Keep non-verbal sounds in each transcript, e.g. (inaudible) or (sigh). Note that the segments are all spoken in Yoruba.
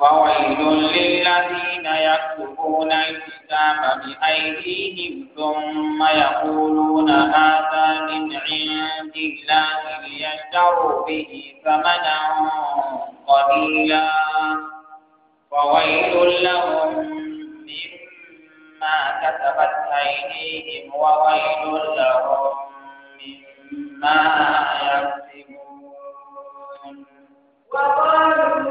فويل للذين يكتبون الكتاب بأيديهم ثم يقولون هذا من عند الله ليشتروا به ثمنا قليلا فويل لهم مما كسبت أيديهم وويل لهم مما يكسبون وقالوا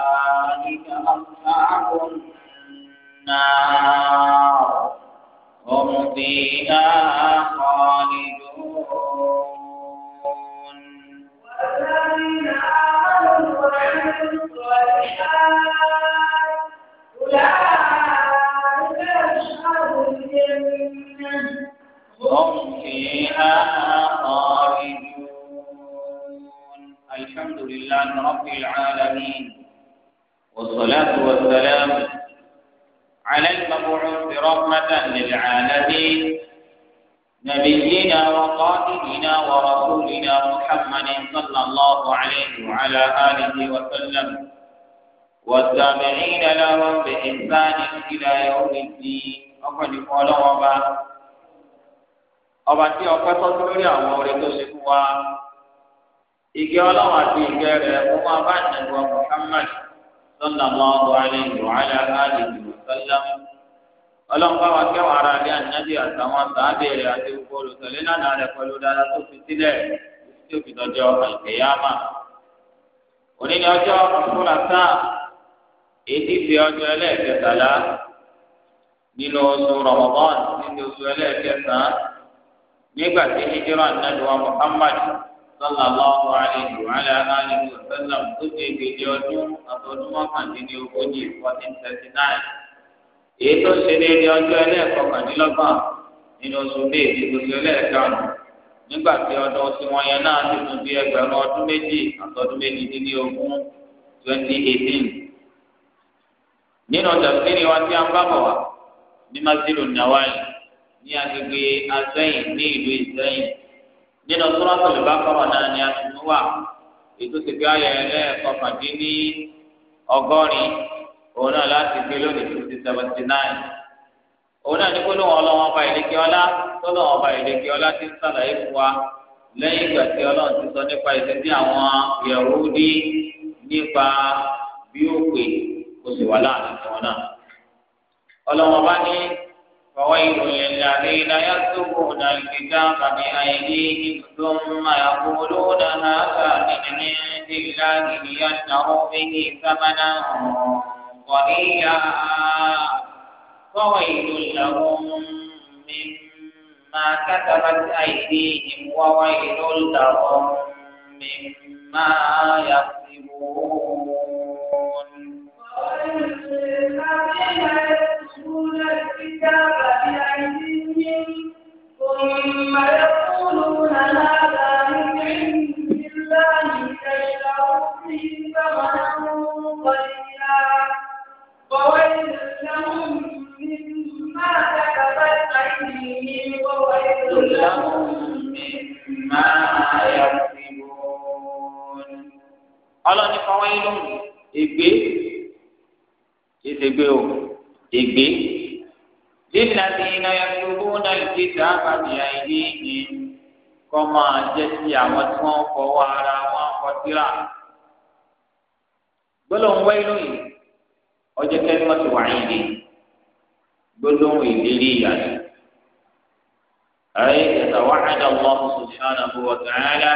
فأصلعهم النار هم فيها خالدون والذين آمنوا وعملوا الصالحات أولئك أصحاب الجنة هم فيها خالدون الحمد لله رب العالمين والصلاة والسلام على المبعوث رحمة للعالمين نبينا وقائدنا ورسولنا محمد صلى الله عليه وعلى آله وسلم والتابعين لهم بإحسان إلى يوم الدين أقل قول وبا ọba tí ọpẹ́ tó lórí àwọn orin tó ṣe fún wa igi Ọlọ́run àti ìgẹ rẹ̀ fún wa bá ìnàgbọ Muhammad صلى الله عليه وعلى آله وسلم ọlọ́run bá wa kẹ́wàá ara rẹ̀ ànábì àtàwọn sàábẹ̀rẹ̀ àti gbogbo olùsọ̀lẹ́ lánà rẹ̀ pẹ̀lú dáadáa tó fi sílẹ̀ tí ó fi dọjọ́ àìkèyàmà. òní ni ọjọ́ ìfúnra sáà èyí fi ọjọ́ ẹlẹ́ẹ̀kẹtàlá nínú oṣù rọ̀mọ́bọ́n nínú oṣù ẹlẹ́ẹ̀kẹsàn-án nígbà tí hijira ànábì wa Muhammad sọlá lọ́wọ́ àlejò alẹ́ àlejò sẹ́lẹ̀ tó ti gbèjì ọdún àtọ́dún mọ́kàndínlẹ́ ogójì fourteen thirty nine èyí tó ṣe déédéé ọjọ́ ẹlẹ́ẹ̀kọkàndínlọ́gbọ̀n nínú oṣù bíi ìdíje ẹlẹ́ẹ̀kanu nígbà tí ọdún tí wọ́n yẹn náà ti tún bí ẹgbẹ̀rún ọdún méjì àtọ́dún méjì dín ní ogún twenty eighteen nínú tafsiri wa tí a ń bá bọ̀ wá ní masjidu nawali ní agbègbè azẹ́yìn ní ìlú ìsẹ́yìn nínú Suratul Baqara náà ni a ti mú wà ètò ìsèpé ayẹ ẹlẹ́ẹ̀kọkàndín ní ọgọ́rin òun náà láti gbé lónìí fifty seventy nine òun náà ní gbólóhùn ọlọ́wọ́n ọba ìlékè ọlá gbólóhùn ọba ìlékè ọlá ti ń sàlàyé fún wa lẹ́yìn ìgbà tí ọlọ́run ti sọ nípa ìṣẹ́jú àwọn Yẹhudi nípa bí ó pè kó sì wà láàrin wọn náà ọlọ́wọ́n ọba ní. فويل للذين يكتبون الكتاب بأيديهم ثم يقولون هذا من عند الله ليشتروا به ثمنا قليلا فويل لهم مما كتبت أيديهم وويل لهم مما يكسبون الكتاب بأيديهم ثم يقولون هذا من عند الله ليشتروا به ثمنا قليلا فويل لهم مما كتبت أيديهم وويل لهم مما يكسبون. ọlọ́ni fọwọ́ ìlú ìgbé ìṣègbè o ìgbé. للذين يكتبون الكتاب بأيديهم كما جسي وتوان فوارا وفترا gbólóhùn wáyé ọjọ́ kẹrìmọtì wáyé ni gbólóhùn ìlérí ìyàlẹ ayé ìtàwáhàdà allahu subhanahu wa ta'ala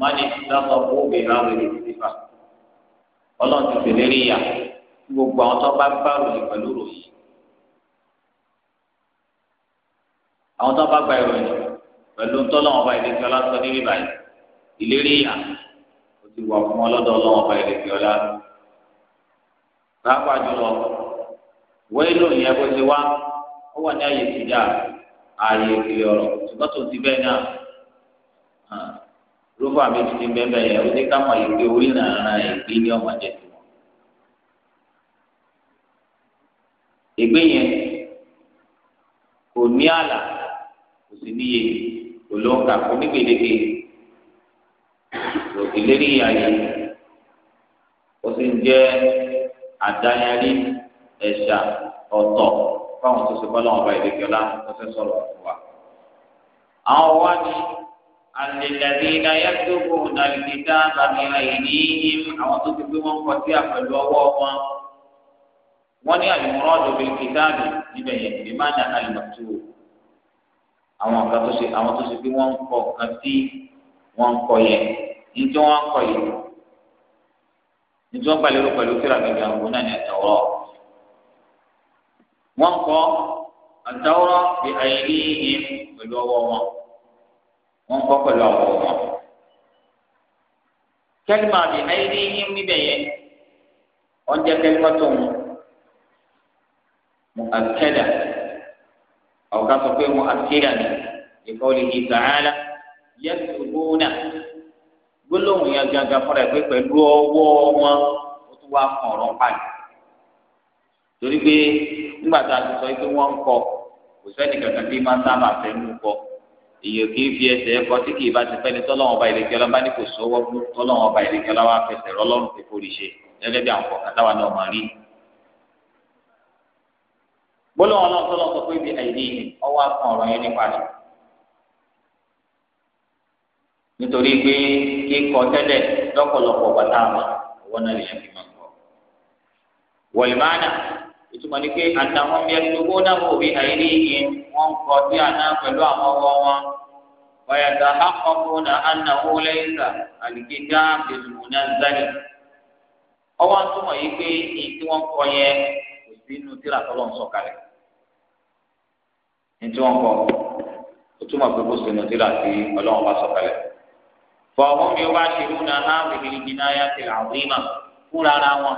mani sábà kó bèrè àwọn èrè sífà Ọlọ́run ti fèlérí ìyà gbogbo àwọn tó bá bá ròyìn pẹ̀lú ròyìn. àwọn tó bá gba ìròyìn pẹ̀lú ntọ́lọ́wọ́n ọba ìdèkì ọlá sọ níbí báyìí ìlérí ìyà ó ti wà fún ọlọ́dọ̀ ọlọ́wọ́n ọba ìdèkì ọlá pàápàá jùlọ wẹ́ẹ́lò yẹn bó ti wá ó wà ní àyè ìtìjà ààyè ìkìlẹ̀ ọ̀rọ̀ ṣùgbọ́n tó ti bẹ́ẹ̀ náà rúfà méjì ti bẹ́ẹ̀ bẹ́ẹ̀ yẹn ó ní ká mọ̀ orí nàrà ìgbé ní ọmọdé tó kò ní àlà sí níye olóńkà onígbèdéke ìlérí ayé ó sì ń jẹ́ àdáyarí ẹ̀ṣà ọ̀tọ̀ fáwọn tó ṣe bọ́ lọ́wọ́ ọba ìdíkẹ́lá tó fẹ́ sọ̀rọ̀ fún wa. àwọn wá ní alẹ́lẹ́dínlá yẹ́tòkò nàìjíríà bàmí àìníyìn àwọn tó ti gbé wọn kọ sí àpẹlú ọwọ́ wọn. wọ́n ní àlùmọ́rọ́ ọ̀dọ́ bíi kìtáàbì níbẹ̀ yẹn ìmọ̀ àdàkàlì màtúwò àwọn nǹkan tó ṣe àwọn tó ṣe pé wọ́n ń kọ nǹkan tí wọ́n ń kọ yẹn ní tí wọ́n ń kọ yìí ní tí wọ́n gbà lérò pẹ̀lú kíra gàgà òun náà ní àtàwọ́ wọ́n kọ àtàwọ́ bí àyèrí yìí pẹ̀lú ọwọ́ wọn wọ́n kọ pẹ̀lú ọwọ́ wọn kẹ́lìmà bí àyèrí yìí níbẹ̀ yẹn wọ́n jẹ́ kẹ́lìmà tó ń mu àkẹ́dà. أو كتب مؤثرا لقوله تعالى يكتبون gbólóhùn yẹn gangan fúnra ẹ pé pẹ̀lú ọwọ́ wọn ó tún wá kàn ọ̀rọ̀ pàdé torí pé nígbà tá a ti sọ pé wọ́n ń kọ kò sẹ́ni kankan tí máa ń sábà fẹ́nu kọ èèyàn kì í fi ẹsẹ̀ kọ tí kì í bá ti pẹ́ni tọ́lọ́wọ́n ọba ìlẹ̀kẹ́ ọlọ́ba ní kò sówọ́ fún tọ́lọ́wọ́n ọba ìlẹ̀kẹ́ ọlọ́wọ́ afẹsẹ̀ rọlọ́run pé kò rí ṣe gẹ́gẹ́ bí àwọn kọ̀ọ̀kan táwa náà máa rí Ụlọ náà tó lọ sọ pé ibi àìdí yìí ọwọ́ àkàn ọ̀rọ̀ yẹn nípa rẹ̀ nítorí pé kíkọ tẹ́lẹ̀ lọ́pọ̀lọpọ̀ bàtà àmà ọwọ́ náà lè yẹn fi máa kọ́ wọ̀lìmánà ìtumọ̀ ni pé àtàwọn ọmọ ẹni gbogbo náà wò bí àìrí yìí kọ sí àná pẹ̀lú àwọn ọwọ́ wọn wọ̀yàtà àkọ́kọ́ náà ànáwó lẹ́yìnká àlìkéjà bẹ̀rùmùnà zálì ọwọ́ àtúmọ̀ yìí pé èyí tí wọ́n kọ yẹn kò sí inú ntí wọn kọ o túmọ̀ pé kó sinú tí láti ọlọ́run bá sọ̀kalẹ̀. fọwọ́n mi wá ṣe mú na hábìlì ìgbìnà ayá ti rà wí mà fúnra ara wọn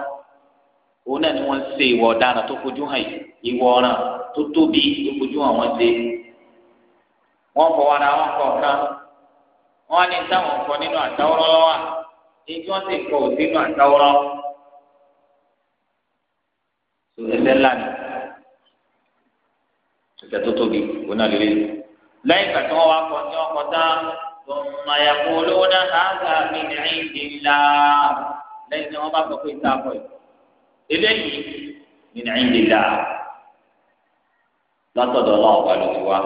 òun náà ni wọ́n ń ṣe ìwọ ọ̀daràn tó fojú hàn yìí ìwọ ọ̀ràn tó tóbi tó fojú hàn wọ́n ṣe. wọ́n fọ ara wọn kọ kan wọ́n á ní táwọn kọ nínú àtàwọ́rọ́ lọ́wọ́ èyí wọ́n sì kọ òsínú àtàwọ́rọ́. ẹsẹ̀ ńlá ni. ìjà tó tóbi òun náà lélẹ́yìn lẹ́yìn ìgbà tí wọ́n wá kọ ní ọkọ̀ tán ثم يقولون هذا من عند الله lẹ́yìn wọn bá sọ pé ìta àpọ̀ yìí eléyìí min ọba ló ti wá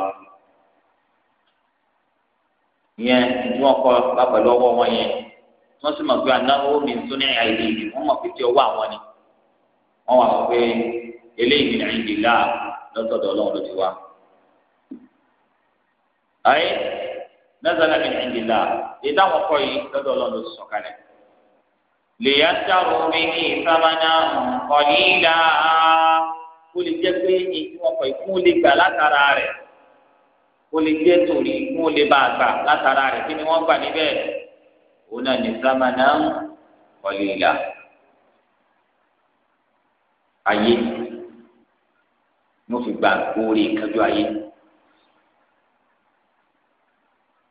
yẹn kọ bá wọn yẹn sì pé anáwó mi ń tún ní pé tí àwọn ni sọ pé eléyìí lọ́sọ̀dọ̀ ọlọ́run ló ti wá. ayé nazala min indillah ìdá wọn kọ yìí lọ́dọ̀ ọlọ́run ló ti sọ kalẹ̀. lèyà sáró mi ní ìsámaná ọ̀nìlá kó lè jẹ́ pé èyí wọn kọ ìkún lè gbà látara rẹ̀ kó lè jẹ́ torí ìkún lè bá a gbà látara rẹ̀ kí ni wọ́n gbà níbẹ̀ òun náà ní ìsámaná ọ̀nìlá ayé ní o fi gba oore ìkájọ ayé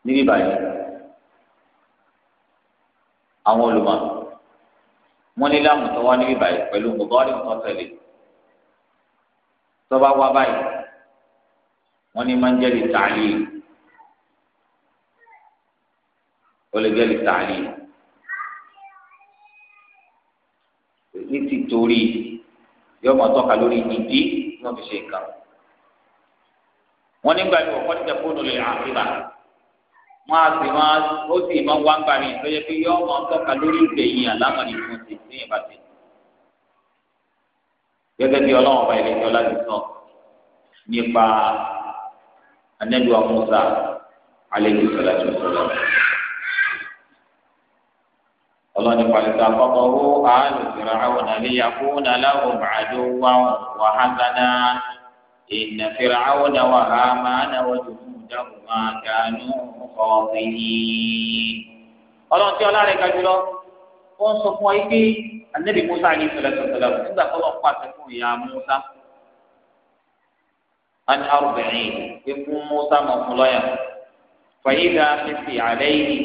níbí báyìí àwọn olùmọ̀ wọn ní láàmú tó wá níbí báyìí pẹ̀lú mọgọrin tó tẹ̀lé tó bá wá báyìí wọn ní máa ń jẹ́ lè tààlì lè jẹ́ lè ní ti torí yọmọ tọ́ka lórí ìdí wọn fi ṣe nǹkan wọn nígbà tí wọn kọ́ tẹ fóònù lè àkíbà wọn a sì máa ó sì máa wá ń gbà mí tó yẹ pé yọ ọmọ tọ́ka lórí ìgbẹ̀yìn àlámọ̀lì fún ti ní ìbàdí gẹ́gẹ́ bí ọlọ́run ọba ìlẹ̀jọ́ láti sọ nípa anẹ́lú amúsà alẹ́ ìgbésọ̀ láti sọ̀rọ̀ ọlọ́ni pàlẹ́tà àkọ́kọ́ wó àálù ìrà àwọn àríyá fún aláwọ̀ màdó wà wà hásánà ìnà fìrà àwọn àwọn àmà ànáwọ̀ jùlọ dáhùn máa dànù ọ̀rìn yìí. ọlọ́run tí ọlá rẹ̀ ga jùlọ ó ń sọ fún ọ pé anabi musa alayhi salatu wa salam nígbà tó lọ pàṣẹ ìyá musa an arúgbìnrin pé fún musa mọ̀ fún lọ́yà fàyídà fífi àlẹ́ yìí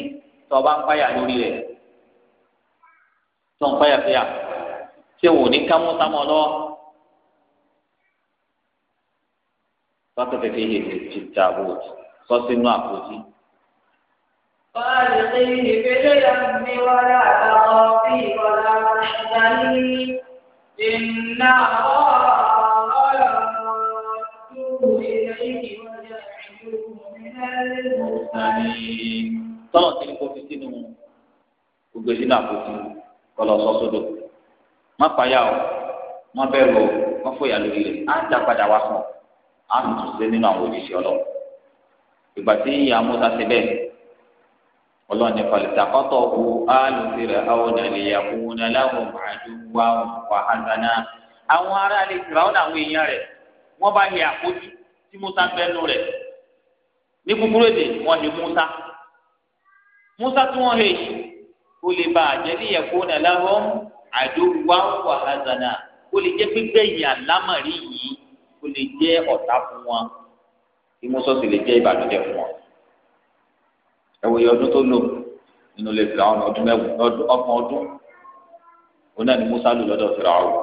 tó bá ń pààyà lórí rẹ̀ tó ń fàyàfẹ́yà ṣé wò ní kámú sámọ́ lọ́wọ́ sọ́tò fẹ́fẹ́ yìí ti ta bóòtù sọ́tò inú àpótí. فألقيه في اليم ولا تخافي sínú gbogbo sínú àpótí kọlọ sọ sódò má payá o má bẹ̀rù o má fòyà lórí rẹ á dá padà wá sàn á nù tún sí nínú àwọn òjijì ọlọ ìgbà tí ìyá musa ti bẹ ọlọ́ọ̀ni pàlìtàkọ́tọ̀ kú alùpùpù àwọn nàlẹ́yà kú nàlẹ́wọ̀n àdúgbò wàhánà àwọn ará ilé fìràwọn àwọn èèyàn rẹ wọ́n bá yẹ àpótí tí musa bẹnu rẹ ní kúkúrú èdè wọ́n ní musa musa tí wọ́n lè yìí kó lè bá àjẹlí yẹ kó nà lábọ́ àdówá wà hàzànà kó lè jẹ́ gbígbẹ̀yìn àlámàrí yìí kó lè jẹ́ ọ̀tá fún wọn kí mọ́sọ́sì lè jẹ́ ìbànújẹ́ fún wọn. ẹ̀wọ̀n yẹ ọdún tó lò nínú lè fi àwọn ọdún mẹ́wàá ọgbọ̀n ọdún òun náà ni Musa lò lọ́dọ̀ fìrà ọ̀rọ̀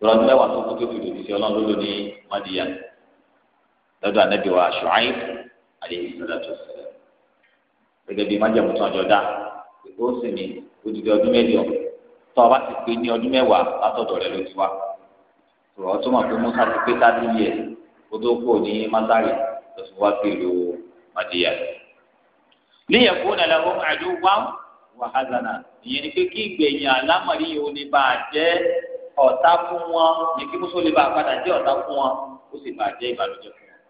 ìrọ̀ ọdún mẹ́wàá tó kó tó fi lòdì sí ọlọ́run ló lò ní mọ́díyà lọ́dọ̀ ànábì wa Ṣuaib alayhi salatu wassalam gẹ́gẹ́ bí májàmú tó ọjọ́ ìkó sinmi odidi ọdún mẹ́jọ tó o bá ti pé ní ọdún mẹ́wàá látọ̀dọ̀ rẹ ló ti wá tó o túmọ̀ pé musa ti pé tábí yẹ kó tó kó ní mátàrí tó ti wá ìlú madiya. líyẹ̀ kó nàlẹ́ ohun àjò wá wàhálà ìyẹn ni pé kí ìgbẹ̀yìn alámọ̀rí yìí ó ní bá a jẹ́ ọ̀tá fún wọn ní kí musa ó lè bá a padà jẹ́ ọ̀tá fún wọn ó sì bá a jẹ́ ìbànújẹ́ fún wọn.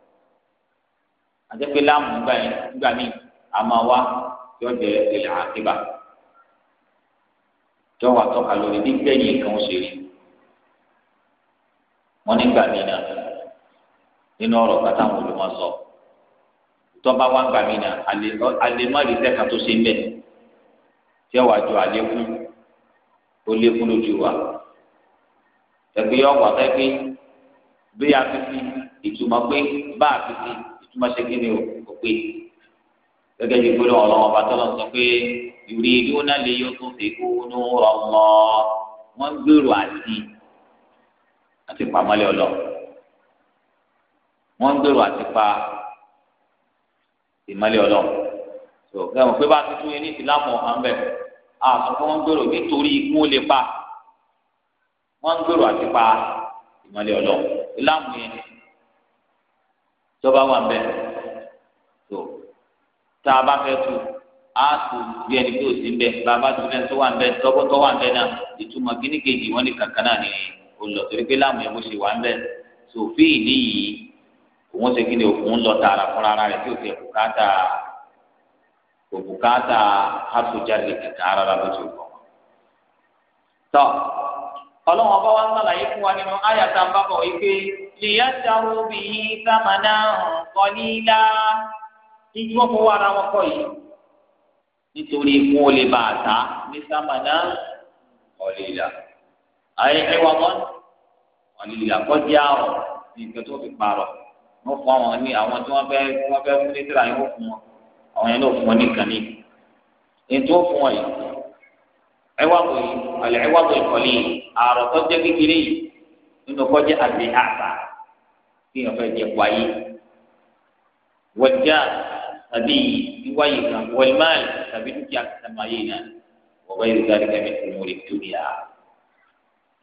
àjẹpẹ́ láàmú gbà yẹn gbà míì àmọ́ wa yóò jẹ ìlà àkíbà yóò wà tọ́ka lórí gbígbẹ̀yìn nǹkan ṣe rí wọn nígbà mìíràn nínú ọ̀rọ̀ kàtà wọn ló máa sọ tọ́ba wá gbà mìíràn alẹ́ má rí sẹ́ka tó ṣe mẹ́ tí ẹ wàá jọ àlékún ó lékún lójú wa ẹgbẹ́ yọ wà tẹ́gbẹ́ bí a fi fi ìtumọ̀ pé bá a fi fi ìtumọ̀ ṣe kí ni o kò pé gẹ́gẹ́ bí gbólóhùn ọlọ́wọ́n bá tọ́lọ̀ sọ pé yuriduna li yutfi'u nura Allah wọ́n ń gbèrò àti àti pamọ́lẹ̀ ọlọ́ wọ́n ń gbèrò àti pa ìmọ́lẹ̀ ọlọ́ tó gẹ́gẹ́ pé bá a ti tún yẹn ní ìsìlámù ọ̀hán bẹ̀ àtúntò wọ́n ń gbèrò nítorí ikú ó lè pa wọ́n ń gbèrò àti pa ìmọ́lẹ̀ ọlọ́ ìlàmù yẹn tó bá wà ń bẹ̀ tá a bá fẹ́ tu a tu bí ẹni tó sì ń bẹ bàbá tó fẹ́ tó wà ń bẹ tọ́gbọ́ tó wà ń bẹ náà ìtumọ̀ kíní kejì wọn ní kankan náà ni olùlọ torí pé láàmú yẹn bó ṣe wà ń bẹ sòfin ìní yìí òun ṣe kí ni òun lọ tààrà fúnra ara rẹ tí ò fi bùkátà òbùkátà hàtújáde kìkà ara rẹ bó ti kọ. tọ́ ọlọ́wọ́n bá wá ń sàlàyé fún wa nínú àyàtà ń bá bọ̀ wípé lìyàtà òbí sàmánà kọ́nílá títí wọ́n fọwọ́ ara wọn kọ́ yìí nítorí ikú ó lè bàa ta ní sámánà ọ̀lẹ́là ayé ẹwà wọn ọ̀lẹ́là kọjá àrùn ní ìgbẹ́ tó fi parọ̀ wọ́n fún àwọn ní àwọn tí wọ́n fẹ́ wọ́n fẹ́ fún létí ra yẹn wọ́n fún wọn àwọn yẹn náà fún wọn ní ìkànnì ètò fún wọn yìí ẹwà wọn yìí ọ̀lẹ́ ẹwà wọn yìí kọ́lé àrùn tó jẹ́ kékeré yìí nínú kọjá àti àtà kí wọ́n fẹ́ jẹ wáyé wọ́n já tàbí ìwáyé kan wọlmáàlì tàbí dúkìá sàmáyé náà wọ́n bá yóò dárí kẹ́mi tó lórí dúkìá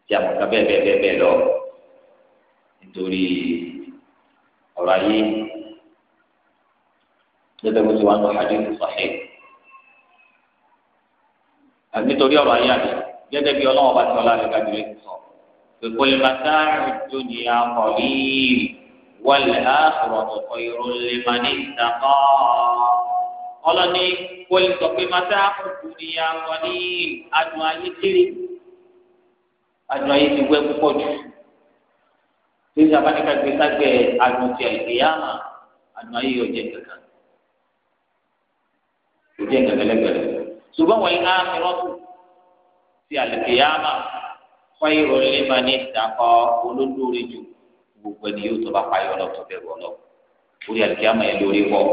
àti àwọn kan bẹ́ẹ̀ bẹ́ẹ̀ bẹ́ẹ̀ lọ nítorí ọ̀rọ̀ ayé lọ́dọ̀ bó ti wà ń lọ àdé tó sọ̀hẹ́ nítorí ọ̀rọ̀ ayé àti gẹ́gẹ́ bí ọlọ́wọ́ bá ti ọlá rẹ̀ kájú lè sọ pé kò máa dáhùn tó ní akọ̀rí. والآخرة خير لمن اتقى ọlọ́ni wọlé sọ pé máa dáa kúkú ni a wọ ní adùn ayé kiri adùn ayé ti wẹ́ púpọ̀ jù tí sábàáníkà gbé ságbẹ́ adùn ti àìkéyàmà adùn ayé yóò jẹ kankan yóò jẹ gẹgẹlẹgẹlẹ ṣùgbọ́n wọ́n yín á fi rọ́pù ti àìkéyàmà fọ́ ìrọ̀lẹ́ máa ní ìdàkọ́ olódóore jù gbogbo ẹni yóò tọ́ bá payọ́ lọ tó bẹ̀rù ọlọ orí àlùkìyàmọ̀ yẹn lórí wọ̀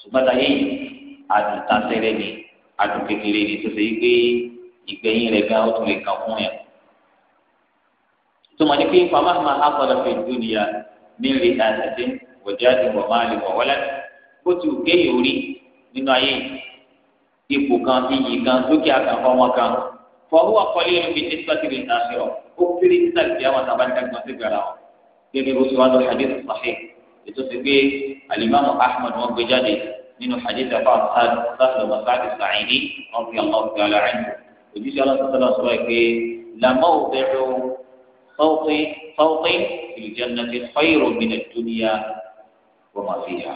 ṣùgbọ́n táyé yìí adùn ni adùn kékeré ni tó ṣe yí pé ìgbẹ̀yìn rẹ̀ gan ó tún lè kàn fún yẹn. tó mọ̀ ní pé fama máa ha kọ́ lọ fi dúnìyà nílé àtẹ̀tẹ̀ wọ̀já ti wọ̀ máa lè wọ̀ wọ́lẹ́ bó ti wù kéyìí orí nínú ayé ipò kan iyì kan dúkìá kan fọwọ́ kan fọwọ́ kọ́lé ẹni bíi ní sọ́tìrì ìtàṣírọ̀ ó kéré títà ìdí àwọn gbọ́n sí gbàrà wọn. jadi bó ti wá sahih itu ti al Imam Ahmad wa Bujadi jáde hadis hadith afa sad sasọ sa'idi wọn fi àwọn ọkùnrin ala ẹ̀ ojúṣe aláṣọsọlá sọ la pé lamọ òbẹrẹ sọwọ́pẹ́ sọwọ́pẹ́ ìjẹnàtì fẹ́rọ̀ mìíràn dúníyà wọ́n máa fi hà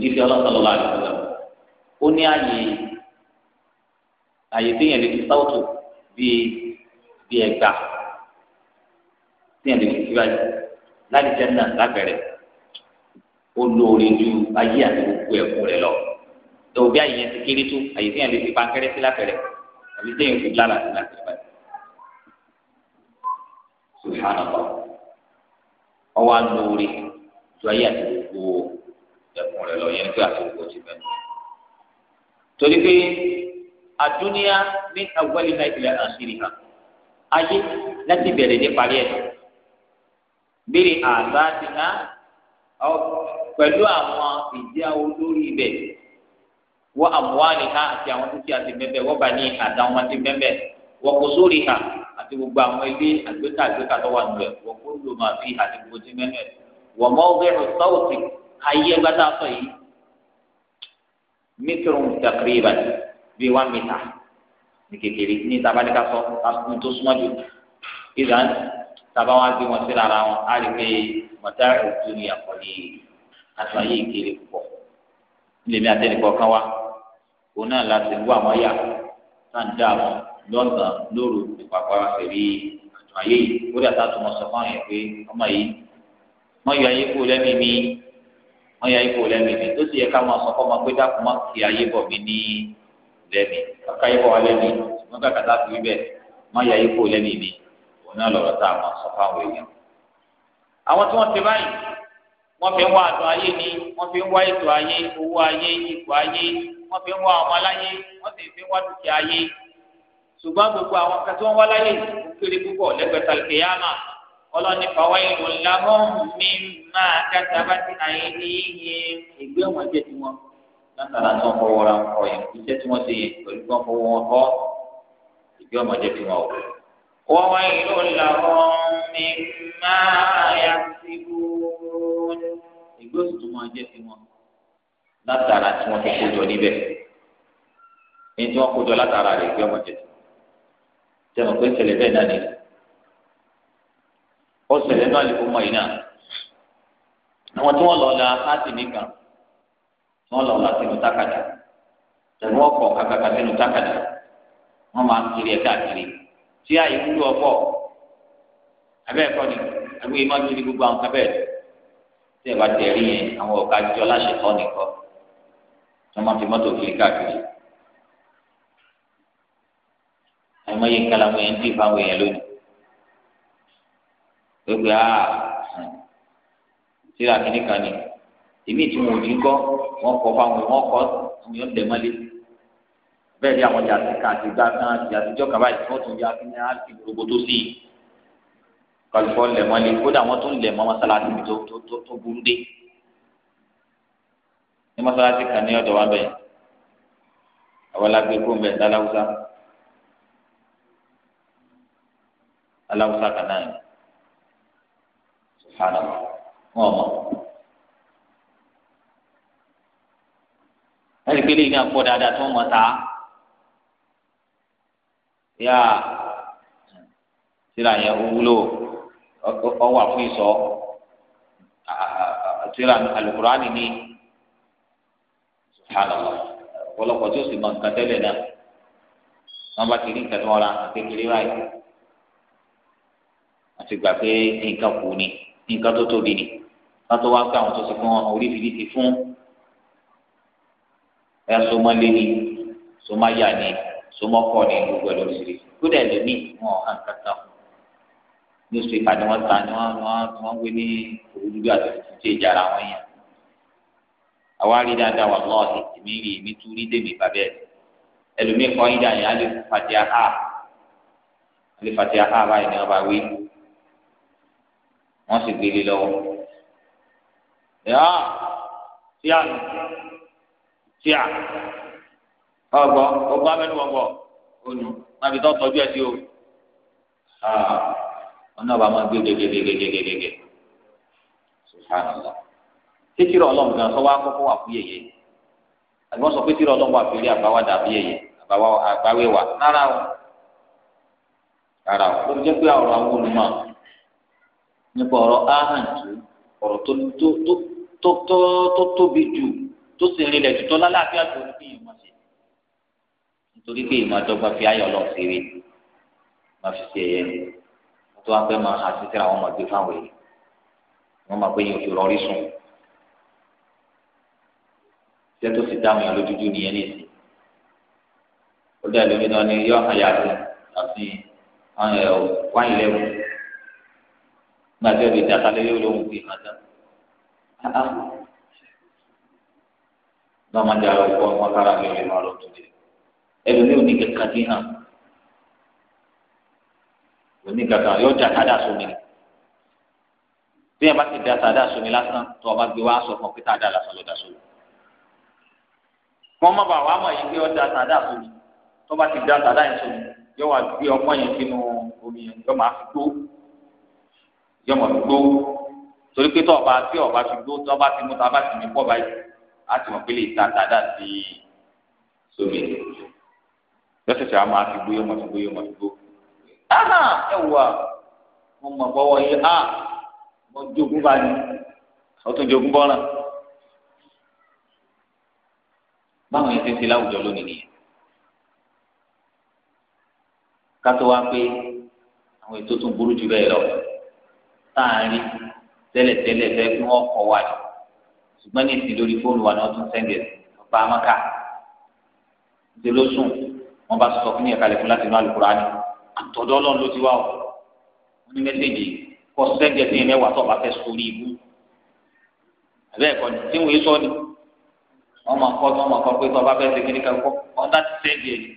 jadi aláṣọsọlá aláṣọsọlá ó ní ààyè ààyè téèyàn lè fi sáwọ́tò di di ekah tí yẹn lè fi síwájú láti jẹ́ náà lábẹ́rẹ́ ó lóore ju ayé àti gbogbo ẹ̀kọ́ rẹ̀ lọ tòun bí àyè yẹn ti kéré tó àyè tí yẹn lè fi pankẹ́rẹ́ sí lábẹ́rẹ́ àbí tí yẹn fi lára sí lábẹ́rẹ́ báyìí. subhanallah ọwọ́ lóore ju ayé àti gbogbo ẹ̀kọ́ rẹ̀ lọ yẹn tó àti gbogbo ti bẹ́ẹ̀ torí pé àdúnyá ní agbálẹ̀ náà ìpìlẹ̀ àṣírí hàn ayé láti bẹ̀rẹ̀ ní parí ẹ̀ bíi àbádìná pẹ̀lú àwọn ìjà olórí ibẹ̀ wọ́n àmúwánì ha àti àwọn tó ti àti bẹ́ẹ̀ wọ́n bá ní àtàwọn àti bẹ́ẹ̀ wọ́n kò sórí ha àti gbogbo àwọn ilé àgbékà àgbékà tó wà nílẹ̀ wọ́n kò lò máa fi àti gbogbo ti mẹ́nu ẹ̀ wọ́n mọ́ bẹ́ẹ̀ sọ́ọ̀tì ayé gbàtà sọ yìí mítírùn tẹ̀kìrìbà bíi wá mítà ní kékeré ní ìtàbáníkà sọ àtúntò súnmọ́ jù ìdáná sábà wọn gbé wọn sí ara wọn á rí pé mọ̀tá ètò ní àkọlé aṣọ ayé ìkéré púpọ̀ lèmi àtẹnìkọ̀ kan wá òun náà la ti wú àwọn ayà náà dá àwọn lọ́sàn lóru ìpàpà fèrè àjọ ayé yìí lórí àtàtúmọ̀ sọ fún àwọn pé ọmọ yìí wọ́n yọ ayé kú lẹ́mìí mi wọ́n yọ ayé kú lẹ́mìí mi tó sì yẹ ká máa sọ fún ọmọ pé dákun má kí ayé bọ̀ mí ní lẹ́mìí kàkà ayé bọ̀ wá lẹ́mìí ṣùgbọ́n kàkà tá fi wí bẹ́ẹ̀ yọ ayé kú lẹ́mìí mi náà lọ̀rọ̀ tá a máa sọ fáwọn èèyàn. àwọn tí wọ́n ti báyìí wọ́n fi ń wá àdùn ayé ni wọ́n fi ń wá ètò ayé owó ayé ipò ayé wọ́n fi ń wá àwọn aláyé wọ́n sì fi ń wá dúkìá ayé. ṣùgbọ́n gbogbo àwọn kan tí wọ́n wá láyé kò kéré púpọ̀ lẹ́gbẹ̀ẹ́ tàlùkìyàmà ọlọ́ni fàwáyìlú ńlámọ́ mi máa kẹta bá ti àyè ní iye ìgbé wọn jẹ́ tiwọn látara tí wọ́n fọwọ́ ra ń tí wọ́n ṣe yẹn pẹ̀lú tí wọ́n fọwọ́ wọn kọ́ ìgbé wọn jẹ́ tiwọn o. وويل لهم مما يكسبون ìgbé oṣù tó máa jẹ tiwọn látara tí wọn tó kójọ níbẹ̀ ní tí wọn kójọ látara rẹ̀ ìgbé ọmọ jẹ tiwọn tẹmọ pé ṣẹlẹ̀ bẹ́ẹ̀ náà ni ó ṣẹlẹ̀ náà lè kó mọ iná àwọn tí wọn lọ la láti nìkan tí wọn lọ la sínú tákàdá tẹmọ ọkọ kàkàkà sínú tákàdá wọn máa ń kiri ẹ káàkiri tí àyè wúlò ọ̀pọ̀ abẹ́ ẹ̀kọ́ ni àbí ìmọ̀ tó ní gbogbo àwọn kábẹ́ẹ̀ tí ẹ̀ bá tẹ̀ rí yẹn àwọn ọ̀gá jọ láṣẹ kọ́ nìkan tí wọ́n máa fi mọ́tò kiri káàkiri àìmọye nǹkan làwọn èèyàn ń dì fáwọn èèyàn lónìí gbogbo a ah, síra hmm, kìnnìkan ni èmi tí mo ò ní kọ́ wọ́n kọ́ fáwọn wọ́n kọ́ àwọn èèyàn tẹ̀ mọ́lé bẹ́ẹ̀ ni àwọn jàdí káàtì gbá kan jàdíjọ́ kaba yìí wọ́n tún ya kí ní àti gbogbo tó sí i kọlùfọ́ lẹ̀ mọ́lẹ̀ kódà wọ́n tún lẹ̀ mọ́ mọ́sálásí mi tó tó tó burú dé ní mọ́sálásí kan ní ọ̀dọ̀ wa bẹ́ẹ̀ àwọn alágbé kó ń kan náà sùhánà wọn mọ̀ ẹnì kéde yìí náà pọ̀ dáadáa tó ń mọ̀ ta Ya, tíra yẹn wúlò ọwọ́ àfún ìsọ tíra alukurani ni subhanallah ọ̀pọ̀lọpọ̀ tí ó sì mọ nǹkan tẹ́lẹ̀ náà wọn bá ti rí nǹkan tí wọn ra kékeré báyìí wọn ti gbà pé nǹkan kù ni nǹkan tó tóbi ni wọn tó wá pé àwọn tó ti fún wọn orí fìdí ti fún ẹ sọmọlé ni sọmáyà ni sọmọkọ ní ìlú pẹ̀lú òṣèré kódà ẹlòmíì wọn hàn kankan ní oṣù ìpàdé wọn ta ni wọn wọn gbé ní òwúdúdú àti títí ìjàrá wọn yẹn àwa rí dáadáa wà lọ ètìmí rí èmi tún rí dèmí bàbẹ ẹlòmíì kọ́ yín dáa yẹn alẹ́ fàtíà ha alẹ́ fàtíà ha báyìí ni wọ́n bá wí wọ́n sì gbélé lọ́wọ́ yàrá tíà tíà ọgbọ ọgbọ abẹnú ọgbọ onu àbí tó tọjú ẹ sí o ah, ọ̀nà ọba máa gbé gẹgẹgẹgẹgẹgẹ subhanallah títírọ̀ ọlọ́run gan sọ wá kọ́kọ́ wà fún yẹyẹ àbí wọ́n sọ pé títírọ̀ ọlọ́run wà fún yẹyẹ àbáwá dàbí yẹyẹ àbáwé wà rárá o rárá o ló jẹ́ pé ọ̀rọ̀ àwọn olùmọ̀ nípa ọ̀rọ̀ ahàn tó ọ̀rọ̀ tó tóbi jù tó sì rinlẹ̀ jù tó lálàáfíà tó ní bí ìmọ̀ torí pé ìmọ̀ àdọ́gba fi ayọ̀ lọ síre má fi ṣe ẹ̀yẹ tó wá pẹ́ máa àti tẹ́ra wọn máa gbé fáwọn èèyàn wọ́n máa pé yín òfin rọrí sùn ṣé tó fi dáhùn yẹn lójújú nìyẹn nìyẹn ó dẹ́ lómi náà ni yọ àyà àti àti wáyìn lẹ́wọ̀ nígbà tí ọ̀dọ̀ ìjà kalẹ̀ yóò lóhùn pé màdá náà máa jẹ́ àwọn ìfọwọ́n kára mi ò lè máa lọ tó dé ẹlòmíì òní kankan ti hàn òní kankan yóò já sádà sómi bí ẹ bá ti da sádà sómi lásán tó o bá gbé wá sọ fún pété àdá lásán ló da sómi kọ́ má bàa wàá mọ̀ yìí pé ó da sádà sómi tó bá ti da sádà yẹn sómi yóò wá gbé ọpọ́n yẹn sínú omi yẹn yóò máa fi gbó yóò máa fi gbó torí pé tó o tí o bá gbó tó o ti mú tó o ti mú pọ̀ báyìí á ti mọ̀ pé lè ta sádà sí sómi lọ́sẹ̀sẹ̀ a máa fi gbóyè máa fi gbóyè máa fi gbó. áhà ẹ wà mo mọ̀ bọ́wọ́ yìí á ah! mo jogún bá ní ó tún jogún bọ́ràn. báwọn yẹn ti ń ti láwùjọ lónìí nìyẹn. kátó wá pé àwọn ètò tún burú jù bẹ́ẹ̀ lọ láàrin tẹ́lẹ̀tẹ́lẹ̀ fẹ́ kí wọ́n kọ́ wa ni ṣùgbọ́n ní ìsìn lórí fóònù wa ni wọ́n tún sẹ́ńgẹ̀ ọ̀pá amáka ìdè ló wọn bá sọ fún yẹn kalẹ̀ fún láti inú Al-Qur'ani àtọ̀dọ̀ Ọlọ́run ló ti wá o wọn ní mẹsẹgì kọ sẹjẹ sí ẹmẹwàá tó bá fẹ́ sórí ibú àbẹ ẹkọ ni tí wọn yé sọ ni wọn máa kọ tí wọn máa kọ pé tó bá fẹ́ segin nìkan kọ wọn dá ti sẹjẹ ni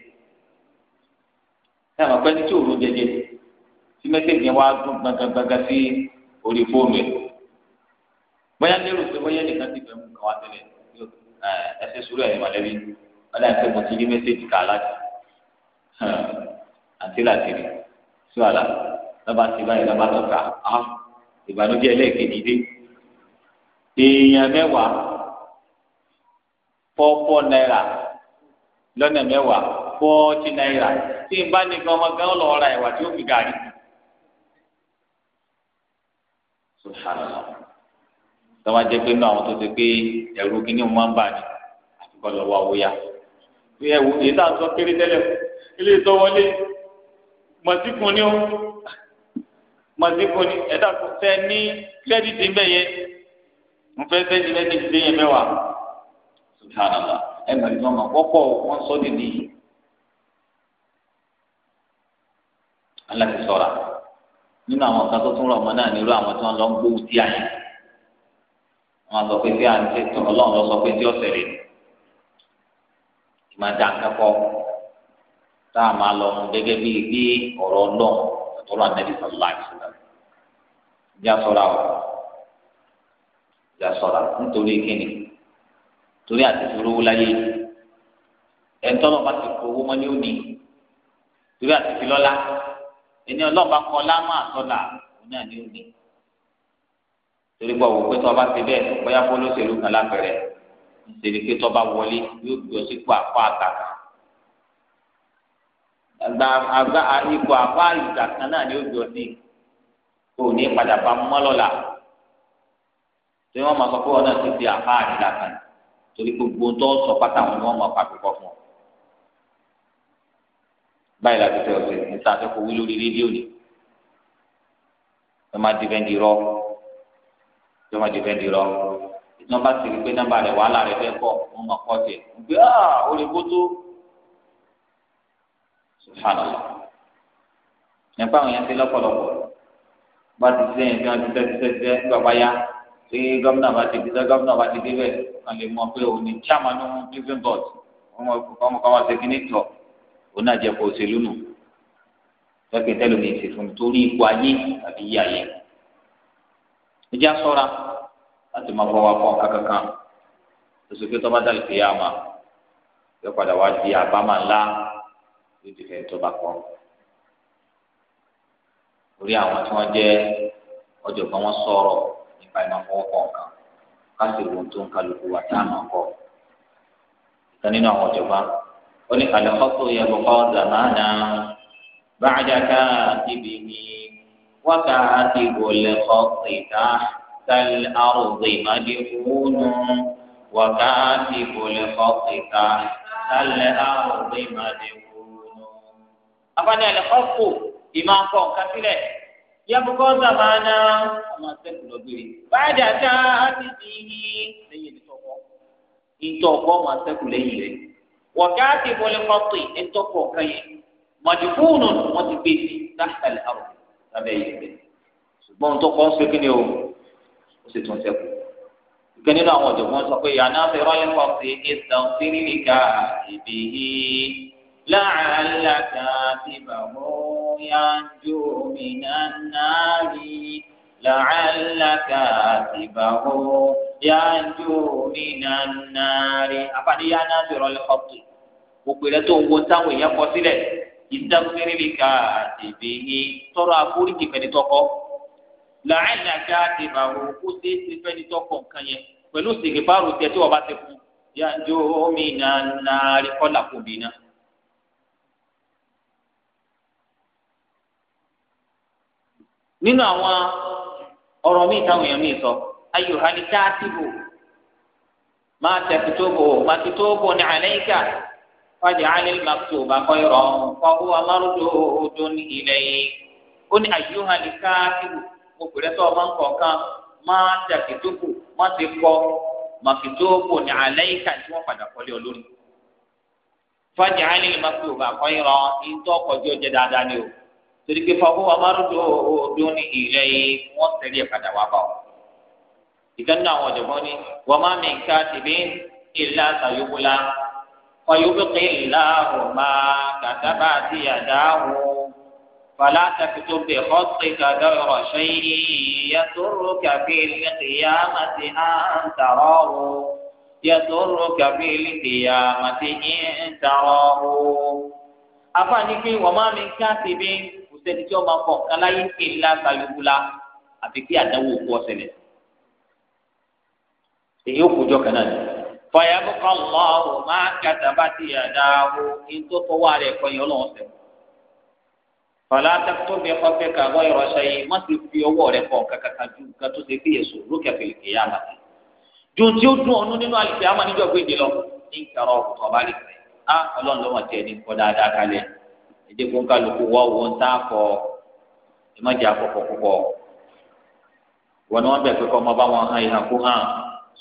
ẹ máa pẹ tí òru jẹjẹ tí mẹsẹgì yẹn wá dún gbangangbangan sí orí fóònù ẹ bóyá lérò pé bóyá nìkan ti fẹ́ mú kàn tẹ́lẹ̀ ẹ ẹsẹ sùúrù ẹ àti làtìrì sí wàhálà lọ́ba ti báyìí lọ́ba tó kà á ah, ìbànújẹ́ ẹlẹ́ẹ̀kejì dé èèyàn mẹ́wàá fọ́fọ́ náírà lọ́nà mẹ́wàá fọ́ọ́tì náírà tí n bá nìkan ọmọ gan lọ́ọ́ ra ẹ̀wà tí ó fi gàrí. subhanallah tọ́wọ́ jẹ́ pé náà àwọn tó ti pé ẹ̀rù kínní wọn máa ń bà ní àti lọ́wọ́ àwòyá. ẹ wò èyí sọ kéré tẹ́lẹ̀ fún ilé ìtọ́ wọlé mọ̀tíkun ni ó mọ̀tíkun ni ẹ̀dá kò fẹ́ ní kírẹ́dìtì ń bẹ̀ yẹn mo fẹ́ fẹ́ ní kírẹ́dìtì bẹ́yẹn mẹ́wàá subhanallah ẹ̀ mọ̀ ní ọmọ kọ́kọ́ wọn sọ dìde yìí aláti sọ̀ra nínú àwọn kan tó tún rọ̀ mọ́ náà nírú àwọn tí wọ́n lọ ń gbóhùn tí àyè wọn sọ pé tí à ń tẹ ọlọ́run lọ sọ pé tí ọ̀sẹ̀ rẹ̀ ni ìmọ̀ dá nǹkan tá a máa lọ gẹ́gẹ́ bíi bí ọ̀rọ̀ náà ọ̀rọ̀ ànábì sọ̀rọ̀ àìsàn ìjà sọ̀rọ̀ àwọn ìjà sọ̀rọ̀ nítorí kíni torí àti fúrówó láyé ẹ̀ńtọ́nà bá ti kó owó mọ́ ní òní torí àti filọ́lá ẹni ọlọ́ọ̀bá kọ́ lámà àtọ́là òun náà ní òní torí pé àwọn òpétọ́ bá ti bẹ́ẹ̀ bóyá fọlọ́sẹ̀lú kan lápẹ̀rẹ̀ ń ṣe ni pé tọ́ bá wọlé yóò gbé ọ sípò àpá àtàkà àgbà àgbà ipò àbá ìgbà kan náà ni ó jọ sí kò ní padà bá mọ́ lọ́la tí wọ́n máa sọ pé wọn náà ti di àbá ìgbà kan torí gbogbo tó sọ pátá wọn ni wọ́n máa pàṣẹ pọ̀ fún ọ. báyìí la ti tẹ ọ̀sẹ̀ níta tó wí lórí rédíò ni wọ́n máa di bẹ́ẹ̀ di máa di bẹ́ẹ̀ di rọ́ nọ́mbà pé nọ́mbà rẹ̀ wàhálà rẹ̀ fẹ́ kọ́ wọ́n kọ́ tiẹ̀ gbé ah ó lè kó tó subhanallah nípa àwọn yẹn ti lọ́pọ̀lọpọ̀ bá ti sẹ́yìn tí wọ́n ti tẹ́ ti tẹ́ ti tẹ́ bàbá yá tí gómìnà bá ti dé gómìnà bá ti dé bẹ́ẹ̀ lè mọ pé òun ni chairman of prison board ọmọ kan wá ṣe kíní tọ̀ òun náà jẹ́ kó o ṣe lónù lọ́kẹ́ tẹ́lómi ṣe fún mi torí ipò ayé tàbí yí ayé ìjà sọ́ra láti máa fọwọ́ fọ́ kankan oṣù pé tọ́ bá yá máa yọ padà wá di àbámà ńlá títí fẹ́ tó bá kọ́ orí àwọn tí wọ́n jẹ́ ọ̀jọ̀gbọ́n wọn sọ̀rọ̀ nípa ìmọ̀ fọwọ́kọ̀ kan káṣí ìwọ̀n tó ń kálukú wà tá a máa kọ́ ìkan nínú àwọn ọ̀jọ̀gbọ́n ó ní kàlẹ́ kọ́tò yẹ kọ́kọ́ zàmánà báàjà ká ibi ni wákà áti ìwọlẹ̀ kọ́tì tá sẹ́l àrùbí màdìkún wákà áti ìwọlẹ̀ kọ́tì tá sẹ́l àrùbí màdìkún afani alikɔfu ìmọ̀ akɔ nkasilẹ̀ yabukɔ zamana ọmọ sẹ́kù lọ́gbèrè báyìí ata ati ti yi lẹ́yìn ìtọ́kọ́ ìtọ́kọ́ ọmọ sẹ́kù lẹ́yìn rẹ̀ wọ́kàtí mọ́lẹ́kọ́tì ìtọ́kọ̀ kanyẹ mọ̀dìfúnù wọ́n ti gbé sí láṣàlẹ̀ àrùn lábẹ́ yìí rẹ̀ ṣùgbọ́n ìtọ́kọ́ ń sẹ́kù ni o ó sì tún sẹ́kù ìkẹ́ nínú àwọn ọ̀jọ̀gbọ́n لعل كاتبه ينجو من النار لعل كاتبه ينجو من النار أفني يا ناظر الخط وقلت وتاوي يا قتلة ìdágbére lè ka àtẹ̀bẹ̀ yé tọrọ àforíjì fẹ́ni tọkọ làálà ká àtẹ̀bà wò ó ṣe é ṣe fẹ́ni tọkọ nǹkan yẹn pẹ̀lú sèkèfàrò tẹ̀ tí wọ́n bá ti kú yànjọ́ omi nàá nàá rí kọ́là kò bí náà. nínú àwọn ọ̀rọ̀ míì táwọn èèyàn míì sọ ayò hali káàtìbò máa tẹ̀kítọ́bò màkítọ́bò ní àlẹ́yìká fàjì alẹ́ màkítọ́bà kọ́ ìrọ̀ fọwọ́ amárùdó ojú ní ilẹ̀ yìí ó ní ayò hali káàtìbò mo pèrè tó ọmọ nǹkan kan máa tẹ̀kítọ́bò wọ́n ti kọ́ màkítọ́bò ní àlẹ́yìká tí wọ́n padà kọ́lé olórí fàjì alẹ́ màkítọ́bà kọ́ ìrọ̀ ìtọ́kọ̀jọ́ jẹ torí pé fọwọ́ amárùndó ọdún ní ilẹ̀ yìí wọ́n tẹ̀lé padà wá bá ọ. ìdáná àwọn ọ̀jọ̀gbọ́n ni wọ́n máa mi ká tìbí ìlà sàyóbólá ọ̀yọ́bùkẹ́ ìlà ọ̀mà kàtàbà àti àdáhù fàlà tàkìtò bẹ̀ ọ́sẹ̀ kàdá ọ̀rọ̀ ṣẹ́yìn yàtọ̀rọ̀ kàbí ìlẹ̀kìyà àti àǹtàrọ̀rù yàtọ̀rọ̀ kàbí ìlẹ̀kìyà àti ìǹtàrọ̀rù. àfààní pé wọ́n máa mi ká tìbí sẹ́ni tí wọ́n máa kọ̀ nǹkan láyé ń pè ńlá sayubu la àfi kí àdáwò kú ọ ṣẹlẹ̀ èyí ò kójọ kan náà ni. fàyàbù kan lọ àwọn máa kàtàbà ti yàda o kí n tó fọwọ́ rẹ̀ kọ́ yẹn ọlọ́wọ́ sẹ́wọ̀. fàlà tó bẹ kọfẹ kàwọ ìrọsẹ yìí má ti fi ọwọ́ rẹ̀ kọ kàkàkà ju nǹkan tó ṣe fi èso lókè fèlèkè yá àmàtì. ju tí ó dún ọdún nínú àlùfẹ́ àmà níjọ́ ẹdí kó kálukú wá wọ ń tá kọ ìmọ̀jì àkọ́kọ́ púpọ̀ wọn ni wọn bẹ̀ pé ọmọ bá wọn hàn ìhàn kó hàn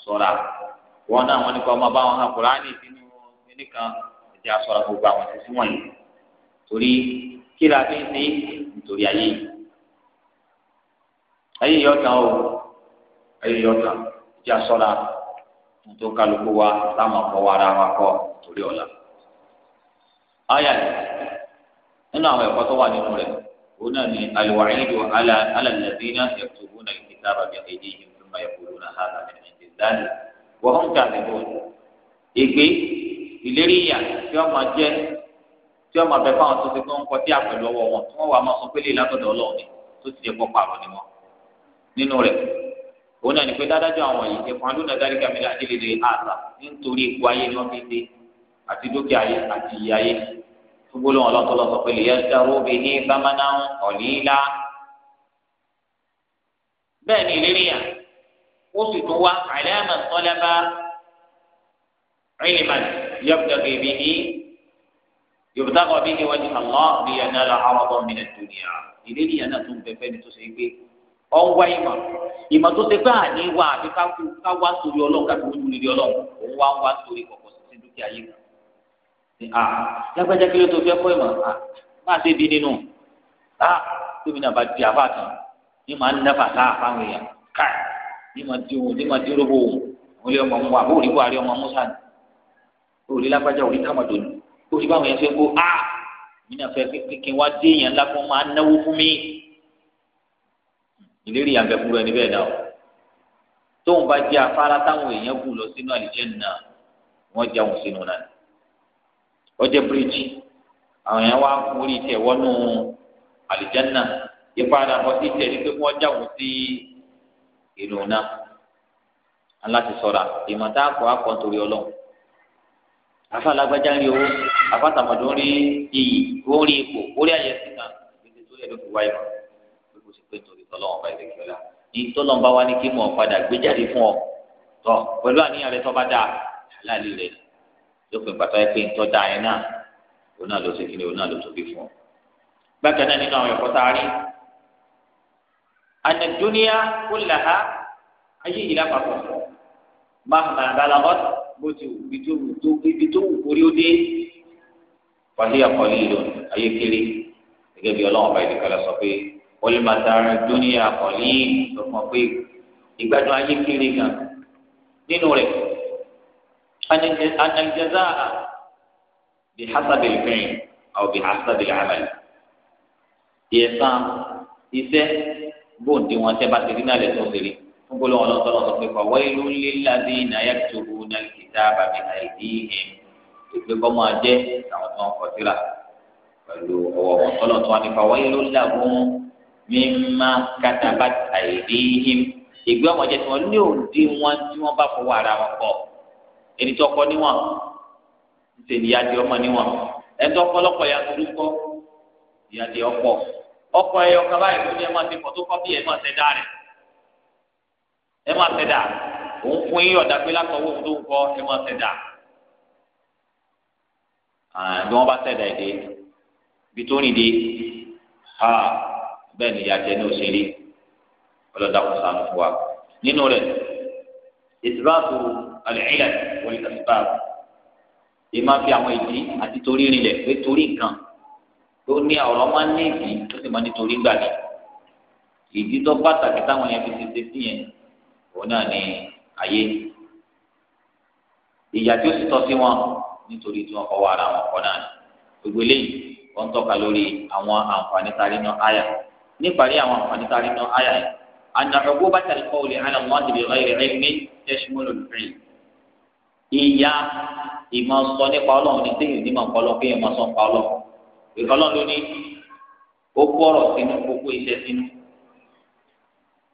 sọ̀ra wọn náà wọn ni kọ ọmọ bá wọn hàn kúránì sínú nìkan ẹ̀jẹ̀ àsọ̀ra gbogbo àwọn sísí wọ̀nyí torí kí la fi ń nínú àwọn ẹ̀kọ́ tó wà nínú rẹ̀ òun náà ni alùwàhídù alàlẹ́dínà ẹ̀kútùbù náà kìtà rẹ̀ ẹ̀dí yìí fún ma ẹ̀kúrú náà ha nà ẹ̀dí ti dáàlì wọ́n ń kà ní bọ́ọ̀lù. ègbé ìlérí ìyà tí wọ́n máa jẹ́ tí wọ́n máa bẹ fáwọn tó ti gbọ́n kọ́ tí àpẹ̀lú ọwọ́ wọn tí wọ́n wà máa sọ pé lè látọ̀dọ̀ ọlọ́ọ̀ni tó ti jẹ́ pọ́ pààrọ̀ ni gbólóhùn ọlọ́tọ́ lọ́sọ̀ pé lèyẹ dáró bí ní bámanà ọ̀lìlá bẹ́ẹ̀ ni ìlérí yà ó sì tún wá àlẹ́mà tọ́lẹ́bà ìlìmà yọ̀bùdàgbé bí ní yọ̀bùdàgbọ̀ bí ní wọ́n ti sàlọ́ bí yẹn náà lọ àrọ́bọ̀ mi nàá dúnìyà ìlérí yà náà tún bẹ́ẹ̀ fẹ́ni tó ṣe é gbé ọ̀ ń wá ìmọ̀ ìmọ̀ tó ṣe báà ní wà àbí ká wá sórí ọlọ́run káfíńtì ń wá sórí a ah, lágbájá kí ló tó fẹ́ kọ́ ìmọ̀ a ah, máa ṣe bí nínú a ah, tóbi náà bá di àbá kan ní màá nàfà sáà fáwọn èèyàn ká ní màá di òun ní màá di róbó òun òun lé ọmọ mu wa òun rí buhari ọmọ musa ni òun rí lágbájá òun rí támàdò ni òun rí báwọn yẹn fẹ́ kó a mí náà fẹ́ kékeré wá dé èèyàn ńlá fún máa náwó fún mi ìlérí yàn bẹ fúru ẹni bẹ́ẹ̀ náà tóun bá jẹ afárá táwọn èèyàn bù lọ sínú àlìjẹ náà wọn jẹun sínú náà ọjọ́ bíríìjì àwọn yẹn wá wúrí tiẹ̀ wọnú àlìjánná ìpadà bọ́ sí tiẹ̀ ní pé wọ́n jáwọ́ sí ìlú náà aláti sọ̀ra ìmọ̀tá akọ̀ akọ̀ nítorí ọlọ́run afa alágbájá ń rí owó afa tàmọ̀dó ń rí iyì ó ń rí ipò ó rí àyè sí kan gbèsè tó yẹ ló fi wáyé wọn pé kò sí pé nítorí tọ́lọ́wọ́n bá ìrèké ọ̀la ní tọ́lọ́wọ́n bá wá ní kí mọ̀ padà gbé fún ọ tọ́ pẹ̀lú àníyàn rẹ tó dáa aláàlú rẹ ni lópin pàtàkì pé ń tọ́jà yẹn náà òun náà ló ṣe kíni òun náà ló tóbi fún ọ. bákan náà nínú àwọn ẹ̀kọ́ tá a rí anadúníà kullaha ayé yìí lápapọ̀ mahma balagot bó ti wù ibi tó wù tó ibi tó wù kórí ó dé wàhí àkọlé ìlú ayé kéré gẹ́gẹ́ bí ọlọ́run ọba ìdíkàlẹ̀ sọ pé olùmọ̀tà dúníà àkọlé ìlú sọ pé ìgbádùn ayé kéré gan nínú rẹ̀ أن الجزاء بحسب الفعل أو بحسب العمل يسام يسه بون دي وانت على لتوصيلي نقول الله تعالى تقول ويل للذين يكتبون الكتاب بأيديهم يقول ما جاء كما تقول قالوا pẹ̀lú ọwọ́ wọn tọ́lọ̀ tó wá nípa wáyé ló làwọn mímá katabat àìdíhìm ìgbé ọmọdé tí wọn ní òdi wọn ẹni tó kọ níwọ̀n ṣe ìyá di ọmọ níwọ̀n ẹni tó kọ lọ́pọ̀ ya tuntun kọ ìyá di ọ̀pọ̀ ọkọ ẹyọ kaba yìí lórí ẹ máa ti fọ́tò kọ́pì ẹ máa ṣẹ̀dá rẹ̀ ẹ máa ṣẹ̀dá òun fún yín ọ̀dà pé látọwọ́ òun tó ń kọ ẹ máa ṣẹ̀dá bí wọ́n bá ṣẹ̀dá ẹ̀ dé bí tó rìn dé bẹ́ẹ̀ ni ìyá jẹ́ ní òṣèré ọlọ́dà kò sànù fún wa nínú rẹ̀ ìtura tó àlẹ́hìlẹ̀ wọlé kàṣípà lè máa fi àwọn ìdí àti torí rinlẹ̀ pé torí nǹkan tó ní ọ̀rọ̀ máa ń ní ìdí tó sì máa ní torí gbà ní ìdí tó pàtàkì táwọn yẹn fi ti ṣe sí yẹn òun náà ní ayé ìyà tí ó sì tọ́ sí wọn nítorí tí wọ́n kọ́ wá ara wọn kọ́ náà gbogbo eléyìí wọ́n ń tọ́ka lórí àwọn àǹfààní tari náà àyà níparí àwọn àǹfààní tari náà àyà yìí ànàfẹ́ gbọ́ bá tẹ̀lé kọ́ wọlé ànàmọ́ àti bẹ̀rẹ̀ ẹ̀rẹ́ mi tẹ̀síwọ́n lọ́lùfẹ́ yìí ìyá ìmọ̀ sọ nípa ọlọ́run ní sẹ́yìn onímọ̀ ọpọlọ pé ìmọ̀ sọ nípa ọlọ́run ìkọlọ́run ló ní gbogbo ọ̀rọ̀ sínú gbogbo iṣẹ́ sínú.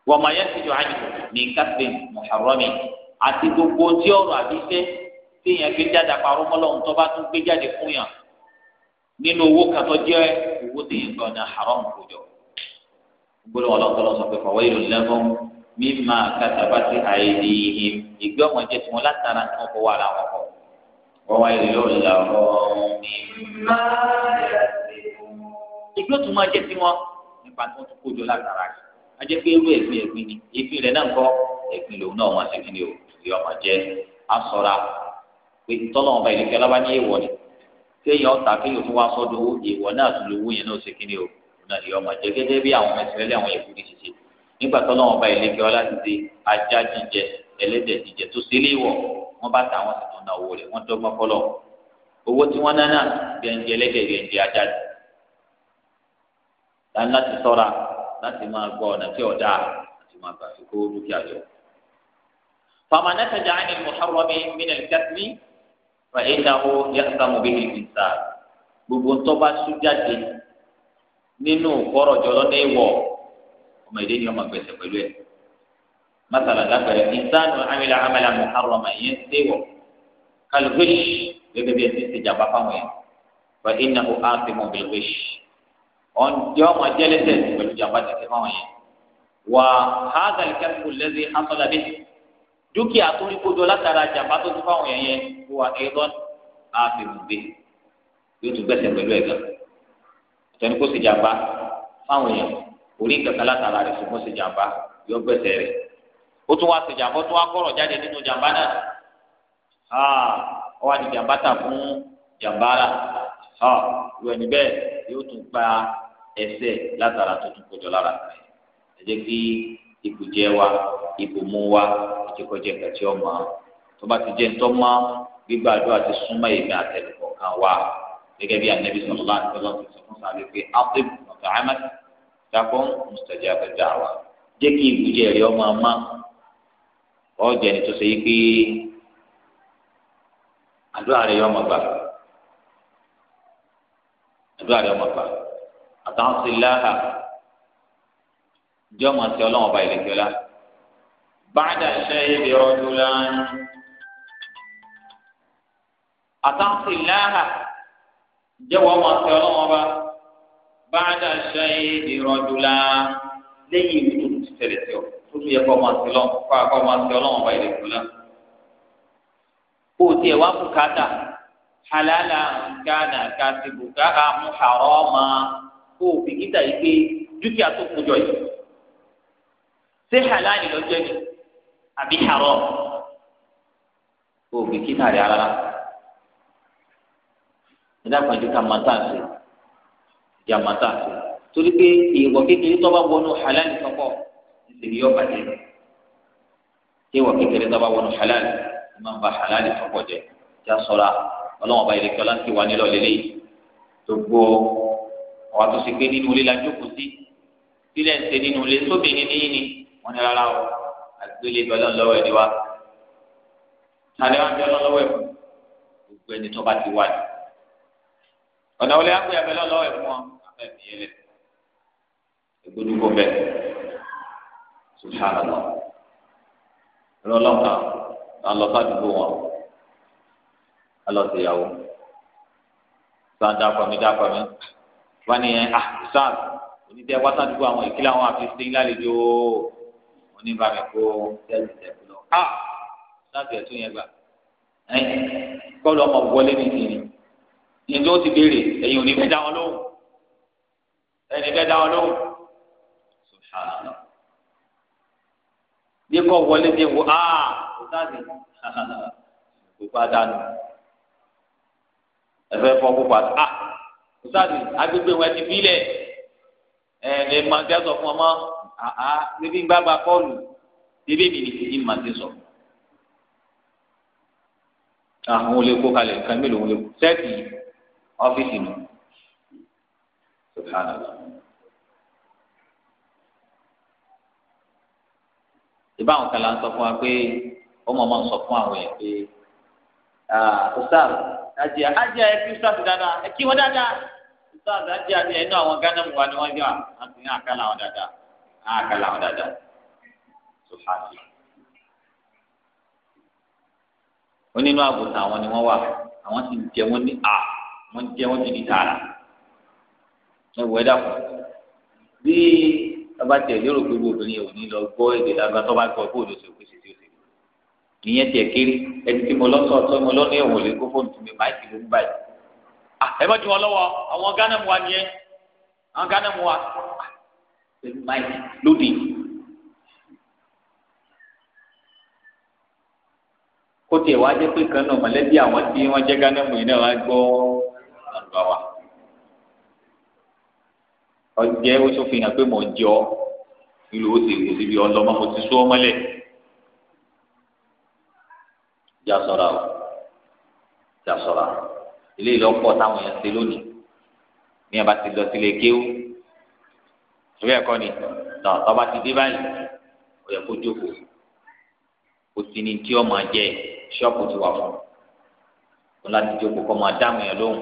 wọ́n máa yẹ síjọ àyìnbó ní kásìlẹ̀ mọ̀hárọ́mì àti gbogbo tí ọ̀rọ̀ àbí iṣẹ́ téèyàn gbé jáde parọ́ mọ́lọ́run tó bá tún gbé jáde fún yàn nínú owó kan tó jẹ́ owó téèyàn gbọ́ ní haram kò jọ. gbọ́dọ̀ wọn lọ́kọ́ lọ sọ pé fọwọ́ ìlú lẹ́fọ́n mímà ìgbé ọmọ jẹ tiwọn látara tí wọn kọ wà láwọn kọ wọn wáyé yóò là ọ ní. ìgbé òtún máa jẹ tiwọn nípa tí wọn tún kójọ látara rẹ ajẹ pé irú ẹgbin ẹgbin ni ẹgbin rẹ náà ń kọ ẹgbin lòun náà wọn ṣèkìlì o ìyá ọmọ jẹ asọra pé tọ́nà ọba ìlẹ̀kẹ́ ọlọ́ba ní èèwọ̀ ni kéèyàn ọ̀tà kéèyàn tún wá sọ́dọ̀ owó èèwọ̀ náà tún lówó yẹn náà ṣèkìlì o náà ìyá ọmọ jẹ gẹ́gẹ́ bí àwọn ọmọ ìsirẹ́lẹ̀ àwọn ẹ̀kú ṣiṣẹ́ nígbà tọ́nà ọba ìlẹ̀kẹ́ ọlá ti ṣe ajá jíjẹ ẹlẹ́dẹ̀ jíjẹ tó sílé wọ̀ wọ́n bá ta àwọn tuntun náà owó rẹ̀ wọ́n dọ́gbọ́n fọlọ́ owó tí wọ́n náná gbẹ̀ǹdì ẹlẹ́dẹ̀ gbẹ̀ǹdì ajá dání láti sọ́ra láti máa gbọ́ ọ̀nà tí ọ̀dà àti máa gbà fi kó dúkìá jọ. fama nẹ́tẹ̀jà ẹni muharrami minel kẹ́tìmí fa ìnáwó yàtàmù bí ìgbìnsá gbogbo ntọ́ba sójáde nínú kọ́rọ̀jọ́ lọ́nà ìwọ̀ ọmọ ìdẹ́ni ọmọ gbèsè pẹ̀lú ẹ̀ masala lápẹrẹ ìsánù amílà amílà muharrama ìyẹn séwọ kalvish gẹ́gẹ́ bí ẹsẹ ìjàmbá fáwọn yẹn wà iná o áàpì mọ bilvish ọ̀n jẹ́ ọmọ jẹ́lẹ́sẹ̀ pẹ̀lú ìjàmbá tẹ̀sẹ̀ fáwọn yẹn wà hádà kẹ́kù lẹ́sẹ̀ hasọ́lá bí dúkìá tó rí kojú látara ìjàmbá tó tún fáwọn yẹn yẹn wà ẹ̀rọ áàpì mọ bí yóò tún gbẹ̀sẹ̀ pẹ̀lú ẹ̀gá ìtọ́ni kó sì jàmbá fáwọn yẹn orí kẹkẹ látara rẹ̀ fún kó sì jàmbá yóò gbẹ̀sẹ̀ rẹ̀ ó tún wá sí jàmbá ó tún wá kọ̀rọ̀ jáde nínú jàmbá náà ọ ah, wá ní jàmbá tà fún jàmbá ah, rà ọ ìwé ẹni bẹ́ẹ̀ yóò tún gba ẹsẹ̀ látara tó tún kọjọ lára ẹ jẹ́ kí ibùjẹ wa ibùmú wa ìjẹkọjẹ kàtí ọmọ tó bá ti jẹ́ ń tọ́ mọ́ gbígbàdúrà ti súnmọ́ èmi àtẹnukọ̀ kan wa gẹ́gẹ́ bí anabi sọlá ní ọlọ́run ti sọ fún sàlẹ̀ pé atib mọ̀tàhámẹ́t dákun mustajab da'wa jẹ́ kí ibùjẹ rẹ ọmọ máa ọjọ́ ẹni tó ṣe yí pé àdúrà rẹ yọ ọmọ gbà àdúrà rẹ ọmọ gbà àtàwọn sì láhà jẹ́ ọmọ sí ọlọ́wọ́n ọba ìlẹ̀kẹ́ ọlá báàdà ṣe é bí ọdún lánàá àtàwọn sì láhà jẹ́ ọmọ sí ọlọ́wọ́n ọba báàdà ṣe é bí ọdún lánàá lẹ́yìn ìwé tó ti tẹ̀lé sí ọ tún yẹ kọ́ máa ti lọ kọ́ àkọ́ máa ti ọlọ́wọ́n ọba ìdẹ̀kùn náà. kó o tiẹ̀ wá bùkátà halala gánà kàti bùkátà mú harama kó o bìkítà yìí pé dúkìá tó kú jọ yìí. ṣé halali lọ́jọ́ ni àbí haram kó o bìkítà rẹ̀ rárá. ìdá kan jù ká máa tà sí ìjà máa tà sí torí pé ìwọ kékeré tó bá wọnú halali kankan ìdí yọ bàjẹ́ tí wọ́n kékeré tó bá wọnú halal ní máa ń ba halal fọ́pọ̀ jẹ já sọ́ra ọlọ́wọ́n bá ìrèké ọlá ń ti wà nílò lélẹ̀ gbogbo àwọn tó ṣe pé nínú ilé la jókòó sí sílẹ̀ ń ṣe nínú ilé sóbìnrin níyìn ni wọ́n ní rárá o àgbélé bẹ́ẹ̀ lọ́wọ́ ẹni wa tàlẹ́ wá bẹ́ẹ̀ lọ́wọ́ ẹ̀ fún gbogbo ẹni tó bá ti wà ní ọ̀nà wọlé àgbéyàbẹ́ lọ́wọ́ ẹ̀ fún ọ abẹ́ mi yẹlẹ̀ egbodugbo bẹ́ẹ̀ subhanallah الله. alọba dùgbò wọn alọsíyàwó ah, sàdáfọ mi dáfọ mi wọn ni ah sáà onídẹ wáṣà dùgbò àwọn ìkílẹ àwọn àfihàn lálejò oníbàmí kó tẹlifí tẹlifí lọ ah sáàtì ẹtún yẹn gbà kọlu ọmọ wọlé ní ìdí ni ìdí ti béèrè ẹ̀yin ò ní fẹ́ dá wọn lóhùn ẹni fẹ́ dá wọn lóhùn subhanallah bí kò wọlé bí wò á kò sáàdì (laughs) kò padà nù ẹfẹ fọ kó padà á kò sáàdì agbègbè wọn ti bí lẹ ẹ lè má tẹ sọ fún ọmọ àá níbi ń bá gba kọlù níbi mi ni má ti sọ àwọn ah, olè kó kalẹ̀ nǹkan mélòó olè kó sẹ́ẹ̀tì ọ́fíìsì nù. Subhanallah. síbá àwọn kan là ń sọ fún wa pé ọmọ ọmọ ń sọ fún àwọn yẹn pé ọsàr ajá ajá ẹ kí ọsàr dáadáa ẹ kí wọn dáadáa ọsàr ajá ni ẹnu àwọn gánà mu wa ni wọn yà wọn ti ní àkàlà wọn dáadáa àkàlà wọn dáadáa sùhàbí. onínú àgùntàn àwọn ni wọn wà àwọn sì ń jẹ wọn ní à wọn jẹ wọn jìnnì tààrà ẹ wọ ẹ dàpọ bíi tọ́ba tiẹ̀ lérò pé obìnrin ò ní lọ gbọ́ èdè lágbá tọ́ba gbọ́ bó ló ṣe kó ṣe tí ó ṣe kú ìyẹn tiẹ̀ kéré ẹni tí mo lọ sọ ọtọ́ mo lọ ní ẹ̀wọ̀n lè kó fóònù tún mi máì kì ló ń báyìí. ẹ bá ti wọn lọ́wọ́ àwọn Ghana mu wa nìyẹn àwọn Ghana mu wa pẹ̀lú máì lóde. kó tiẹ̀ wá jẹ́ pé kan náà mọ̀lẹ́bí àwọn tí wọ́n jẹ́ Ghana mu yìí náà wá gbọ́ àlùbáwá ọjẹ ó tún fi hàn pé mò ń jẹ ọ ìlú ó ti kò síbi ọlọmọ mo ti sún ọ mọ́lẹ̀ já ṣọ́ra o já ṣọ́ra ilé ìlọpọ táwọn èèyàn ṣe lónìí ní ẹ bá ti lọ sílé kéwú ìwé ẹ̀kọ́ ni náà tọba ti dé báyìí ó yẹ kó jókòó kò sí ní tí ọmọ jẹ ṣọ́ọ̀pù ti wà fún un láti jókòó kọ́ máa dáhùn yẹn lóhùn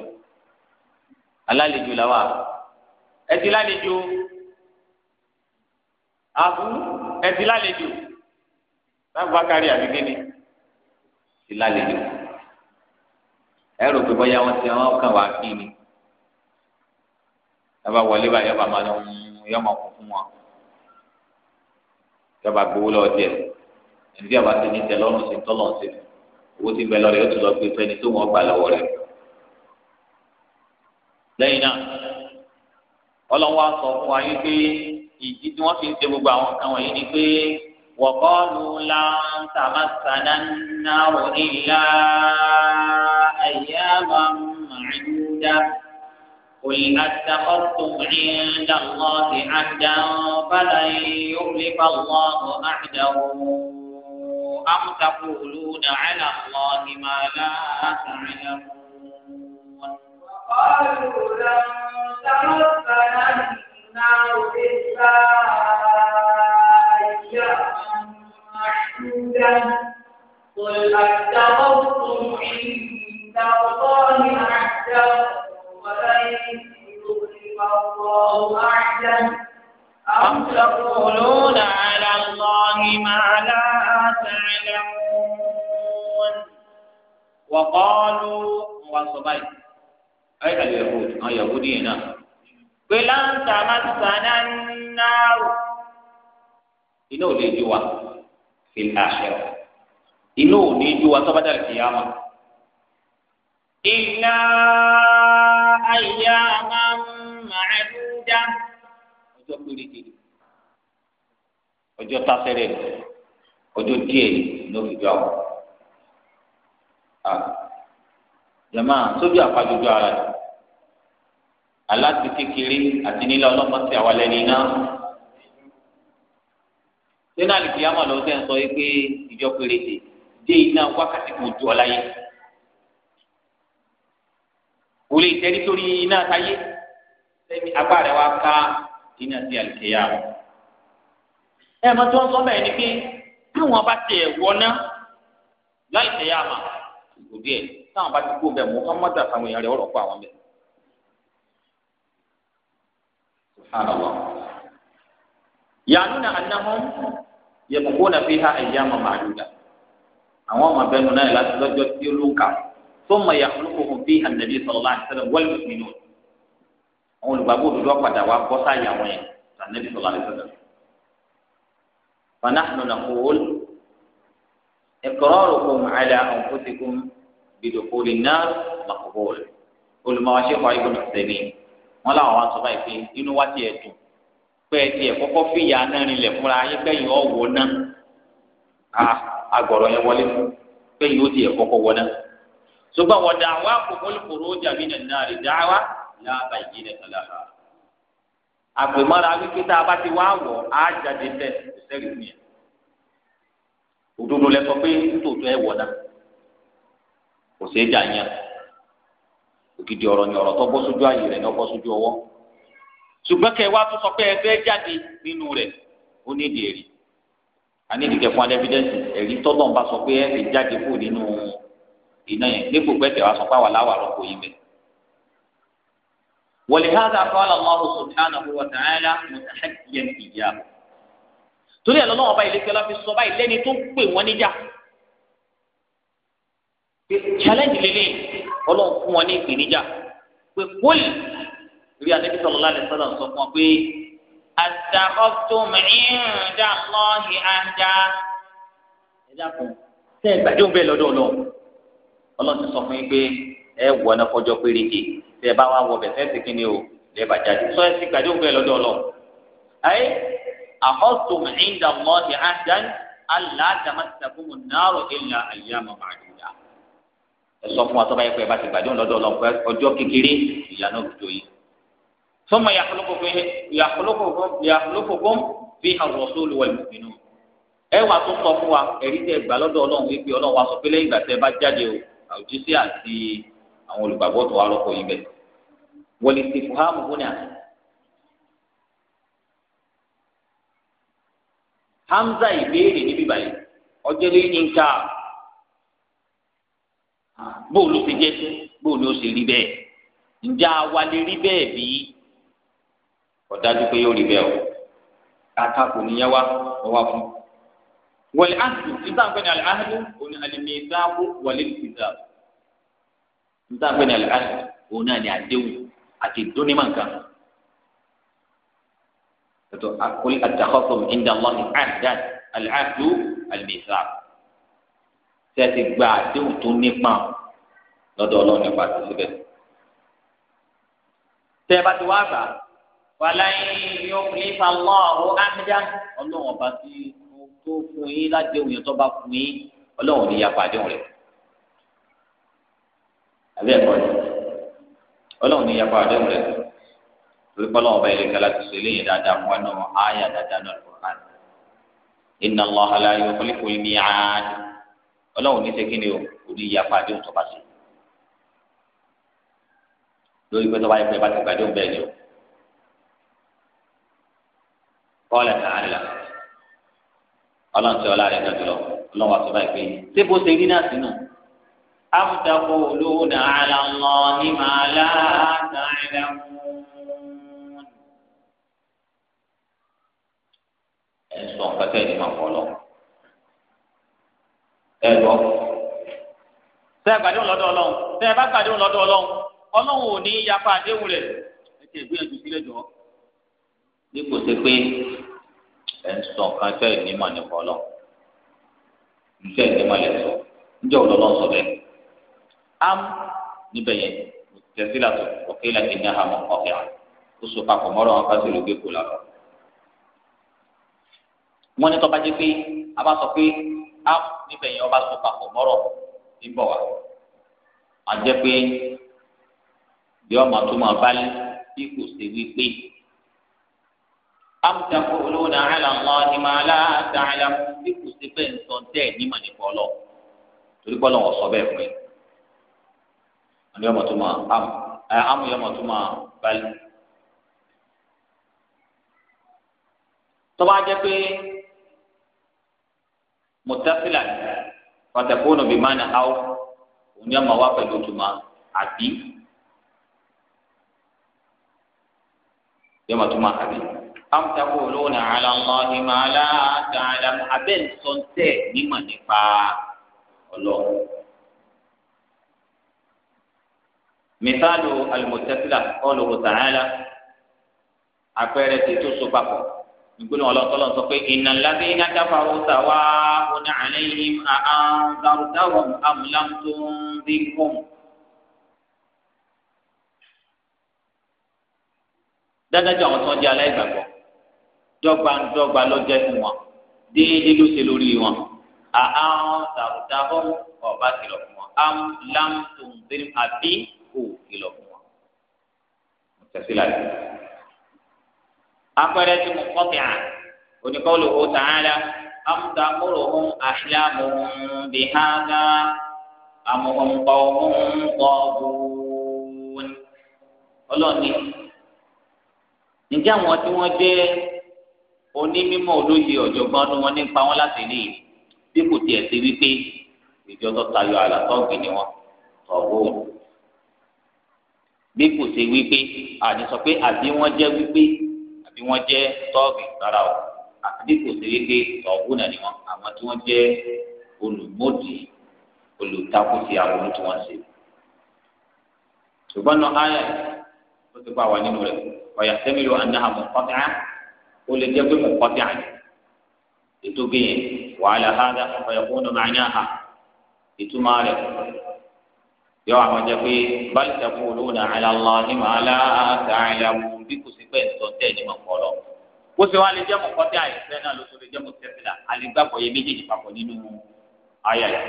alálejò làwọn ẹtì lálejò àbú ẹtì lálejò lágbàkárí àbíkéni ti lálejò ẹrù pé bóyá wọn ti wọn kàn wá kí ni yọba wọlé bá yọba máa lọ ń yọmọ kún fún wọn yọba gbowó lọ tiẹ ẹni tí yọba ti ní tẹ lọrùn sí tọlọ sí owó ti bẹ lọrẹ yóò tún lọ gbé fẹni tó wọn gbà lọ́wọ́ rẹ̀ lẹ́yìn náà ọlọ́wọ́ sọ fún wa yìí pé ìdí tí wọ́n fi ń ṣe gbogbo àwọn nǹkan wọ̀nyí ni pé wọ́kọ́lù la ń tàbá sàdá náà ìlà ẹ̀yà máa ń rìn dá. قل أتخذتم عند الله عهدا فلن يخلف الله عهده أم تقولون على الله ما لا تعلمون قالوا لن تمسنا النار إلا أياما محدودا قل أتخذتم عند الله عهدا ولن يخلف الله عهدا أم تقولون على الله ما لا تعلمون وقالوا وصبيت ayé àlè yahudi àwọn yahudi yẹn náà pé láǹtà màsánà náírà iná ò lè ju wa fi àṣẹwò iná ò ní ju wa tọ́ba dàrú kìí àmà. ìlà àyà máa ń máa dá péré kiri ọjọ́ tásẹ̀rẹ̀ ọjọ́ díẹ̀ ló fi jọ àwọn. Ah. jama sójú àpájọjọ ara rẹ̀ aláti kékeré àti nílẹ̀ ọlọ́mọsí àwa lẹ́ni náà. sínú àlìkìyàmọ̀ ló tẹ́ ń sọ pé ìjọ péréte dé iná wákàtí kò ju ọ̀la yẹn. kò lè tẹ́rí sórí iná táyé sẹ́mi apá rẹ̀ wá ká iná sí àlìkìyàmọ̀. ẹ mọ tí wọ́n sọ bẹ́ẹ̀ ni pé táwọn bá tiẹ̀ wọná láì tẹ̀yàmọ̀ àgùdíẹ̀ táwọn bá ti kó bẹ́ẹ̀ mọ́ ká mọ́tà èèyàn rẹ̀ ọ̀rọ̀ pa àwọn bẹ́ẹ̀. subhanallah ya'nuna annahum yabquna fiha ayyaman ma'duda àwọn ọmọ abẹnú náà láti lọ́jọ́ tí ó ló ń kà thumma yakhluquhum fiha an-nabi sallallahu alaihi wasallam wal mu'minun àwọn olùgbàgbọ́ òdodo padà wá bọ́ sáyà wọn yẹn sànẹ́bí sallallahu alaihi wasallam fa nahnu naqul iqrarukum ala anfusikum bidukhulin nar maqbul olùmọ̀ọ́sẹ́kọ̀ọ́ ibùdó sẹ́mi wọn làwọn wá sọ báyìí pé inú wa tiẹ̀ dùn pé ẹ tiẹ̀ kọ́kọ́ fìyà anárin lẹ̀ fúnra yín gbẹ̀yìn ọ̀wọ́ náà a agbọ̀rọ̀ yẹn wọlé fún gbẹ̀yìn ó tiẹ̀ kọ́kọ́ wọ náà ṣùgbọ́n wọ́n dà wá kòkòrò jàmí nàá rí dá wá lába yìí nìkan lára àpèmọ́ra wípé tá a bá ti wá wọ̀ á jáde tẹ̀ sẹ́rì fún yẹn òdodo lẹ sọ pé tòótọ́ ẹ wọ̀ náà kò sí ògidì ọ̀rọ̀ ni ọ̀rọ̀ tó bọ́ sójú ààyè rẹ̀ ní ọkọ̀ sójú ọwọ́ ṣùgbọ́n kẹ́ ẹ wá tó sọ pé ẹ fẹ́ jáde nínú rẹ̀ ó ní èdè rí a ní ìdíkẹ̀ fún alẹ́fídẹ́ǹsì ẹ̀rí tọ́lọ̀ ń bá sọ pé ẹ lè jáde kúrò nínú iná yẹn nípò pẹ́tẹ́ wa sọ pé àwọn aláwọ̀ àrọ́kọ yìí bẹ̀. ولهذا قال الله سبحانه وتعالى متحديا إياه torí ẹ̀ lọ́lọ́wọ́ challenge lélẹ́yìn ọlọ́run fún wọn ní ìpèníjà pé kólì rí anabi sallallahu alaihi wasallam sọ fún wọn pé àtàkọ́tùm ìrìndà lọ́ọ̀hì àjà ẹ̀dá kan tẹ́ ẹ gbàdé òun bẹ́ẹ̀ lọ́dọ̀ ọlọ́run ọlọ́run ti sọ fún yín pé ẹ wọ náà kọjọ péréke tẹ́ ẹ bá wà wọ bẹ̀ fẹ́ẹ́ sì kí ni o lẹ́ẹ̀ bá jáde sọ ẹ sì gbàdé òun bẹ́ẹ̀ lọ́dọ̀ ọlọ́run ẹ sọ fún wa tọ́ba yẹ kó ẹ bá ti gbàdúrà lọ́dọ̀ ọlọ́run pé ọjọ́ kékeré ìyá náà dùdú yìí. sọmọ yàkúlókòkò fi àwọn sóòlù wọlé mọ̀mínú. ẹ wà tó sọ fún wa ẹ̀rí tẹ gbà lọ́dọ̀ ọlọ́run wípé ọlọ́run wa sọ pé lẹ́yìn ìgbà tẹ bá jáde o àwùjíṣẹ́ àti àwọn olùgbàgbọ́ tó wà lọ́kọ̀ yìí bẹ̀. wọlé ti fún hàmù fún yà. Hamza bóòlù ti jẹ bóòlù ó sì rí bẹ́ẹ̀ ǹjẹ́ àwa lè rí bẹ́ẹ̀ bí ọ̀dájú pé yóò rí bẹ́ẹ̀ o kàkà kò níyẹn wá ọwá fún wọlé ahadu nítaǹpẹ ní alẹ ahadu òní alẹmí ìdáàbò wọlé ìdá nítaǹpẹ ní alẹ ahadu òní àní àdéhùn àti ìdúnímọ̀ nǹkan tètè akóli àtàkọ́sọ̀ ìdá wọn ní àdá alẹ ahadu alẹmí ìdáàbò tẹ̀sí gba àdéhùn lọ́dọ̀ ọlọ́run nípa ti síbẹ̀. tẹ́ ẹ bá ti wá gbà wà láyé yóò fi fa lọ́ọ̀rù ámídá ọlọ́run ọba tí tó fún yín láti òun yẹn tó bá fún yín ọlọ́run ní yapa àdéhùn rẹ̀. àbí ẹ̀kọ́ ni ọlọ́run ní yapa àdéhùn rẹ̀ torí pọ́lọ́run ọba ìrìnkà láti sọ eléyìí dáadáa fún ẹnu àyà dáadáa náà lọ́wọ́ àná. inna Allaha la yukhlifu al-mi'ad ọlọ́run ní sẹ́kìnnì ò ní yapa lórí pé tọ́ba ìpè bá ti gbàdé òun bẹ́ẹ̀ ni o. kọ́lẹ̀ tààrí la ọlọ́run tí ọlá rẹ̀ náà jùlọ ọlọ́run wà tó báyìí pé ṣé bó ṣe rí náà sínú. amúdàkọ olóhùn àlà ńlọ ní màá láàtàrà ẹ sọ nǹkan tẹ́ ẹ ní máa kọ́ lọ. ẹ lọ. sẹ́ẹ̀ gbàdé lọ́dọ̀ ọlọ́run sẹ́ẹ̀ bá gbàdé lọ́dọ̀ ọlọ́run. ọlọ́run ò ní yapa àdéhùn rẹ̀ ẹ ti ìgbìyànjú sílẹ̀ jọ. bí kò ṣe pé ẹ ń sọ kan fẹ́ ìnímọ̀ nípa ọlọ́ ìfẹ́ sọ sọ am níbẹ̀ yẹn tẹ̀sílà tó ọ̀kẹ́ láti ní àhàmọ́ ọ̀kẹ́ à ó so papọ̀ mọ́rọ̀ wọn lọ. ní pé a bá sọ pé am níbẹ̀ yẹn ọba sọ mọrọ ń pé yọ ọmọ tó máa bá lé bí kò ṣe wípé. amúdàkọ olówó náà hàn lọ́wọ́ ni máa láàdáàlà bí kò ṣe bẹ́ẹ̀ ń sọ tẹ́ nímọ̀ nípa ọlọ́ torí bọ́lá wọn sọ bẹ́ẹ̀ fún ẹ. àmì ọmọ tó máa amú yọ ọmọ tó máa bá tọ́ba jẹ́ pé mùtásílà pàtàkì ònà bí máa ń hàn áwọ̀ òun pẹ̀lú tuma àbí. yóò máa tún máa hàbí. amtakó olóhùn àlà ọlọ́ọ̀ni máa láàtà àlà abẹ́ nsọ́ntẹ́ nímọ̀ nípa ọlọ́ọ̀. مثال المتصلة قوله تعالى àpẹẹrẹ tí tó so papọ̀ ìgbóni wọn lọ́tọ́ lọ́n sọ pé innal ladhina kafaru sawa'un 'alayhim a anzartahum am lam tunzirhum. dájájú àwọn tí wọ́n jẹ́ aláìgbàgbọ́ dọ́gba dọ́gba ló jẹ́ fún wọn déédéé ló ṣe lórí wọn àhán tàbùtàbọ ọba kìlọ̀ fún wọn am lam tó ń àbí kò kìlọ̀ fún wọn. tẹ̀síláàdì apẹ̀rẹ̀ tí mo kọ́ bìà oníkọ́lù ó tààlà am tàmúròhún àhìlámùhún bìhádà àmùhùnkọ̀ọ̀hún kọ̀ọ̀hún ọlọ́ọ̀ni ǹjẹ́ àwọn tí wọ́n jẹ́ onímọ̀ olóye ọ̀jọ̀gbọ́n ni wọ́n ní pa wọ́n láti ní bí kò tiẹ̀ ṣe wípé ìjọ tó tayọ àlàtọ́ọ̀gì ni wọ́n tọ̀wọ́ bí kò ṣe wípé àní sọ pé àbí wọ́n jẹ́ wípé àbí wọ́n jẹ́ tọ́ọ̀gì rárá o àbí kò ṣe wípé tọ̀wọ́ náà ni wọ́n àwọn tí wọ́n jẹ́ olùmọ̀dì olùtakùsí àwọn tí wọ́n ṣe ṣùgbọ́n náà áyà ó ti bá wà nínú rẹ̀ ويحتمل أنها منقطعة ولجب منقطعة لتبين وعلى هذا فيكون معناها ìtumá rẹ yọ àwọn jẹ pé bal taquluna ala Allahi ma la ta'lamun bí kò sí pé ìtọ́tẹ́ ẹni mọ̀ kọ́ lọ. bó ṣe wá lè jẹ́ mọ̀kọ́tẹ́ àyẹ̀fẹ́ náà ló tó lè jẹ́ mọ̀tẹ́fìlà àlégbàpọ̀ yẹ méjèèjì papọ̀ nínú ayà yẹn.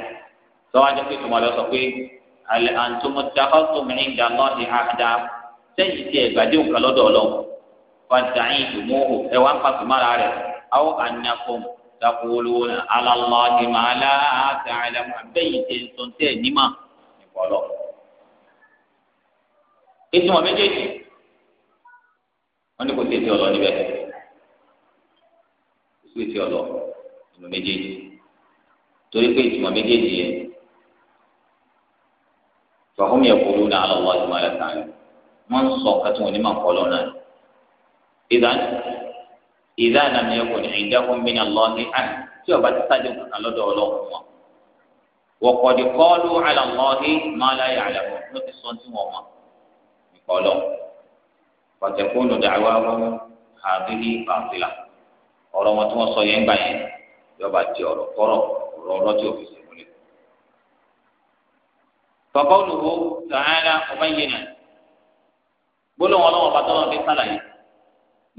sọ wá jẹ́ pé tòmọ̀ lọ sọ pé hal antum ittakhadtum 'inda Allahi ahda sẹ́yìn tí ẹ̀gbàdé òkà lọ́dọ̀ ọlọ́run fàdáyìn ìdùnmọ́hù ẹ wá ń pàtó mára rẹ̀ àwọn ànàkùn takulun ala Allahi ma la ta'lamun àbẹ́yìn tẹ̀ ń sọ tẹ̀ nímà ìbọ̀lọ̀. ìtumọ̀ méjèèjì wọ́n ní kò tètè ọ̀lọ́ níbẹ̀ kò tètè ọ̀lọ́ ìtumọ̀ méjèèjì torí pé ìtumọ̀ méjèèjì yẹn fàkúnyẹ̀ kúrú ní ala Allahi ma la ta'lamun wọ́n sọ kàtí wọn ní máa kọ́ lọ́nà ni. ìdán ìdán àmì ẹ̀kọ́ ní ìdákùn mi náà lọ ní àná tí ọba ti sáájú kankan lọ́dọ̀ ọlọ́run wọn. wọ́kọ̀dì kọ́ọ̀lù alàlọ́ọ̀hí máa láyà àlàbọ̀ ló ti sọ tí wọ́n mọ̀ nípa ọlọ́run. pàtẹ́kùnù dàwa wọn àbílí pàtìlà ọ̀rọ̀ wọn tí wọ́n sọ yẹn gbà yẹn yọba ti ọ̀rọ̀ kọ́rọ̀ ọ̀rọ̀ ọ̀rọ̀ tí òfìsì múlẹ̀. فقوله تعالى مبينا gbólóhùn ọlọ́wọ́n bá tọ́lọ́ fi sálàyé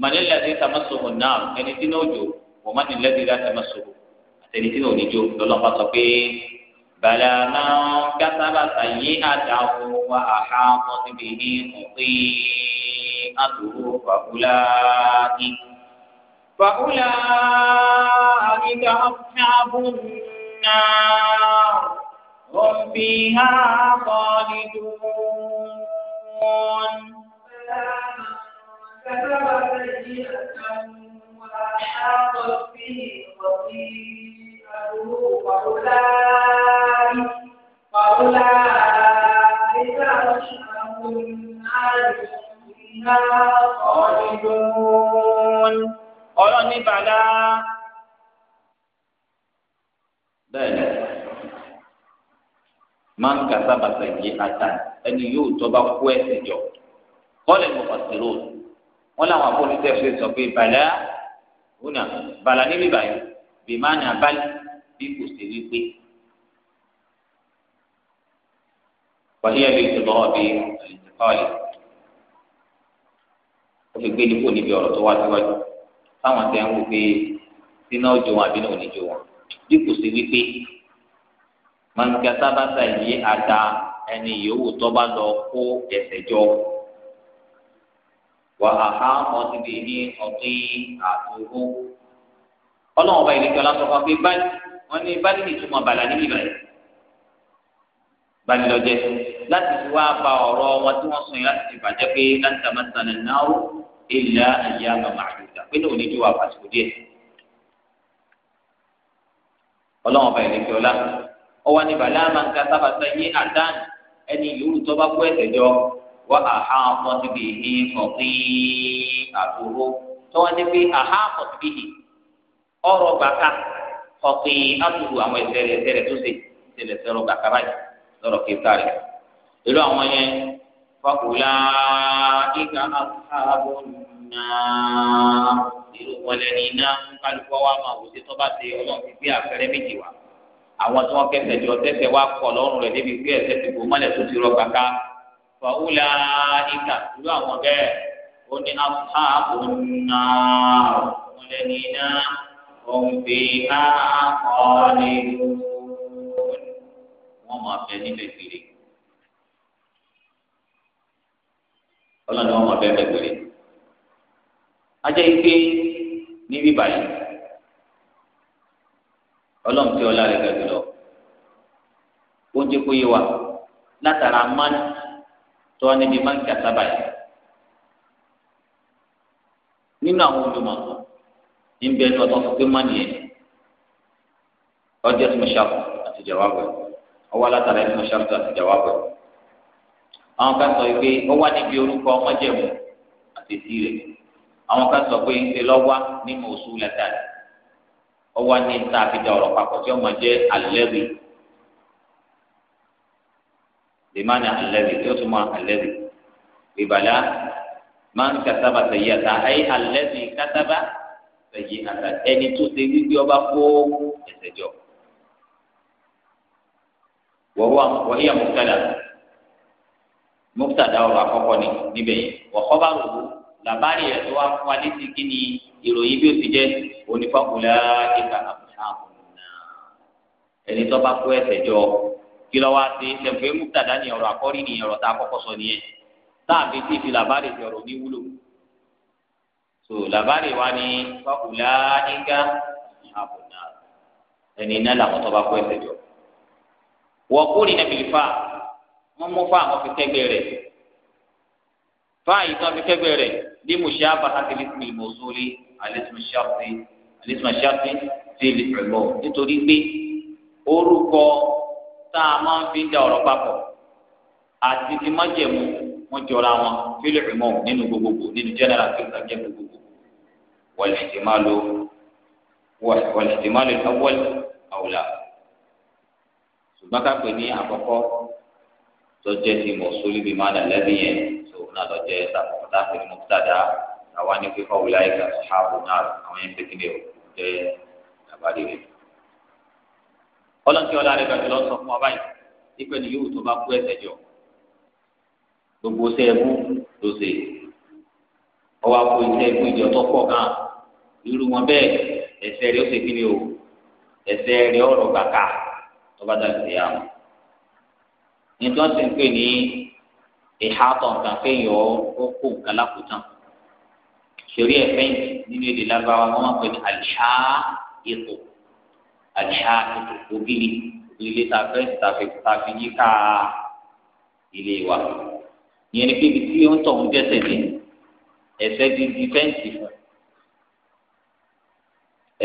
mànílẹ̀ ti tàmásòwò náà ẹni tí náà jò wọ́n mánilẹ̀ ti dá tàmásòwò àtẹni tí náà ò ní jò lọ́lọ́ bá sọ pé bàlá máa ń gásábàtà yé àdáwò wa àhá wọn ti ní òpin àdúró fàkúlà kí. fàkúlà àríkà ọ̀fẹ́ النار هم فيها خالدون إلا من كتب سيئة وأحاطت به خطيئته فأولئك فأولئك أصحاب النار فيها خالدون ọlọ́ni bàlá bẹ́ẹ̀ ni máa ń kà sábàtà yìí ata ẹni yóò tọ́ bá kó ẹ̀sìn jọ kọ́lẹ̀ mọ̀kànsìrò wọn làwọn akólítẹ́ fi sọ pé bàlá ònà bàlá níbi báyìí bìmánà báyìí bí kò sí wípé. wàhíyà bíi tó lọ́wọ́ bíi àlìtìkọ́ọ̀lì ó fi gbé nípò níbi ọ̀rọ̀ tó wá síwájú táwọn tẹ́ ń wò pé sínú ọjọ́ wọn àbí náà níjọ́ wọn bí kò sí wípé mọ̀nkẹ́ sábàtà yìí àta ẹni yòówù tó bá lọ kó ẹsẹ̀ jọ. وأحاطت به خطيئته ọlọ́run ọba ìlẹ́jọ́ lásán kan pé báyìí wọ́n ní báyìí nìtumọ̀ bàlá níbi báyìí báyìí lọ́jẹ́ láti fi wá ba ọ̀rọ̀ wọn tí wọ́n sọ yẹn láti fi bàjẹ́ pé láti tàbá sàn náà ìlà ìyá màmá àdúgbò pé ní òní ju wà pàṣẹ díẹ̀ ọlọ́run ọba ìlẹ́jọ́ lásán ọwọ́ ní bàlá máa ń ka sábà sẹ́yìn àdáni ẹni yòówù wọ́n àhápọ̀ síbi ìhí ọ̀pẹ́ àtòrò tó wọ́n ti fi àhápọ̀ síbi ìhí ọ̀rọ̀ gbàkà ọ̀pẹ́ àtòrò àwọn ẹsẹ̀ rẹ̀ ẹsẹ̀ rẹ̀ tó ṣe ìṣẹ̀lẹ̀ sẹ̀rọ̀ gbàkà báyìí lọ́rọ̀ kíkà rẹ̀ ìlú àwọn yẹn fọkùlà ìgbà àbò náà irú wọlé ní iná kálukọ wa máa wò tó bá ti Ọlọ́run ti gbé àpẹẹrẹ méjì wá àwọn tí wọ́n kẹsẹ̀ jọ tẹ́sẹ̀ wá kọ̀ lọ́rùn rẹ̀ débi pé ẹ̀sẹ̀ ti mọ́lẹ̀ tó ti rọ gbàkà fàwùlà ìkà irú àwọn bẹ́ẹ̀ ó ní asáàbò náà wọn lè ní iná òǹfì àkọọ́lẹ̀ wọn máa bẹ níbẹ̀ gbére ọlọ́ni wọn máa bẹ níbẹ̀ gbére ajẹ́ ike níbí báyìí ọlọ́run tí ọlá rẹ̀ gàdúrà ó ń yé wa látara mánì tó wá níbi máa ń kà sábà yìí nínú àwọn olùmọ̀ ń bẹ ní ọtọ́ fún pé má nìyẹn ọjọ́ tí mo ṣàkó àti jàwábù ọwọ́ alátàlá tí mo ṣàkó àti jàwábù àwọn kan sọ pé ó wá níbi orúkọ ọmọjẹ̀mú àti èsì rẹ̀ àwọn kan sọ pé ń lọ́wọ́ nínú oṣù lẹ́tà ó ní tá a ọ̀rọ̀ papọ̀ tí ó máa jẹ́ àlẹ́rìí bimana alẹ́bi yóò tún mọ alẹ́bi ìbàlá máa ń kàtàbà sẹ́yìn àtà ayé alẹ́bi kàtàbà sẹ́yìn àtà ẹni tó ṣe wípé ọba kó ẹsẹ̀ jọ. wọ́n yà mọ́tàdà mọ́tàdà ọ̀rọ̀ àkọ́kọ́ ni níbẹ̀ yẹn wọ́n kọ́ bá rò tó wá fún wa ìròyìn bí ó ti jẹ́ onífọ́kùnrin ẹ̀ka àbùsà àbùnà ẹni tó bá kó ẹsẹ̀ jọ kìlọ̀ wa ti lẹ́gbẹ̀ẹ́ mùtàdá ni ọ̀rọ̀ àkọ́rí ni ọ̀rọ̀ tá a kọ́kọ́ sọ nìyẹn táàbí tí fi làbárè ti ọ̀rọ̀ ní wúlò so làbárè wa ni fàkùlà nígà àbùnà ẹni iná làwọn tó bá kó ẹsẹ̀ jọ wọ́n kúrì nàbì fà wọ́n mú fà wọ́n fi kẹ́gbẹ́ rẹ̀ fà yìí tó fi kẹ́gbẹ́ rẹ̀ ní musa bàtà tẹlifíìmù mọ̀sólì alẹ́sùmọ̀ṣáfì alẹ́sùmọ̀ṣáfì tẹlifíìmù nítorí pé orúkọ tá a máa ń fi da ọ̀rọ̀ papọ̀ àti ti májẹ̀mú wọn jọra wọn fílẹ̀ ìmọ̀ nínú gbogbogbò nínú general tó ta jẹ́ gbogbogbò wal-ihtimalu wal-ihtimalu al-awwal awla ṣùgbọ́n ká pè ní àkọ́kọ́ tó jẹ́ ti mọ̀sólì bíi máa nà yẹn tó náà lọ jẹ́ tàkùtà pẹ̀lú mọ̀tàdá àwa ní pípa wùláyé kà sọ́háàbù náà àwọn yẹn pé kí ni ò jẹ́ àbádìrẹ́ ọlọ́nkí ọlá rẹ̀ gbàdúrà sọ fún wa báyìí ipe ni yóò tó bá kú ẹsẹ̀ jọ gbogbo sẹ ẹbú ló ṣe ọwọ́ àpò iṣẹ́ ẹbú ìjọ tó pọ̀ gan irú wọn bẹ́ẹ̀ ẹsẹ̀ rẹ̀ ó ṣe kíni o ẹsẹ̀ rẹ̀ ọ̀rọ̀ kàkà tó bá dàgbé yà wọn. nítorí ti ń pè ní ìhà tọ̀nkàn kéèyàn ó kó nǹkan lákòótán ṣòrí ẹ̀fẹ́yìn nínú èdè lágbára wọn máa pè ní àlìhá ètò àlìhá ètò ògiri ilé tafẹ́ tafẹ́ tafẹ́ yíká ilé wa ìyẹn ni pé ibi tí ó ń tọ̀hún dẹ́sẹ̀ dé ẹsẹ̀ ti di fẹ́ǹsì fún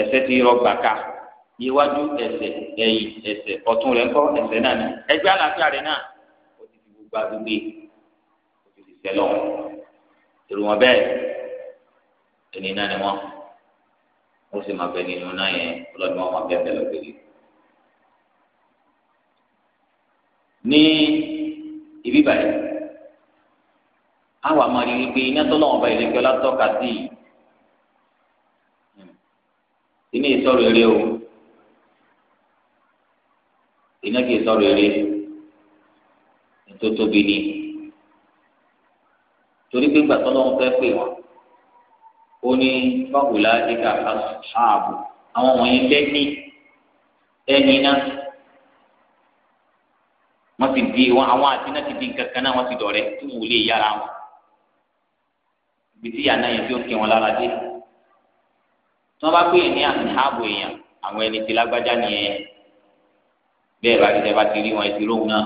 ẹsẹ̀ ti rọgbà ká iwájú ẹsẹ̀ ẹ̀yìn ẹsẹ̀ ọ̀tún rẹ̀ ń kọ́ ẹsẹ̀ náà ni ẹgbẹ́ àlàáfíà rẹ̀ náà ó ti fi gbogbo àdúgbò ó ti fi sẹ́lọ̀ ìrùwọ̀n bẹ́ẹ̀ ẹni náà ni wọ́n ó sì máa bẹ nínú náà yẹn ọlọ́dún wọn máa bẹ bẹ lọ́gbẹ̀rẹ̀. ní ibi báyìí àwọn àmọ́ rí i pé iná tó lọ́wọ́ báyìí lẹ́gbẹ́ látọ́ka sí i iná ìsọ̀rọ̀ eré o iná kì í sọ̀rọ̀ eré tó tóbi ni torí pé gbàtọ́ lọ́wọ́ fẹ́ pè wọ́n ó ní fáwọlá ìka ààbò àwọn wọ̀nyí lẹ́ni lẹ́ni náà wọ́n ti di wọn àwọn àti náà ti di nǹkan kan náà wọ́n ti dọ̀rẹ́ tí wọ́n lè yára wọn ibi tí yàrá yẹn fi ó kí wọn lára dé tí wọ́n bá pè ní ààbò èèyàn àwọn ẹni tí lágbájá nìyẹn bẹ́ẹ̀ bá ti bá ti rí wọn ti róhùn náà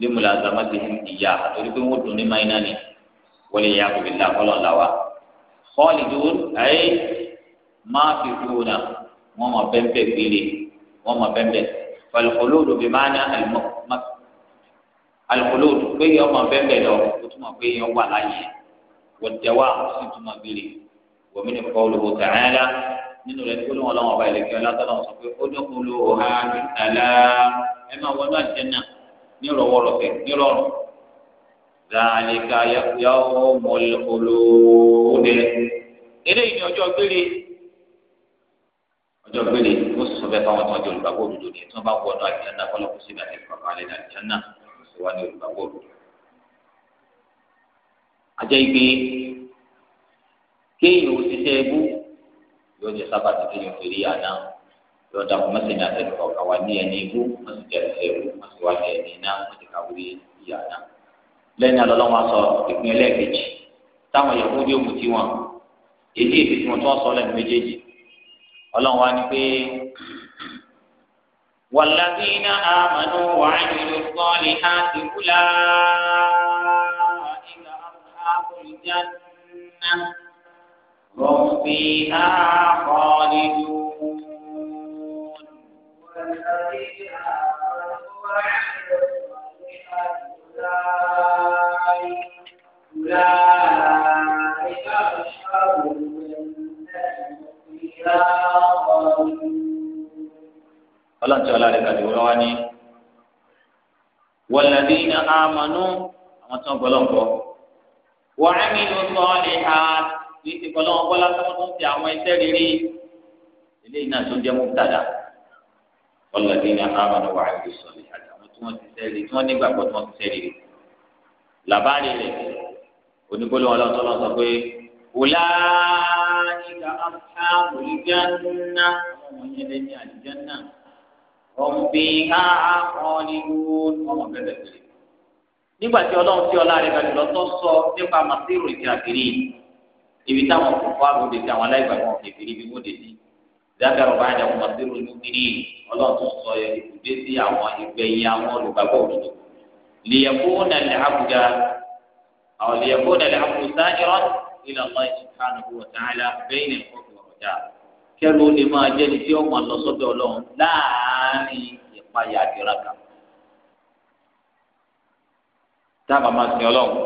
lé mu làzàmá ti ń ìyá àtòrí pé wọ́n dùn ní máyínà ni wọ́n lè yá kò lè khalidun ay máa fi dúnà wọ́n máa bẹ́ńbẹ́ gbére wọ́n máa bẹ́ńbẹ́ falkhuludu bí máa ná àlùmọ́ alukolodu pé yẹn ọmọ bẹ́ẹ̀ bẹ́ẹ̀ lọ o tún mọ̀ pé yẹn wà láàyè wọ̀dẹ̀wà sì tún mọ̀ gbére wọ̀mínú qawluhu ta'ala nínú rẹ̀ tó lọ́wọ́ lọ́wọ́ ọba ìlẹ̀kẹ́ ọlátọ́lá sọ pé ó ní kúló ọ̀hán àlá ẹ máa wọnú zaalika yawmul khulud eléyìí ni ọjọ́ gbére ọjọ́ gbére ó sì sọ bẹ́ẹ̀ fáwọn tó ń jẹ olùgbàgbọ́ òdodo ni tí wọ́n bá wọ ọ̀nà àlìjáná kọ́lọ́kù síbi àti ìfọ̀kàn àlẹ́ àlìjáná sì wá ní olùgbàgbọ́ òdodo. ajẹ́ ìgbé kéèyàn ó ti tẹ́ ẹbú yóò jẹ sábà tí kéèyàn fi rí àná yóò dàpọ̀ mọ́sẹ̀ ní àtẹnukọ̀ káwa ní ẹni ibú mọ́sẹ̀ jẹ́ ẹ̀rú mọ́sẹ̀ wá ní ẹni iná mọ́sẹ̀ káwé ìyá náà lẹ́yìn alọ́lọ́wọ́ sọ ìpín ẹlẹ́ẹ̀kejì táwọn yòókù bí òmù tí wọn èdè èdè tí wọn tún sọ lẹ́nu méjèèjì ọlọ́run wa ni pé wàlàbíínà àmàlù wà nínú sọ́ọ̀lì àti wúlà ìgbà àbúrúdá náà rọ̀bì àkọ́ọ̀lì lùún. wàlàbíínà àmàlù wà nínú أولئك أولئك أصحاب ọlọ́run tí ọlá rẹ̀ gàdí wọ́n wá ní walladhina amanu àwọn tí wọ́n gbọ́ lọ́nkọ́ wa amilu salihat kì í ti gbọ́ lọ́wọ́ bọ́lá tó ń ti àwọn iṣẹ́ rere eléyìí náà tó ń jẹ́ mú tàdá walladhina amanu wa amilu salihat tí wọ́n ti sẹ́rí tí wọ́n ní gbàgbọ́ tí wọ́n ti sẹ́rí rẹ̀ làbárí rẹ̀ onígbólóhùn ọlọ́tọ́ lọ́n sọ pé wòlá ìgbà afá wòlíjánná ọmọ yẹn lé ní àlìjánná ọ̀nbí àkọọ́lìwọ́n ọmọ bẹ́ẹ̀ bẹ́ẹ̀ nígbà tí ọlọ́run tí ọlá rẹ̀ gbàdúrà tó sọ nípa màsírù ìkàkiri ibi táwọn kò fọ́ àròdè tí àwọn aláìgbàgbọ́ kékeré ibi wọ́n dé sí dákàrọ̀ bá yàn wọ́n sí olùkiri ọlọ́run tó sọ ibùdó sí àwọn ìgbẹ̀yìn àwọn olùgbàgbọ́ òdodo. lìyẹ̀kú nà lè àbújá àwọn lìyẹ̀kú nà lè àbújá ìrọ́n ilẹ̀ ọ̀sán ìṣùkánù wò tààlà bẹ́ẹ̀ ní ìfọ̀kù ọ̀jà. kẹ́rù ó lè máa jẹ́ ní tí ó mọ̀ lọ́sọ́dọ̀ ọlọ́run láàárín ìpayà àdìrákà. dábàá máa sin ọlọ́run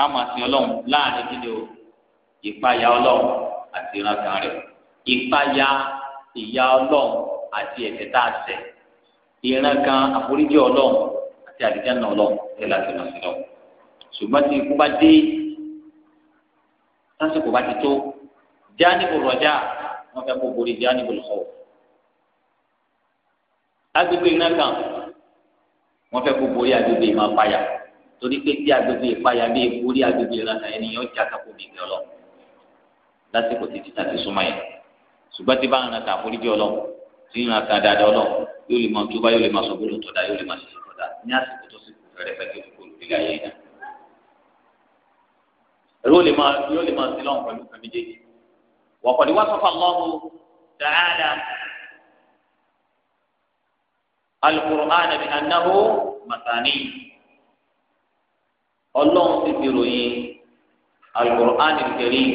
á máa sin ọlọ́run láàárín ìpayà ọlọ́run àti ìrákà ìpayà ìyá ọlọ́run àti ẹ̀ṣẹ̀ tá a ṣẹ̀ ìran kan àforíjì ọlọ́run àti àdìjánà ọlọ́run ẹ̀ láti lọ sí lọ. ṣùgbọ́n tí ikú bá dé lásìkò bá ti tó jáníbù rọjá wọn fẹ́ kó borí jáníbù lọ́wọ́. agbègbè ìran kan wọn fẹ́ kó borí agbègbè ìmọ̀ apáyà torí pé tí agbègbè ìpáyà bí borí agbègbè ìran kan ènìyàn jà kápò nìkan lọ lásìkò títí tàbí súnmọ́ yẹn ṣùgbọ́n tí bá ń ranta àforíjì ọlọ́run tí ń ranta dáadáa ọlọ́run yóò lè máa tó bá yóò lè máa sọ gbọ́dọ̀ tọ́da yóò lè máa ṣiṣẹ́ tọ́da ní àsìkò tó sì kù fẹ́rẹ́ fẹ́ tó kù lórí ayé náà. yóò lè máa yóò lè máa sí lọ́run pẹ̀lú fẹ́ méjèèjì. wọ̀kọ̀dé wá sọ́fà lọ́run dáadáa alukur'an bi anahu masani ọlọ́run ti fi ròyìn alukur'an kẹrin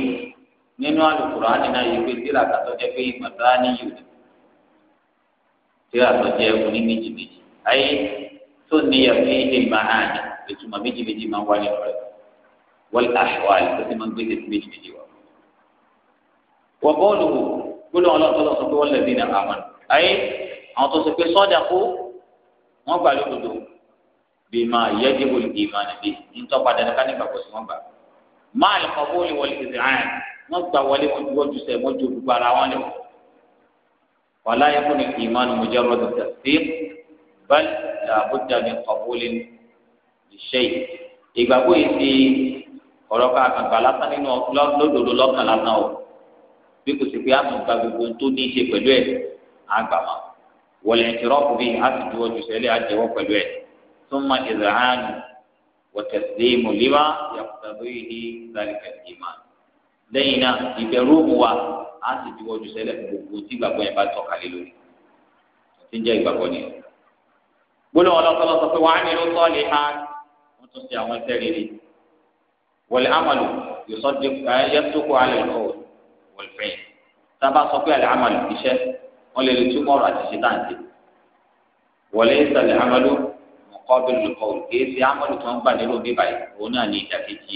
nínú Al-Qur'ani náà yìí pé tíra kàtọ́ jẹ́ pé ìmọ̀tá ní yòó tíra tó jẹ́ oní méjì méjì ayé tó ní yàtí ìmọ̀ àná ìtumọ̀ méjì méjì máa ń wá nínú rẹ̀ wọ́n àṣewàlì tó ti máa ń gbé tètè méjì méjì wá. wọ́n bọ́ọ̀lù wò gbólóhùn ọlọ́run tó lọ sọ pé wọ́n lè dín náà àwọn ayé àwọn tó sọ pé sọ́dà kú wọ́n gbà lódodo bíi máa yẹ dìbò ìgbìmọ̀ níbi wọn gbà wọlé wọn ju ọjọ́ sẹ wọn ju gbogbo ara wọn lẹ wàlá yẹ kó ní kì í má nu mọjá rọdù tẹsí bal làbújá ní kọbólé ìṣe yìí ìgbàgbọ́ yìí ti ọ̀rọ̀ ká àkàǹkà lásán nínú lódodo lọ́kàn lásán o bí kò sì pé àtúntà gbogbo tó ní í ṣe pẹ̀lú ẹ̀ àgbà wọlé ìtìrọ́pù bíi a sì ju ọjọ́ sẹ́lẹ̀ àjẹwọ́ pẹ̀lú ẹ̀ tó má ìzàhánu wọ̀tẹ̀sílẹ̀ mọ̀lẹ́wà yàtọ̀ lóyè ní lálẹ́ kẹ̀kẹ́ máa. lẹ́yìn náà ìbẹ̀rù òwò wa á sì ti wọ́jú sẹ́lẹ̀ gbogbo tí ìgbàgbọ́ yẹn bá tọ̀kalẹ̀ lórí ti ń jẹ́ ìgbàgbọ́ ni. gbólóhùn ọlọ́sọ̀lọ́ sọ pé wàá ní ló ha wọ́n tún ṣe àwọn ẹsẹ̀ rere wọlé amalu sọ pé amalu lè lè túmọ̀ ọ̀rọ̀ àti wọlé ìsàlẹ̀ amalu mọ̀kọ́ lọ́kọ̀ọ́ amalu tó ń gbà nílò bíbáyìí òun náà ní ìdàkejì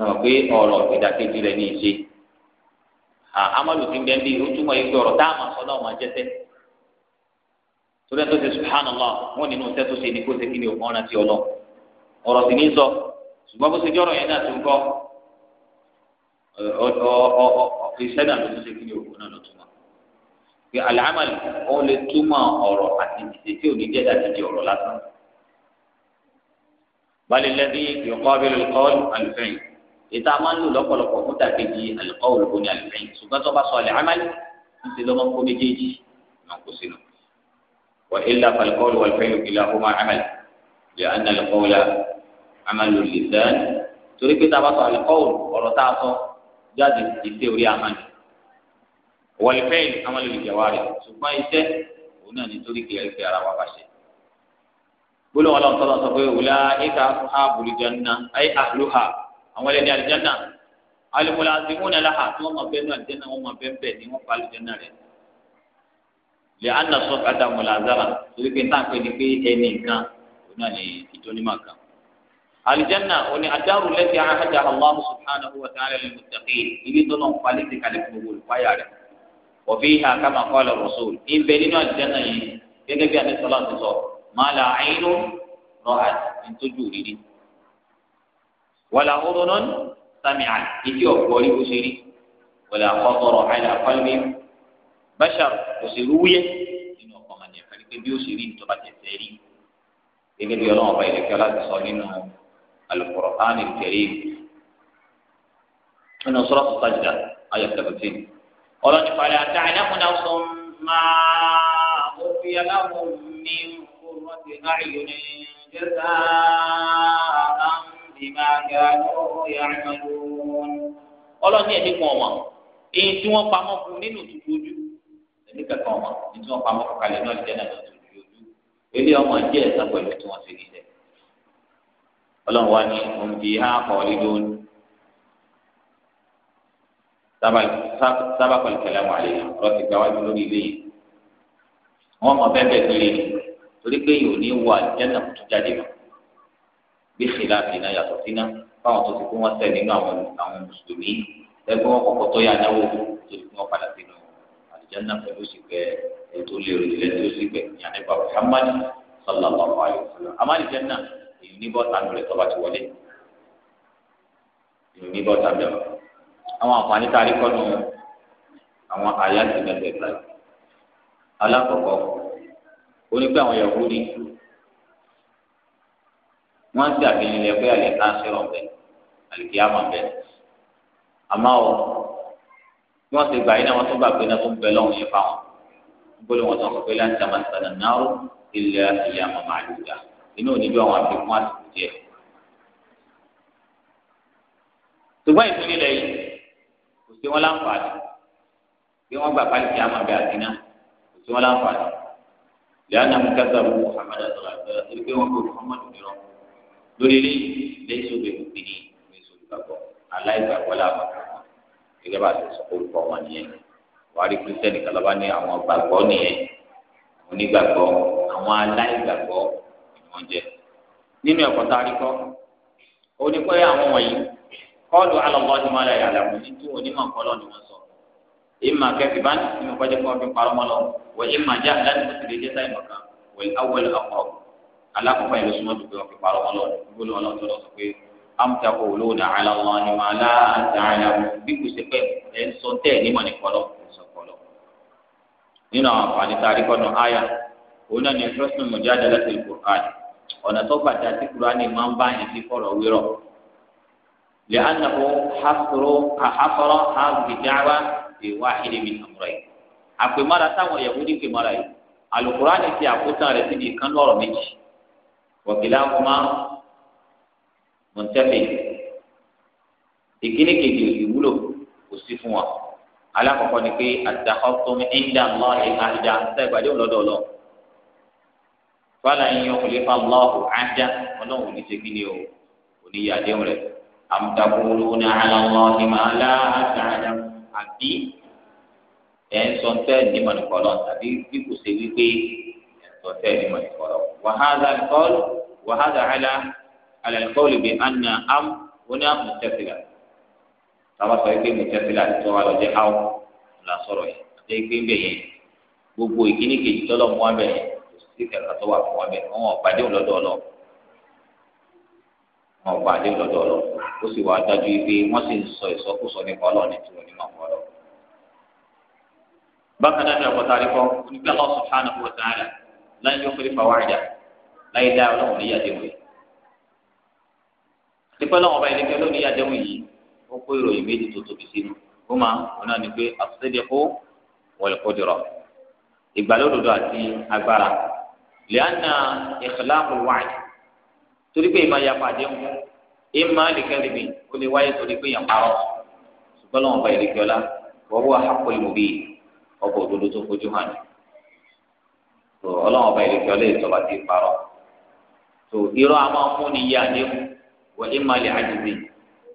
sọ pé ọ̀rọ̀ ìdàkejì rẹ̀ ní ìṣe amadu ti ń bẹ́ẹ̀ bí ojúmọ̀ yìí pé ọ̀rọ̀ tá a máa sọ náà máa jẹ́sẹ́ torí ẹ̀ tó ṣe subhanallah wọn nínú iṣẹ́ tó ṣe ní kó ṣe kí ni òun ọ̀ràn ti ọlọ ọ̀rọ̀ sì ní sọ ṣùgbọ́n bó ṣe jọ́rọ̀ yẹn náà tó ń kọ́ iṣẹ́ náà ló tún ṣe kí ni òun náà ló túmọ̀ pé alhamali ó lè túmọ̀ ọ̀rọ̀ àti ìṣe tí ò ní jẹ́ láti di ọ̀rọ̀ lásán balẹ̀ lẹ́bí yọkọ́ abẹ́rẹ́ kọ́ àlùfẹ́yìn ìta máa ń lò lọ́pọ̀lọpọ̀ fún tàbíjì àlùkò olùkó ní àlùfẹ́yìn ṣùgbọ́n tó bá sọ àlẹ́ àmàlẹ́ ńṣe ló máa ń kó méjèèjì máa ń kó sínú. wà ilà falùkọ́ olùwà àlùfẹ́yìn ìlà ọmọ àmàlẹ́ lè àná àlùkò olà àmàlẹ́ lè dán torí pé tá a bá sọ àlùkò ọ̀rọ̀ tá a sọ jáde ìṣe orí àmàlẹ́ wà àlùfẹ́yìn àmàlẹ́ lè jẹ̀wá rẹ̀ ṣùgbọ́n iṣẹ́ òun àwọn ẹlẹ́ni àlìjáná alùpùpù àzìmúnà láhà tí wọ́n máa bẹ́ẹ̀ nù àlìjáná wọ́n máa bẹ́ẹ̀ bẹ́ẹ̀ ni wọ́n fa àlìjáná rẹ̀ lè àná sọ kàtà mọ̀lázára torí pé táà pé ni pé ẹni nǹkan òun náà ni ìjọ́nímọ̀ kan. àlìjáná òní adáru lẹ́sí ahadà Allah subhanahu wa ta'ala lil muttaqin ibi tó náà falẹ̀ ti kalẹ̀ fún gbogbo olùfáyà rẹ̀ wa fiha kama qala rasul ìbẹ̀ nínú àlìjáná yìí gẹ́gẹ́ bí àdìsọ́lá ti sọ mala ainun ra'at ntójú òrìrì wala ọdọdọn sami'a ìdí ọgbọ rí bó ṣe rí wala akọkọrọ àìlà kọlbí bàṣà kò sì rúwúyẹ nínú ọkọ màdì ẹfẹ pé bí ó ṣe rí nítorí àtẹsẹ rí gẹ́gẹ́ bí Ọlọ́run ọba ìrẹkẹ láti sọ nínú al-Qur'an al-Karim nínú suratul Sajda ayé tẹlifí Ọlọ́run ní falẹ àti àìdáhùn náà sọ máa ó fi aláwọ mi kúrò ti náà yìí ní jẹta àmì. bima kanu ya'malun. ọlọ́ni ẹ̀mí kan ọ̀mọ̀ èyí tí wọ́n pamọ́ fún nínú tuntun ojú ẹ̀mí kankan ọ̀mọ̀ ní tí wọ́n pamọ́ fún kalẹ̀ náà jẹ́ náà tuntun ojú ilé ọmọ jẹ́ ẹ̀sán pẹ̀lú tí wọ́n ti rí jẹ. ọlọ́run wa ní òun fi há kọ́ọ̀lì lónìí sábà pẹ̀lú kẹlẹ́ wọn àlè lọ́sì gbà wájú lórí ilé yìí wọ́n mọ bẹ́ẹ̀ bẹ́ẹ̀ gbére torí pé yòó ní wà jẹ́ tó jáde náà gbèsè láti iná yàtọ̀ síná fáwọn tó ti kó wọn sẹ́ẹ̀ nínú àwọn àwọn mùsùlùmí ẹgbẹ́ wọn kọ̀kọ́ tó yà náwó tó ti kó wọn padà sínú àlùjáná pẹ̀lú ìsìnkẹ́ ètò lérò ilẹ̀ tó sì gbẹ̀ ní àdébà Muhammad sallallahu alayhi wa sallam àmàlùjáná èyí ní bọ́ta nù rẹ̀ tọ́ba ti wọlé èyí ní bọ́ta bẹ̀rẹ̀ àwọn àǹfààní tá a rí kọ́nu àwọn àyà ti mẹ́tẹ̀ẹ̀ta alákọ̀ọ́kọ́ wọ́n ti àfihàn ilẹ̀ pé àlè kánsẹ́rọ̀ bẹ̀ àlìkíyàmọ̀ bẹ̀ àmọ́ o bí wọ́n ti gbà yín náà wọ́n tún gbà pé náà tó ń bẹ lọ́hùn yẹn fáwọn gbọ́dọ̀ wọ́n sọ pé láti àmà sànà náà ilẹ̀ àlìkíyàmọ̀ máa lù dá inú òní bí àwọn àfikún àsìkò díẹ̀. ṣùgbọ́n ìpínlẹ̀ yìí kò sí wọn láǹfààní bí wọ́n gbà pálí kíyàmọ̀ bẹ̀ àdínà kò sí wọn láǹfààní lẹ́yìn àmì kásá lórí eléyìí lẹ́sùn bẹ̀ kò fi ní lẹ́sùn ìgbàgbọ́ aláìgbàgbọ́ làwọn kan gẹ́gẹ́ bá a ti sọ orúkọ wọn nìyẹn wàá rí kírísítẹ́nì kalaba ní àwọn gbàgbọ́ nìyẹn onígbàgbọ́ àwọn aláìgbàgbọ́ ni wọ́n jẹ́ nínú ẹ̀kọ́ tá a rí kọ́ onípẹ́ àwọn wọ̀nyí kọ́ọ̀lù alọ́gbọ́n ti máa yà làwọn ní tí wọ́n onímọ̀ kọ́lọ́ ni wọ́n sọ ìmà kẹfì bá nínú kọjá kọ́ fi parọ́ alákọ̀ọ́kọ́ yẹn ló súnmọ́ dùn pé wọ́n fi parọ́ wọn lọ́wọ́ gbólóhùn wọn lọ́wọ́ tó lọ sọ pé amútakọ̀ olówó náà ala wọn ni màá lá àtàlà bí kò ṣe pé ẹ̀ ń sọ tẹ́ ẹ̀ nímọ̀ ní kọ́lọ́ sọ kọ́lọ́. nínú àwọn àǹfààní tá kọ́nù àyà òun náà ni fẹ́sùn mọ̀jáde láti ìlú kùránì ọ̀nà tó gbàdá tí kùránì máa ń bá yẹn fi fọ̀rọ̀ wérọ̀. لأنه حصر حصر هذه الدعوة في واحد من أمرين àpèmọ́ra táwọn Yahudi pèmọ́ra yìí Al-Qur'ani ti àkótán rẹ̀ síbi ìkànnì ọ̀rọ̀ méjì وكلاهما منتفي ìkíní kejì ìwúlò kò sí fún wa alákọ̀ọ́kọ́ ni pé àtàkọ́tọ́mi ẹ̀ńdà ńlá ìhàjà sẹ́gbàdé ọ̀lọ́dọ̀ lọ fọlá yín ọkùnrin fáwọn ọ̀hún ájá ọlọ́run ò ní ṣe kí ni o ò ní yà déhùn rẹ̀ àmùtàkùnrin ní aláwọ̀ ní màá lá àtàrà àbí ẹ̀ ń sọ ń tẹ́ ní mọ̀nìkọ̀ lọ tàbí bí kò ṣe wípé sọtẹ́ ẹni mọ̀ ìkọ̀rọ̀ wàhálà kọ́ọ̀lù wàhálà àlà àlà kọ́ọ̀lù bíi anna am oní am mùtẹ́sílà táwa sọ pé mùtẹ́sílà ti tọ́ wa lọ jẹ́ áwọ̀ la sọ̀rọ̀ yìí àti pé ń bẹ̀ yẹn gbogbo ìkíní kejì tọ́lọ̀ mú wa bẹ̀ yẹn kò sí kẹ̀kẹ́ tó wà fún wa bẹ̀ wọn ò pàdé lọ́dọ̀ ọlọ́ wọn ò pàdé lọ́dọ̀ ọlọ́ ó sì wà dájú pé wọ́n sì ń sọ ìsọkúsọ nípa ọlọ́ọ̀ni tí wọ́n ní máa fọ́ ọlọ́ọ̀ bákan náà ni ọ̀pọ̀ tàrí kọ́ onígbà lọ́sùn láyé ọkùnrin fà wájà láyé dá ọlọ́run ní yàdéwò yìí àtìpẹ́ ọlọ́run ọba ìdíkẹ́ ló ní yàdéwò yìí ó kó ìròyìn méjì tó tóbi sínú ó máa wọn náà ní pé àtúnṣe kó wọlé kó dìrọ ìgbàlódodo àti agbára lẹ́yìnà ìkìláàmù wájà torí pé ìmọ̀ ya pàdé ń kú ìmọ̀ àlìkẹ́rìbì ó lè wáyé torí pé yàn parọ́ ṣùgbọ́n ọlọ́run ọba ìdíkẹ́ ọlá wọ́wọ́ tó ọlọ́run ọba ìlẹ̀kẹ́ ọlẹ́ ìtọ́ba ti parọ́ tó irọ́ a máa mú ni yé àdéhùn wọ ìmọ̀lẹ̀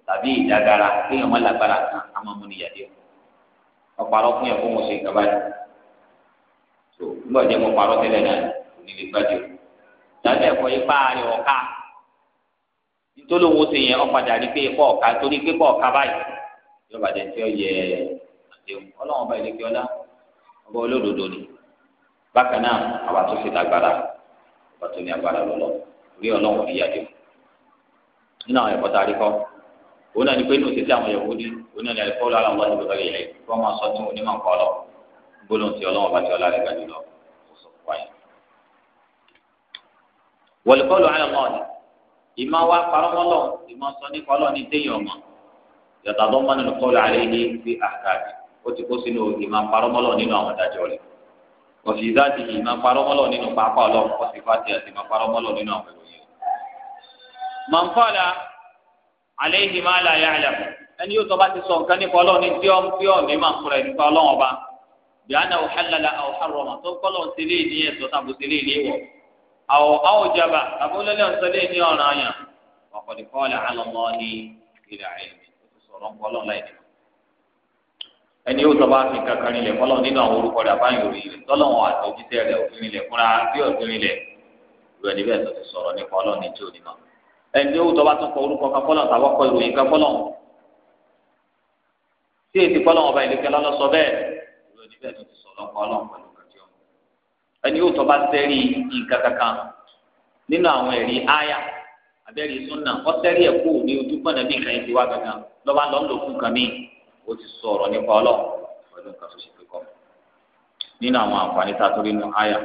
tàbí ìdágara kéèyàn má lágbára kan a máa mú ni yé àdéhùn ọ̀parọ́ fún yẹn kó ṣe yìí tó nígbà jẹ́ mo parọ́ tẹ́lẹ̀ náà kò ní lè o ẹ̀kọ́ ọ̀ka nítorí ti yẹn ọ̀padà rí bákan náà àwa tó fi lágbára àwa tó ní agbára lọ́lọ́ orí ọlọ́run ní yàtọ̀ nínú àwọn ẹ̀kọ́ tá a rí kọ́ òun náà ni pé inú títí àwọn Yahudi òun náà ni ẹ̀kọ́ lára wọn níbi lọ́yẹ̀ rẹ̀ kí wọ́n máa sọ tí wọn ní máa gbólóhùn tí ọlọ́run bá ti ọlá rẹ̀ gbàdúrà lọ sọ fún wa yẹn. wọ̀lùkọ́lù àlọ́ náà ni ìmọ̀ wa parọ́mọ́lọ́ ìmọ̀ sọ nípa ọlọ́ọ̀ni téèyàn mọ̀ yàtọ̀ àbọ̀mọ́ nínú kọ́lù àlẹ́ yìí fi àkàdé ó ti kó sínú ìmọ̀ parọ́mọ́lọ́ nínú àwọn ìdájọ́ rẹ̀ kọfí záàtì yìí máa parọ́ mọ́lọ̀ nínú pápá ọlọ́run kọfí fàtì àti máa parọ́ mọ́lọ̀ nínú àwọn ìròyìn. mọ̀nfọ́lá àléhìí máa là yà àlà ẹni yóò tọ́ bá ti sọ nǹkan nípa ọlọ́run ní tí ó ń fi ọ̀nì máa ń kúrẹ̀ nípa ọlọ́run ọba bíánà òhàlàlà àwòhárọ̀mà tó kọ́lọ̀ ń tẹ̀lé ní ẹ̀sọ́ tàbí tẹ̀lé ní ìwọ̀ àwọ̀ àwòjàbà tàbí olólè ń tẹ̀lé ní ọ̀ràn àyàn wàkọ̀dìkọ́ọ̀lẹ̀ àlọ́mọ́ ní ìlà ẹ̀mí sọ̀rọ̀ ń kọ́lọ̀ láì nìkan ẹni yóò sọ bá fi kankan rinlẹ̀ fọlọ́ nínú àwọn orúkọ rẹ̀ àbáyọ̀ òrìn rẹ̀ tọ́lọ̀ wọn àtọ̀jíṣẹ́ rẹ̀ òfin rinlẹ̀ fúnra bí ọ̀sìn rinlẹ̀ ìwé ẹni bẹ́ẹ̀ tó ti sọ̀rọ̀ nípa ọlọ́run ní tí ò ní mọ̀ ẹni yóò sọ bá tún kọ orúkọ kan fọlọ́ tàbọ̀ kọ ìròyìn kan fọlọ́ tí èsì fọlọ́ ọba ìlẹ́kẹ́ lọ́lọ́ sọ bẹ́ẹ̀ ìwé ẹni tó ti sọ̀rọ̀ nípa ọlọ́run pẹ̀lú kàdí ẹni yóò sọ bá tẹ́rí nǹkan kankan nínú àwọn ẹ̀rí áyà abẹ́rẹ́ sunna ó ti sọ ọ̀rọ̀ nípa ọlọ́run pẹ̀lú nǹkan tó ṣe pé kọ́ nínú àwọn àǹfààní tá a tó rí nu àyà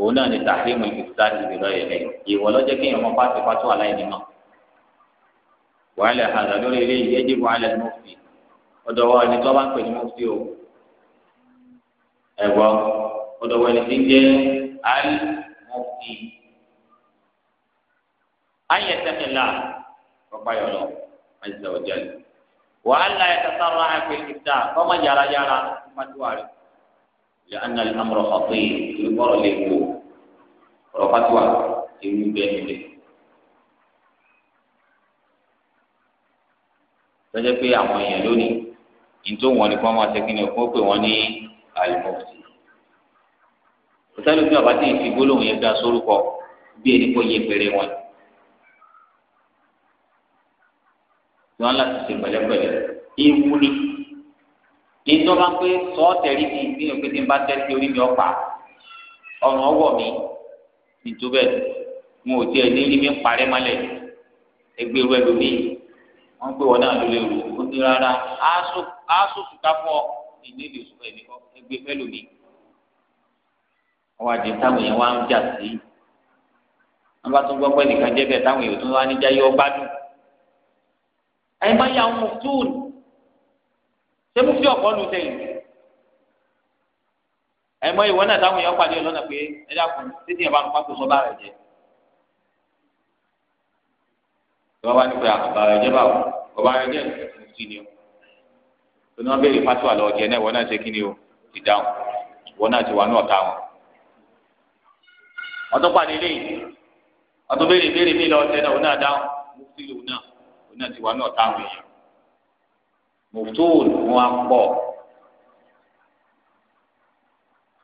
òun náà ni tàhíìmù ìfìsá ìbìlọ yẹlẹ ìwọ ló kí èèyàn mọ pàṣẹ pàṣẹ wà láì nímọ̀ àdá lórí ilé yìí ẹjẹ wàhálà ni ọ̀dọ̀ wa ẹni tó bá ń pè ní mo o ẹgbọ ọ̀dọ̀ wa ẹni tí ń jẹ àlì mo fi ayẹtẹkẹlá ọpáyọlọ àìsàn ọjà yìí. وألا ya في الإفتاء فما جرى جرى فتوى لأن الأمر خطير يقر له فتوى يبين له tọ́jọ́ pé àwọn èèyàn lónìí nítorí wọn ni kí máa ṣe kí ni kó pè wọ́n ní alimọ́tì. òtẹ́lẹ̀ bí ọ̀bá tí ì fi gbólóhùn yẹn dá sórúkọ bí ẹni kò yẹ wọn. tí wọn láti ṣe pẹ̀lẹ́pẹ̀lẹ́ ewu ni ìjọba pé sọ tẹrí ti ìpínlẹ̀ pé tí n bá tẹrí ti orí mi ọpa ọrùn ọwọ́ mi nítorí mo ò tiẹ̀ ní ibi ń parẹ́ mọ́lẹ̀ ẹgbẹ́ ìwé ẹlòmíì wọn pé wọn náà ló lè rò ó ní rárá aṣọ tuta fún ọ ìní ìlú sùn ẹni kọ ẹgbẹ́ fẹlòmíì àwọn àdé táwọn èèyàn wá ń jà sí wọn bá tún gbọ́ pé nìkan jẹ́ bẹ́ẹ̀ táwọn èèyàn tún wá níjà yọ gbádùn ẹ̀yin máa yà wọn mọ̀tún ṣé mú fi ọ̀pọ̀ lu sẹ́yìn ẹ̀yin máa ìwọ náà táwọn èèyàn pàdé lọ́nà pé ẹ dákun títí ẹ̀ bá ń pákó sọ́ba rẹ̀ jẹ́ ìwọ wá ní pé àbá rẹ̀ jẹ́ báwo bàbá rẹ̀ jẹ́ ìtúntì ni o tó ní wọ́n béèrè pátó náà ìwọ náà ṣe kí ni o ti dáhùn ìwọ náà ti wà ní ọ̀tá wọn ọtún pàdé lẹ́yìn ọtún béèrè béèrè mí lọ ọtẹ náà òun náà dáhùn mú sílùú náà náà ti wà náà táwọn èèyàn mọ̀tòòlù wọn á pọ̀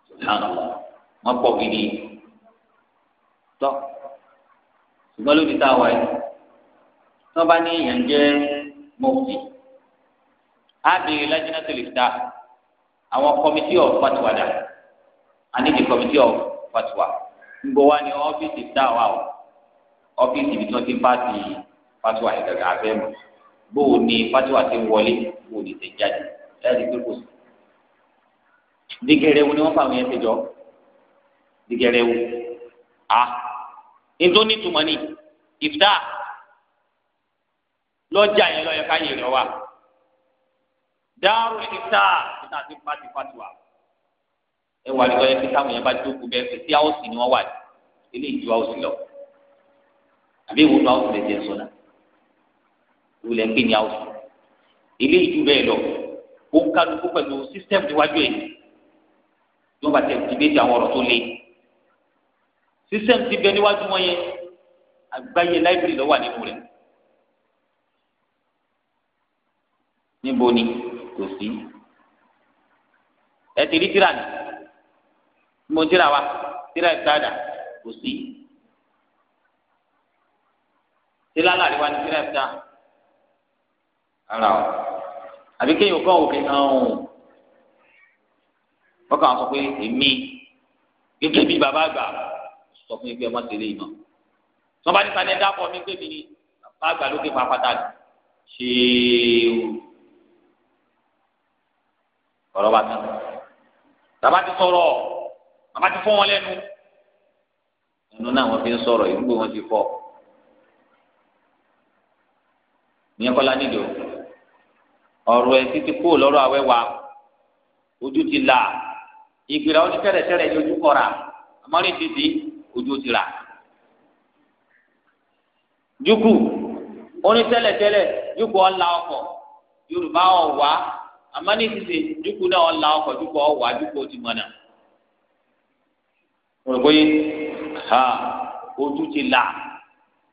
subhanallah wọn pọ̀ gidi tọ́ ṣùgbọ́n lóde tá a wà yìí tí wọ́n bá ní èèyàn jẹ́ mọ̀tì á béèrè lájínà tó lè ta àwọn kọmitì ọ̀ fatiwa dà di kọmitì ọ̀ fatiwa ń bọ̀ wá ní ọ́fíìsì tá a wà ọ́fíìsì ibi tí wọ́n ti ń pàṣẹ yìí fatuwa yẹn gàgà abẹ́ mu bóò ni fatuwa ti wọlé bóò ni ti jáde láti pé kò sí. dìgẹ̀rẹ̀ wo ni wọ́n fàwọn yẹn ti jọ dìgẹ̀rẹ̀ wo a nítorí túmọ̀ ni ìfúdà lọ́jà yẹn lọ́yẹ ká yẹ̀rẹ̀ wa dáhùn ìfúdà ìfúdà ti fa ti fatuwa ẹ wà lọ́wọ́ yẹn kí táwọn yẹn bá jókòó bẹ́ẹ̀ fi sí àwòsí ni wọ́n wà ní ilé ìjọ àwòsí lọ àbí ìwòsàn àwòsí lè jẹ́ sọ́nà ìwúlẹ̀ pé ní àwùjọ ilé ìjú bẹ́ẹ̀ lọ ó ń kálukú pẹ̀lú sísítẹ́mù níwájú ẹ̀ tó bá tẹ̀ dìbẹ́tì àwọn ọ̀rọ̀ tó le sísítẹ́mù ti bẹ níwájú wọn yẹn àgbáyé láìbírì lọ́wọ́ nínú rẹ̀ níbo ni kò sí ẹ ti rí tíra ni mo tíra wa tíra ìtajà kò sí tíra láàrin wa ni tíra ìtajà ara o àbí kéèyàn kàn òkè hàn o wọ́n kàn sọ pé èmi gẹ́gẹ́ bí bàbá àgbà sọ fún mi pé ẹ má tẹ̀lé ìmọ̀ sọba nípa ní ẹ̀dá kọ́ mi pé mi ni bàbá àgbà lókè pàápàá ṣe o ọ̀rọ̀ bá tán bàbá ti sọ̀rọ̀ bàbá ti fọ́ wọn lẹ́nu ẹnu náà wọ́n fi ń sọ̀rọ̀ ìdúgbò wọn ti fọ́ ìyẹn kọ́ la nídìí ọ̀rọ̀ ẹ̀ títí kó lọ́rọ̀ àwẹ̀ wa ojú ti là ìgbéra ó ní tẹ́lẹ̀tẹ́lẹ̀ ní ojú kọ̀ra àmọ́rí títí ojú ti là. jukù ó ní tẹ́lẹ̀tẹ́lẹ̀ jukù ọ̀la ọkọ̀ yorùbá ọ̀wá àmọ́rí títí jukù náà ọ̀la ọkọ̀ jukù ọ̀wá jukù ó ti mọ̀nà. wọ́n gbé ha ojú ti là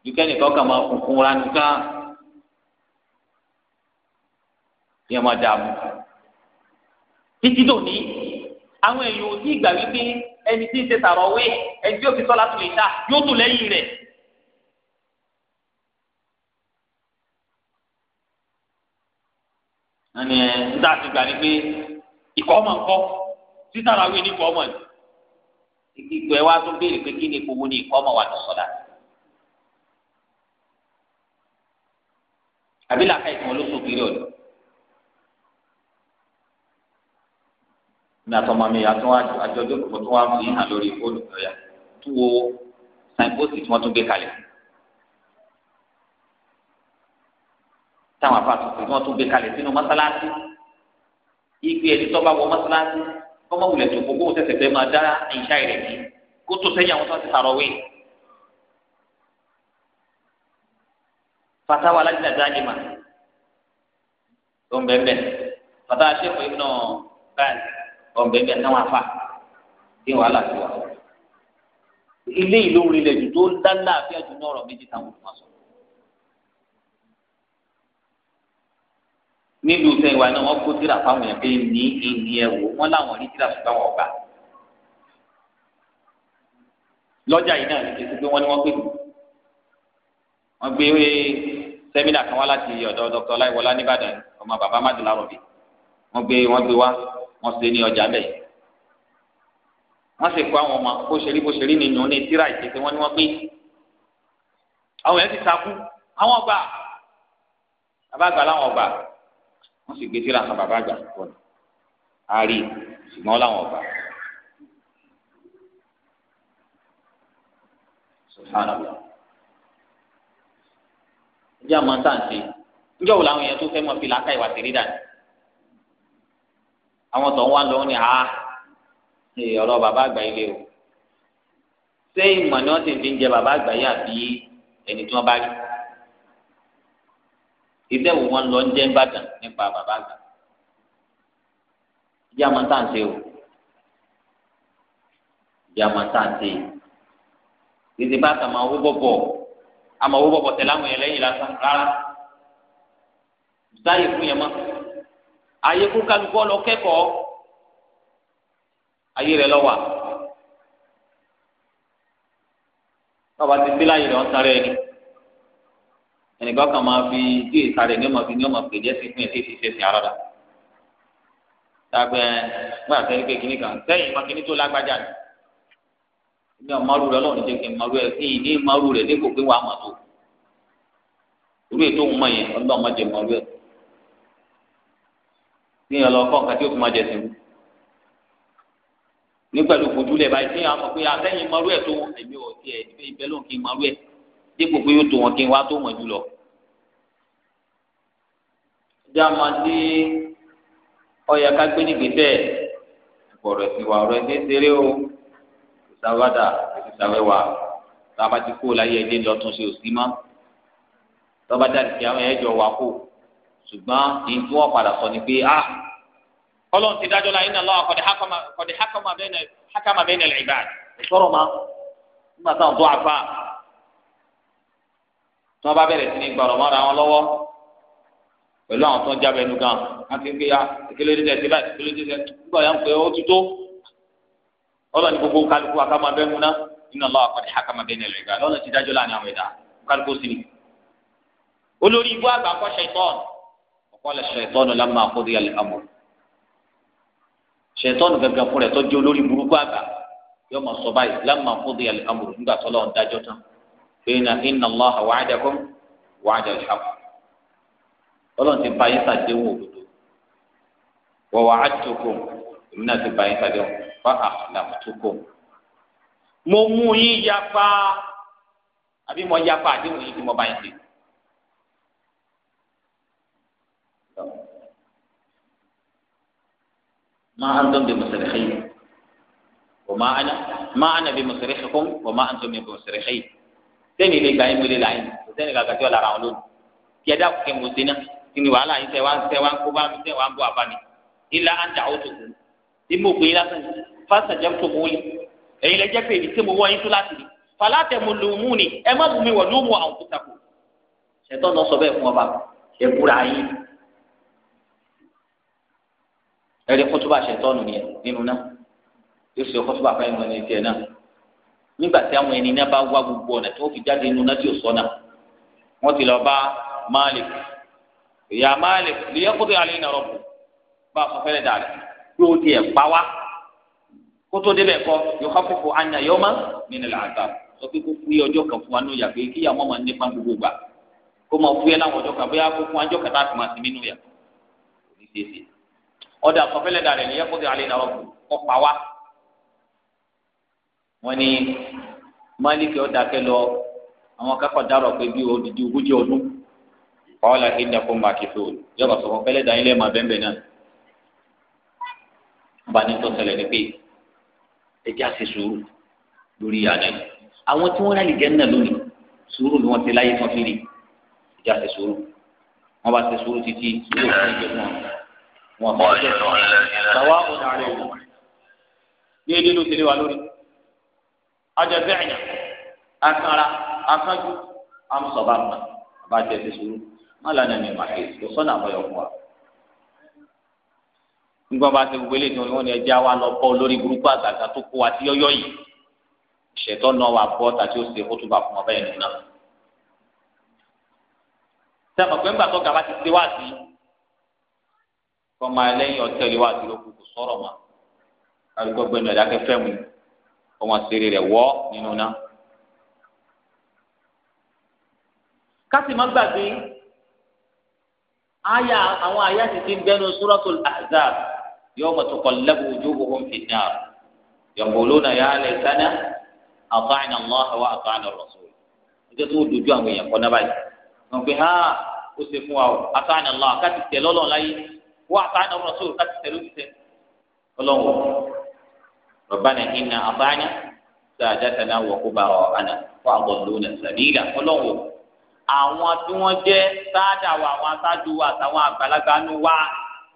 dukẹ́ nìkan kà máa kún fún ra nìkan. yẹn máa dààmú títí dòní àwọn èèyàn ò tí ì gbà wípé ẹni tí ń ṣe tàràwé ẹni tí ó fi sọ́lá tó lè ta yóò tún lẹ́yìn rẹ̀. ẹni ẹ ń dá ti gbà ní pé ikọ̀ ọmọ nǹkan títà làwé ní ikọ̀ ọmọ yìí ikọ̀ ẹ wá tún béèrè pé kí ni ipò wo ni ikọ̀ ọmọ wà ní sọ́lá. àbí làákà ìtumọ̀ ló sọ kiri ọ̀dọ̀. ní àtọmọ mi àti wọn àjọ tó kọ tó wọn fi hàn lórí fóònù lọ́yà tó wo sáìpósì tí wọ́n tún gbé kalẹ̀ táwọn afáàtúntò tí wọ́n tún gbé kalẹ̀ sínú mọ́sálásí ìgbé ẹni tó bá wọ mọ́sálásí kọ́mọ wulẹ̀ tó gbogbo wọn tẹ̀sẹ̀ fẹ́ máa dá ìṣá rẹ̀ ní kó tó sẹ́yìn àwọn tó ti sàrọ̀ wí. fatawa alájìlá dáhìí mà tó ń bẹ́ẹ̀ bẹ́ẹ̀ fatawa ṣẹ́kọ̀ọ́ ibùdó báyìí ọ̀bẹ̀bẹ̀ náà wà fà kí wàhálà ti wà. ilé ìlú rilẹ̀ jù tó ń dá láàfíà jù ní ọ̀rọ̀ méjì táwọn olùmọ̀ sọ. nílùú sẹ́yìn wa náà wọ́n kó tíra fáwọn yẹn pé ní ìní ẹ̀ wò wọ́n láwọn rí tíra ṣùgbọ́n wọn ọ̀gá. lọ́jà yìí náà ti pé wọ́n ní wọ́n pè mí. wọ́n gbé sẹ́mínà kan wá láti ọ̀dọ̀ dr ọláìwọlá nìbàdàn ọmọ bàbá mádùlá wọ́n gbé wọ́n gbé wá wọ́n ṣe ní ọjà bẹ́ẹ̀ wọ́n sì kó àwọn ọmọ bó ṣe rí bó ṣe rí nìyẹn ní tíra ìtẹsẹ wọ́n ní wọ́n pé àwọn yẹn ti sakú àwọn ọgbà bàbá làwọn ọgbà wọ́n sì gbé tíra kan bàbá àgbà pọ ní àárí ṣùgbọ́n làwọn ọgbà subhanallah ìjà máa ń tàn sí ìjọ wo làwọn yẹn tó fẹ́ mọ̀ fi làákàyè wà sí rí dàní àwọn tó ń wá lọ́wọ́ ni àá ọ̀rọ̀ bàbá àgbà ilé o ṣé ìmọ̀ ni wọ́n ti fi ń jẹ bàbá àgbà yìí àbí ẹni tí wọ́n bá rí ìdẹ́ wo wọn lọ ń jẹ́ ńbàdàn nípa bàbá àgbà ìjà máa ń tà ń ṣe o ìjà máa ń tà ń ṣe ìdí bá kà máa wó bọ̀bọ̀ àmọ́ wó bọ̀bọ̀ tẹ̀lé àwọn ẹlẹ́yìn lásán rárá sáyé fún yẹn mọ́ ayé kó kálukú lọ kẹ́kọ̀ọ́ ayé rẹ lọ wà bàbá ti sí láyé rẹ wọn sáré ni ẹnìkan kan máa fi díè sáré ní ọmọ fi ní ọmọ pèjẹ sí fún ẹ tètè ṣẹṣin àràdà dàgbẹ gbà sẹ́yìn pé kínní kan sẹ́yìn máa tó lágbájá ni ní ọmọlú rẹ lọ́rùn jẹ́ kí n mọlú ẹ sí ní ìmọlú rẹ ní kò pé wàá mọ tó orí ètò òun mọ yẹn ọlọ́mọdé mọlú ẹ tíyàn lọ kọ́ nǹkan tí ó fi máa jẹ sínú ní pẹ̀lú fojúlẹ̀ báyìí tíyàn mọ̀ pé àtẹ̀yìn ah, mọ̀rú ẹ̀ tó èmi ò tiẹ̀ ibẹ̀ lóhùn kí n mọ̀rú ẹ̀ dípò pé yóò tó wọn kí n wá tó wọn jù lọ. jáma dé ọyà ká gbé nígbésẹ̀ ìbọ̀rọ̀ ẹ̀sìn wa ọ̀rọ̀ ẹ̀sìn ṣeré o ìsàwádà ìsàwẹ́wà tá a ti kó o láyé ẹ̀dẹ́ lọ tún ṣe òsì mọ́ tọ́ba dá ti àwọn ẹ̀jọ̀ wà kó ṣùgbọ́n èyí tí wọ́n padà sọ ni pé ah ọlọ́run ti dájọ́ la iná lọ́wọ́ kọ̀dé hákàmà bẹ́ẹ̀ nílẹ̀ ìbá ìṣòro ma nígbà táwọn tó àfa tí wọ́n bá bẹ̀rẹ̀ sí ní gbọ̀rọ̀ mọ́ra wọn lọ́wọ́ pẹ̀lú àwọn tó ń jábẹ́ nu gan àti ń gbéya ìkíló dídẹ̀ sí báyìí ìkíló dídẹ̀ nígbà yà ń pè ó ti tó ọlọ́run gbogbo kálukú àkàmà bẹ́ẹ̀ múná iná lọ́wọ́ kọ̀dé hákàmà bẹ́ẹ̀ nílẹ̀ ìbá ọlọ́run ti dájọ́ láàrin àwọn ẹ̀dá kálukú sí ni olórí ibú àgbà kọ́ ṣẹ̀tọ́n ọ̀kọ́ lẹ̀ ṣẹ̀tọ́n lọ́mọ àkóso yẹn lè amọ̀ ṣètọ́nù gẹ́gẹ́ fún rẹ̀ tọ́jú olórí burúkú àgbà yóò máa sọ báyìí lámà fúdi al-amru nígbà tó lọ́n dájọ́ tán inna inna Allaha wa'adakum wa'ada al-haqq ọlọ́run ti bá yín sàdéhùn òdodo wa wa'adtukum èmi náà ti bá yín sàdéhùn fa akhlaftukum. mo mú yín yapa àbí mo yapa àdéhùn yìí tí mo bá yín ṣe. ما أنتم بمصرخي وما أنا ما أنا بمصرخكم وما أنتم بمصرخي sẹ́ni ilé gba ẹ̀mú ilé la yín kò sẹ́ni gàgà tí wọ́n lára wọn lónìí kí ẹ dá kókè mọ̀ sí náà kí ni wàhálà yín sẹ́ wá ń sẹ́ wá ń kó bá mi sẹ́ wá ń bọ̀ àbá mi ilá ń dà ó tó kù ní mo pè é lásán fásitì jẹ́ tó wọlé ẹ̀yin lẹ́jẹ́ pé èmi tí mo wọ́ yín tó láti rí fàlàtẹ̀ mo lò mú ni ẹ má bù mí wọ̀ ló mú àwọn kúta kù ṣètò náà sọ bẹ́ẹ̀ fún ọba ẹ̀ búra yín ẹ̀rí kótóbà ṣètọ́nù yẹn nínú náà yóò ṣe kótóbà fún ẹ̀mọ́ ní tiẹ̀ náà nígbà tí àwọn ẹni náà bá wá gbogbo ọ̀nà tó fi jáde nínú náà tí ò sọ́nà wọ́n ti lọ bá Malik ìyá Malik lìyẹ́ kótó yàrá iná rọ̀bù bá a sọ fẹ́rẹ̀ dàrẹ́ pé ó tiẹ̀ pa wá kótó débẹ̀ kọ yóò ká fífò ànyà yọ ma nínú làákà sọ pé kó fúyẹ́ ọjọ́ kan fún wa nínú yàgbé kíyàwó máa nípa gbogbo gbà kó máa fúyẹ́ láwọn ọjọ́ kan bóyá kó fún wa ọjọ́ kan tá a fi kò ní ṣe é ṣe ọdọ àkọfẹlẹ dàrẹ ni yẹkùtì alẹ náà ọkọ ọpa wa wọn ni málìkì ọdàkẹ lọ àwọn akẹ́kọ̀ọ́ dárọ pé bí odidi ogójì ọdún kọlá ìdàkùn màkìfò yọba sọfọ fẹlẹ dàn ilé ma bẹnbẹ náà bani tó ṣẹlẹ̀ ní pé ẹjẹ àti sùúrù lórí àná yìí àwọn tí wọn rálì jẹun náà lónìí sùúrù ni wọn ti láyé fún fìlì ẹjẹ àti sùúrù wọn bá ti sùúrù títí sùúrù fún ẹjẹ fún wọn wọn kọ́ ẹ̀ sọ̀wá ọ̀dà rẹ̀ wò ní èdè ló ti lé wa lórí ajẹ́fẹ́ ẹ̀yà akara akájú amsọ̀bá mọ̀ abájẹ́ ti sùúrù má lànà ní màkè kò sọ́nà àbọ̀yọ̀ fún wa nígbà bá ti wọlé ní wọn ni ẹja wa lọ bọ lórí burúkú àgàgà tó kó wa ti yọyọ yìí ìṣẹtọ náà wà bọ tàbí ó ṣe kótó bá fún ọbẹ yẹn nínú náà. sábà pé ńgbà tó ga ti ṣe wá sí i kọ́má lẹ́yìn ọ̀tẹ́lẹ̀ wa ti lóko kò sọ̀rọ̀ ma alùpùpù gbẹ́nu ẹ̀dá kẹfẹ́ mu ọmọ sèré rẹ̀ wọ́ nínú náà. kásì má gbàgbé àyà àwọn àyà títí bẹnu suratul ahzab yawma tuqallabu wujuhuhum fi an-nar yaquluna ya laytana ata'na allaha wa ata'na rasul ẹjọ́ tó dojú àwọn èèyàn kọ́ náà báyìí wọ́n pe ha ó ṣe fún wa o ata'na allaha káti tẹ̀ lọ́lọ́ láyé wọ́n àtàánà rọ̀ṣọ́ láti tẹ̀lé òṣìṣẹ́ ọlọ́wọ́ rọ̀bánà iná àbáyá sàdátàná wọ̀kúbàrọ̀ àná fún àgbọ̀lónà sàbílà ọlọ́wọ́ àwọn tí wọ́n jẹ́ sáádà wa àwọn aṣáájú wa àtàwọn àgbàlagbà nù wa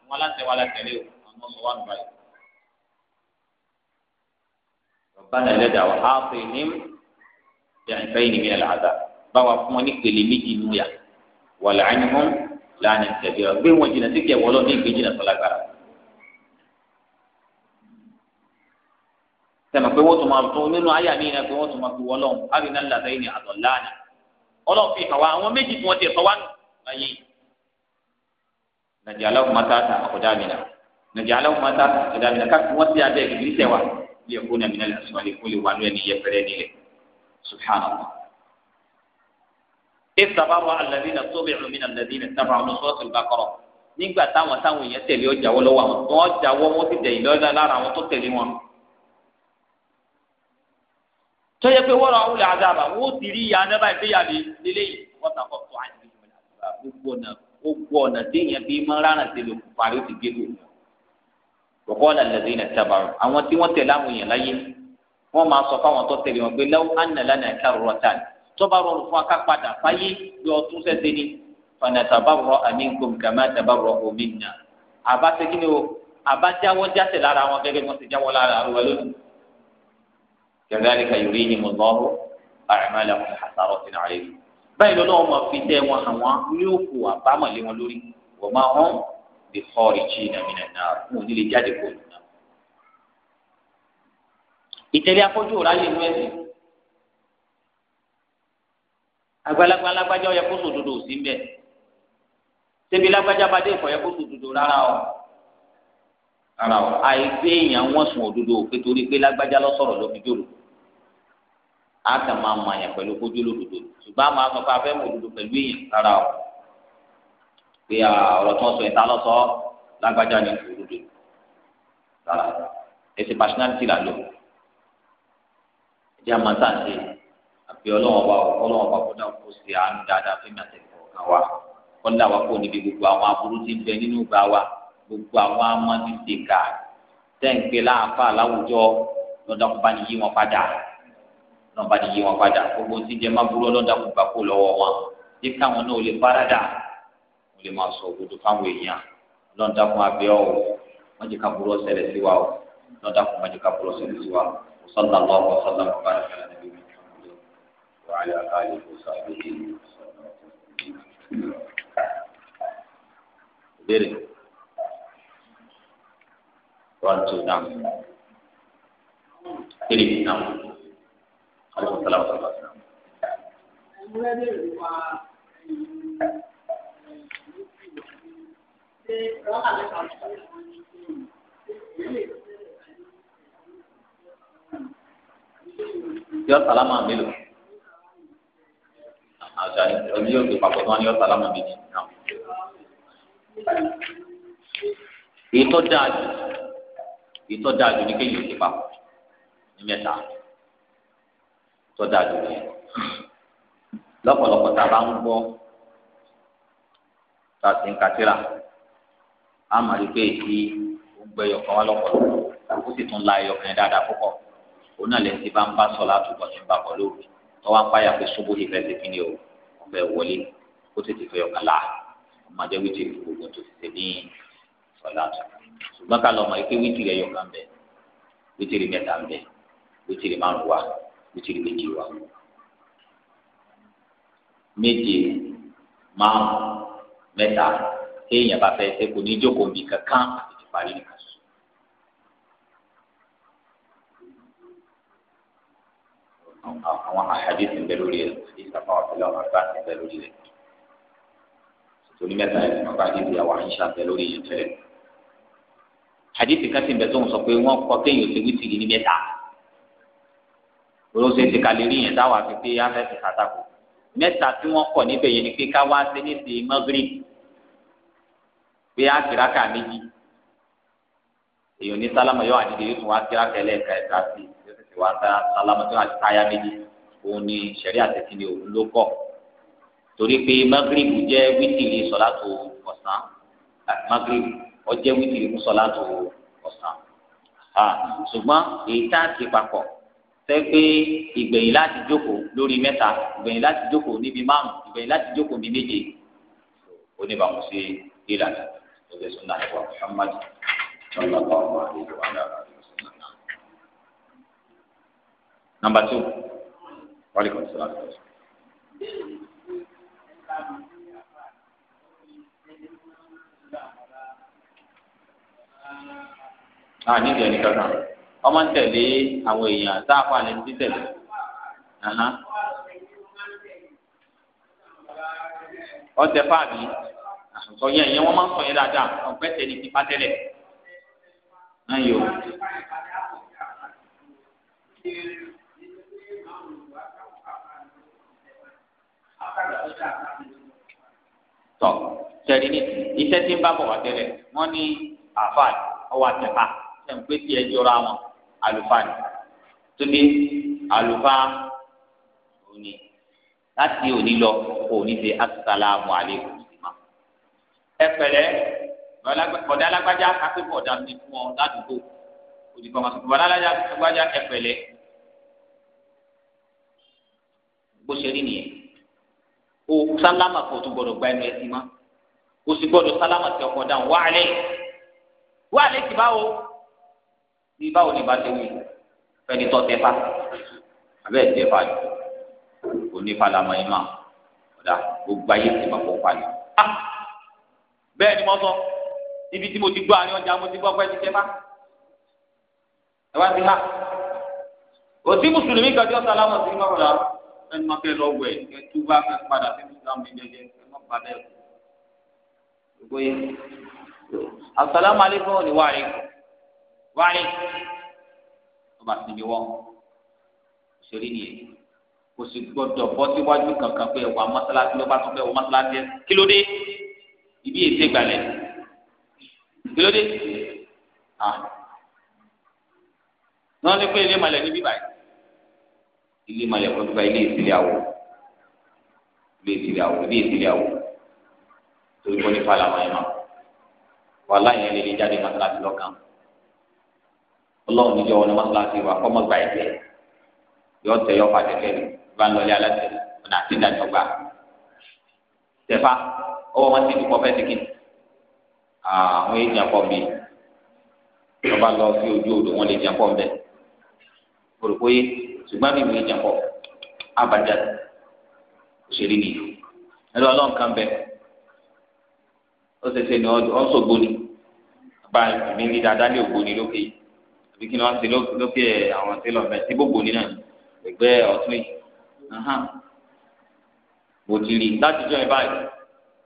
wọn láti wà látẹ̀lé o àwọn ọmọ wa nù báyìí. rọ̀bánà ẹlẹ́dàá wa á pè ní ìyànfẹ́ ìnìyàn làdá báwa fún wọn ní pèlè méjì nù yà wàlẹ́ àyìnbó lánàá ìtẹ̀lẹ́ ọ gbé wọn jìnnà sí kẹwọ́ lọ ní ìgbé jìnnà tó lágbára. sẹ́mi pé wọ́n tún máa tún nínú àyà mi yẹn pé wọ́n tún máa fi wọ́ lọ́hùn àbínà làtà yìí ni àtọ̀ lánàá. ọlọ́run fi hàn wá àwọn méjì tí wọ́n ti sọ wá nù láyé. nàjà aláwọ̀ máa tà tà àkọ́dá mi nà nàjà aláwọ̀ máa tà tà àkọ́dá mi nà káfí wọ́n ti abẹ́ ìgbésẹ̀ wa ilé ẹ̀kọ́ nàmínà làṣọ ìsàbáwá alladhina tubi'u min alladhina ittaba'u ní suratul Baqara nígbà táwọn táwọn èèyàn tẹ̀lé ọjà wọ́ lọ́wọ́ àwọn wọ́n jà wọ́ wọ́n ti dẹ̀yìn lọ́dọ̀ lára àwọn tó tẹ̀lé wọn. tó yẹ pé wọ́rọ̀ àwọn olè àdàbà wọ́n ti rí ìyá anábà ìgbéyà lé léyìí wọ́n ta kọ́ tó àyè gbogbo ọ̀nà gbogbo ọ̀nà téèyàn fi máa rárá sí ló kó parí ti gé lò. bọ̀kọ́ alladhina ittaba'u àwọn tí wọ́n àwọn èèyàn tọ́ba rọrùn fún aká padà fáyé bí ọtún sẹ́sẹ́ ni fanatabarọ aminkum kama tabarọ minna àbá sẹ́kínni o àbá jáwọ́ jáde lára wọn gẹ́gẹ́ bí wọ́n ti jáwọ́ lára wọn lónìí. kadhalika yurihimullahu a'malahum hasaratin alayhim. báyìí lọ́nà wọn fi tẹ́ wọn àwọn ní òkú àbámọ̀lé wọn lórí wa ma hum bi kharijina minan nar fún onílé jáde kó lù náà. ìtẹ̀lé afọ́jú òrálẹ̀ inú ẹ̀sìn àgbàlagbà alágbájá ọyẹ kó sòdodo ò sí mbẹ ṣebí lágbájá bá dé ìfọyẹ kó sòdodo rárá o rárá o àìgbé èèyàn wọn sùn òdodo òpè torí pé lágbájá lọ sọ̀rọ̀ ló fi jòlò á kà máa mọ àyàn pẹ̀lú kójú lòdòdò ṣùgbọ́n àwọn afọfọ afẹ mọ òdodo pẹ̀lú èèyàn rárá o pé ọ̀rọ̀ tí wọn sọ ìta lọ sọ lágbájá ni òdodo rárá ẹsẹ pàṣínàlítì là lò ẹjẹ àmọ́ tá à ń ṣe bí ọlọ́wọ́n bá ọlọ́wọ́n bá kódà kó ṣe àánú dáadáa fún ìmọ̀tẹ́kọ̀ kan wa kọ́ńdà wa kò níbi gbogbo àwọn aburú tí ń bẹ nínú ìgbà wa gbogbo àwọn amọ́nidìkà tẹ́ǹpé láàfà láwùjọ lọ́dọ̀kùn bá ní yí wọn padà lọ́dọ̀kùn bá ní yí wọn padà gbogbo tí jẹ́ máa burú lọ́dọ̀kùn bá kó lọ́wọ́ wọn tí káwọn náà lè faradà wọ́n lè máa sọ òdodo fáwọn èèyàn lọ́dọ̀kùn abẹ́ ọ̀ wọ́n jẹ́ وعلى آله وصحبه ìbéèrè one two down three down aleykum salaam wa yọ salama mélòó àṣà ẹbí yóò fi papọ̀ náà ní ọ̀sán lámà méjì náà. èyí tó dáa jù èyí tó dáa jù ní kéyìí ti papọ̀ ní mẹ́ta tó dáa jù nìyẹn lọ́pọ̀lọpọ̀ tá a bá ń gbọ́ tá a sì ń katira a máa rí pé èyí ó gbẹ yọkan wá lọ́pọ̀lọpọ̀ ó sì tún la ẹyọkan yẹn dáadáa púpọ̀ òun náà lẹ́yìn tí bá ń bá sọ látúbọ̀ tí ń bá bọ̀ lóru tọ́wọ́ ń pé ṣubú ìfẹ́ ti kí ni o ọbẹ̀ wọlé ó tètè fẹ́ ọ̀kàlà ọmọdé wíjì gbogbo tó ti ṣe ní ọ̀là tó ṣùgbọ́n ká lọ mọ̀ ike wíjì rẹ̀ yọ̀ọ̀ká ń bẹ wíjì rẹ̀ mẹ́ta ń bẹ wíjì rẹ̀ márùn wá wíjì rẹ̀ méjì wá méje márùn mẹ́ta téèyàn bá fẹ́ ṣe kò ní jókòó bí kankan àti ti parí nìkan àwọn àhàdìsì ń bẹ lórí rẹ̀ àdìsì àfọwọ́ àtẹlẹ ọmọ àgbà ń bẹ lórí rẹ̀ torí mẹ́ta ẹ̀ ọba àdìsì àwọn àyíṣà bẹ lórí yẹn tẹ́lẹ̀ àdìsì kan ti bẹ tó ń sọ pé wọ́n kọ́ kéèyàn ṣe wítìrì ní mẹ́ta olóṣè ti ka lè rí yẹn táwọn àti pé afẹ́ ti sàtàkù mẹ́ta tí wọ́n kọ̀ níbẹ̀ yẹn ni pé ká wá sí ní ti mọ́gírì pé á kìrákà méjì èèyàn ní sálámà yóò àdìdì yóò tún wá kìrákà ẹlẹ́ẹ̀ka ẹ̀ka sí i ìwà sálámù tí wọ́n ti táyà méjì òun ni sẹ̀rí àtẹ̀tí ni òun ló kọ̀ torí pé magrebu jẹ́ wítìrì sọ̀látò ọ̀sán magrebu ọjẹ́ wítìrì fún sọ̀látò ọ̀sán ṣùgbọ́n èyí tá a ti papọ̀ sẹ́ pé ìgbẹ̀yìn láti jókòó lórí mẹ́ta ìgbẹ̀yìn láti jókòó níbi márùn-ún láti jókòó níbi méje oníbàmù sí ìlànà ìgbésùn náà ní wa Muhammad sallallahu alaihi wa Number two. Waaleykum salaam. a ah, ní ìdí ẹni kankan ọmọ ń tẹ̀lé àwọn èèyàn tá a fà lẹ́nu tí tẹ̀lé. ọtẹ fáàbí àtúntò yẹn ìyẹn wọ́n máa ń sọ yẹn dáadáa ọ̀pẹ tẹ̀lé ti pátẹ́lẹ̀. ayò. tọ sẹni ní iṣẹ́ tí ń bá bọ̀ wá tẹ́lẹ̀ wọ́n ní àfáà ọwọ́ àtẹ̀pá ṣẹ̀ ń pé tiẹ̀ jọra wọn àlùfáà ni tó dé àlùfáà òní láti òní lọ òní ṣe asàlámù àlékún ìmọ̀ ẹ pẹ̀lẹ́ bọ̀dá alágbájá kápẹ́ bọ̀dá ti fún ọ ládùúgbò òdìbò àwọn àtúntò bàdá alágbájá ẹ pẹ̀lẹ́ bó ṣe rí nìyẹn o sálámà kò tó gbọdọ̀ gba ẹnu ẹsìn mọ́ o sì gbọdọ̀ sálámà tí ọkọ̀ dáhùn wá àlẹ́ wá àlẹ́ tì báwo bí báwo ni bá ti wí fẹ́ni tọ́ tẹ́fà abẹ́ ẹ̀ tẹ́fà jù onífàlámọ́ ẹ̀ máa ọ̀dà gbogbo ayé ti máa kópa ni. bẹ́ẹ̀ ni mo sọ ibi tí mo ti gbọ́ àárín ọjà mo ti gbọ́ pẹ́ ti tẹ́fà ẹ wá sí ha òsì mùsùlùmí kan tí ó sálámà sí mọ́kànlá ẹni máa fẹ́ lọ wẹ̀ ẹ tú bá fẹ́ padà sí islam jẹjẹ ẹ má padà ẹ gbogbo yẹn. asalaamu aleykum ni wàhálì wàhálì ọba sì ni wọ́n ṣeré nìyẹn kò sì gbọdọ̀ bọ́ síwájú kankan pé wà mọ́sálásí lọ́ba tó fẹ́ wọ mọ́sálásí kí ló dé ibi èsè gbalẹ̀ kí ló dé. Ah. wọ́n ní pé ilé malẹ̀ níbí báyìí ilé malẹ̀ kọ́ tó bá ilé ìsìlẹ̀ àwọ̀ ilé ìsìlẹ̀ àwọ̀ ilé ìsìlẹ̀ àwọ̀ torí kọ́ ní fàlà wọn ẹ̀ máa wà láyìn ẹni lè jáde mọ́sálásí lọ́kàn ọlọ́run níjọ́ wọn ní mọ́sálásí wa kọ́ mọ́ gba ẹ̀jẹ̀ yọ tẹ yọ fà tẹ̀tẹ̀ rẹ̀ bá ń lọlé alásẹ̀ ọ̀nà àti ìdájọ́ gbà tẹ̀fà ọwọ́ wọn ti dùn kọ́ fẹ́ẹ́ sìkì àwọn èèyàn pọ̀ mi wọ́n lọ sí ojú odò wọn lè jẹun pọ̀ mbẹ́ òrùkóyè ṣùgbọ́n mi ìwé ìjàpọ̀ abàjá òṣèré nìyí ẹlọ Ọlọ́run kan bẹ ó ṣẹ̀ṣẹ̀ ní ọsọ gbóni bá mi ní dáadáa ní ògbóni lókè yìí àbí kí ni wọn ti lókè àwọn tí lọọ bẹ tí gbogbo ní náà ẹgbẹ́ ọ̀tún yìí mo ti rí láti jọ ẹ báyìí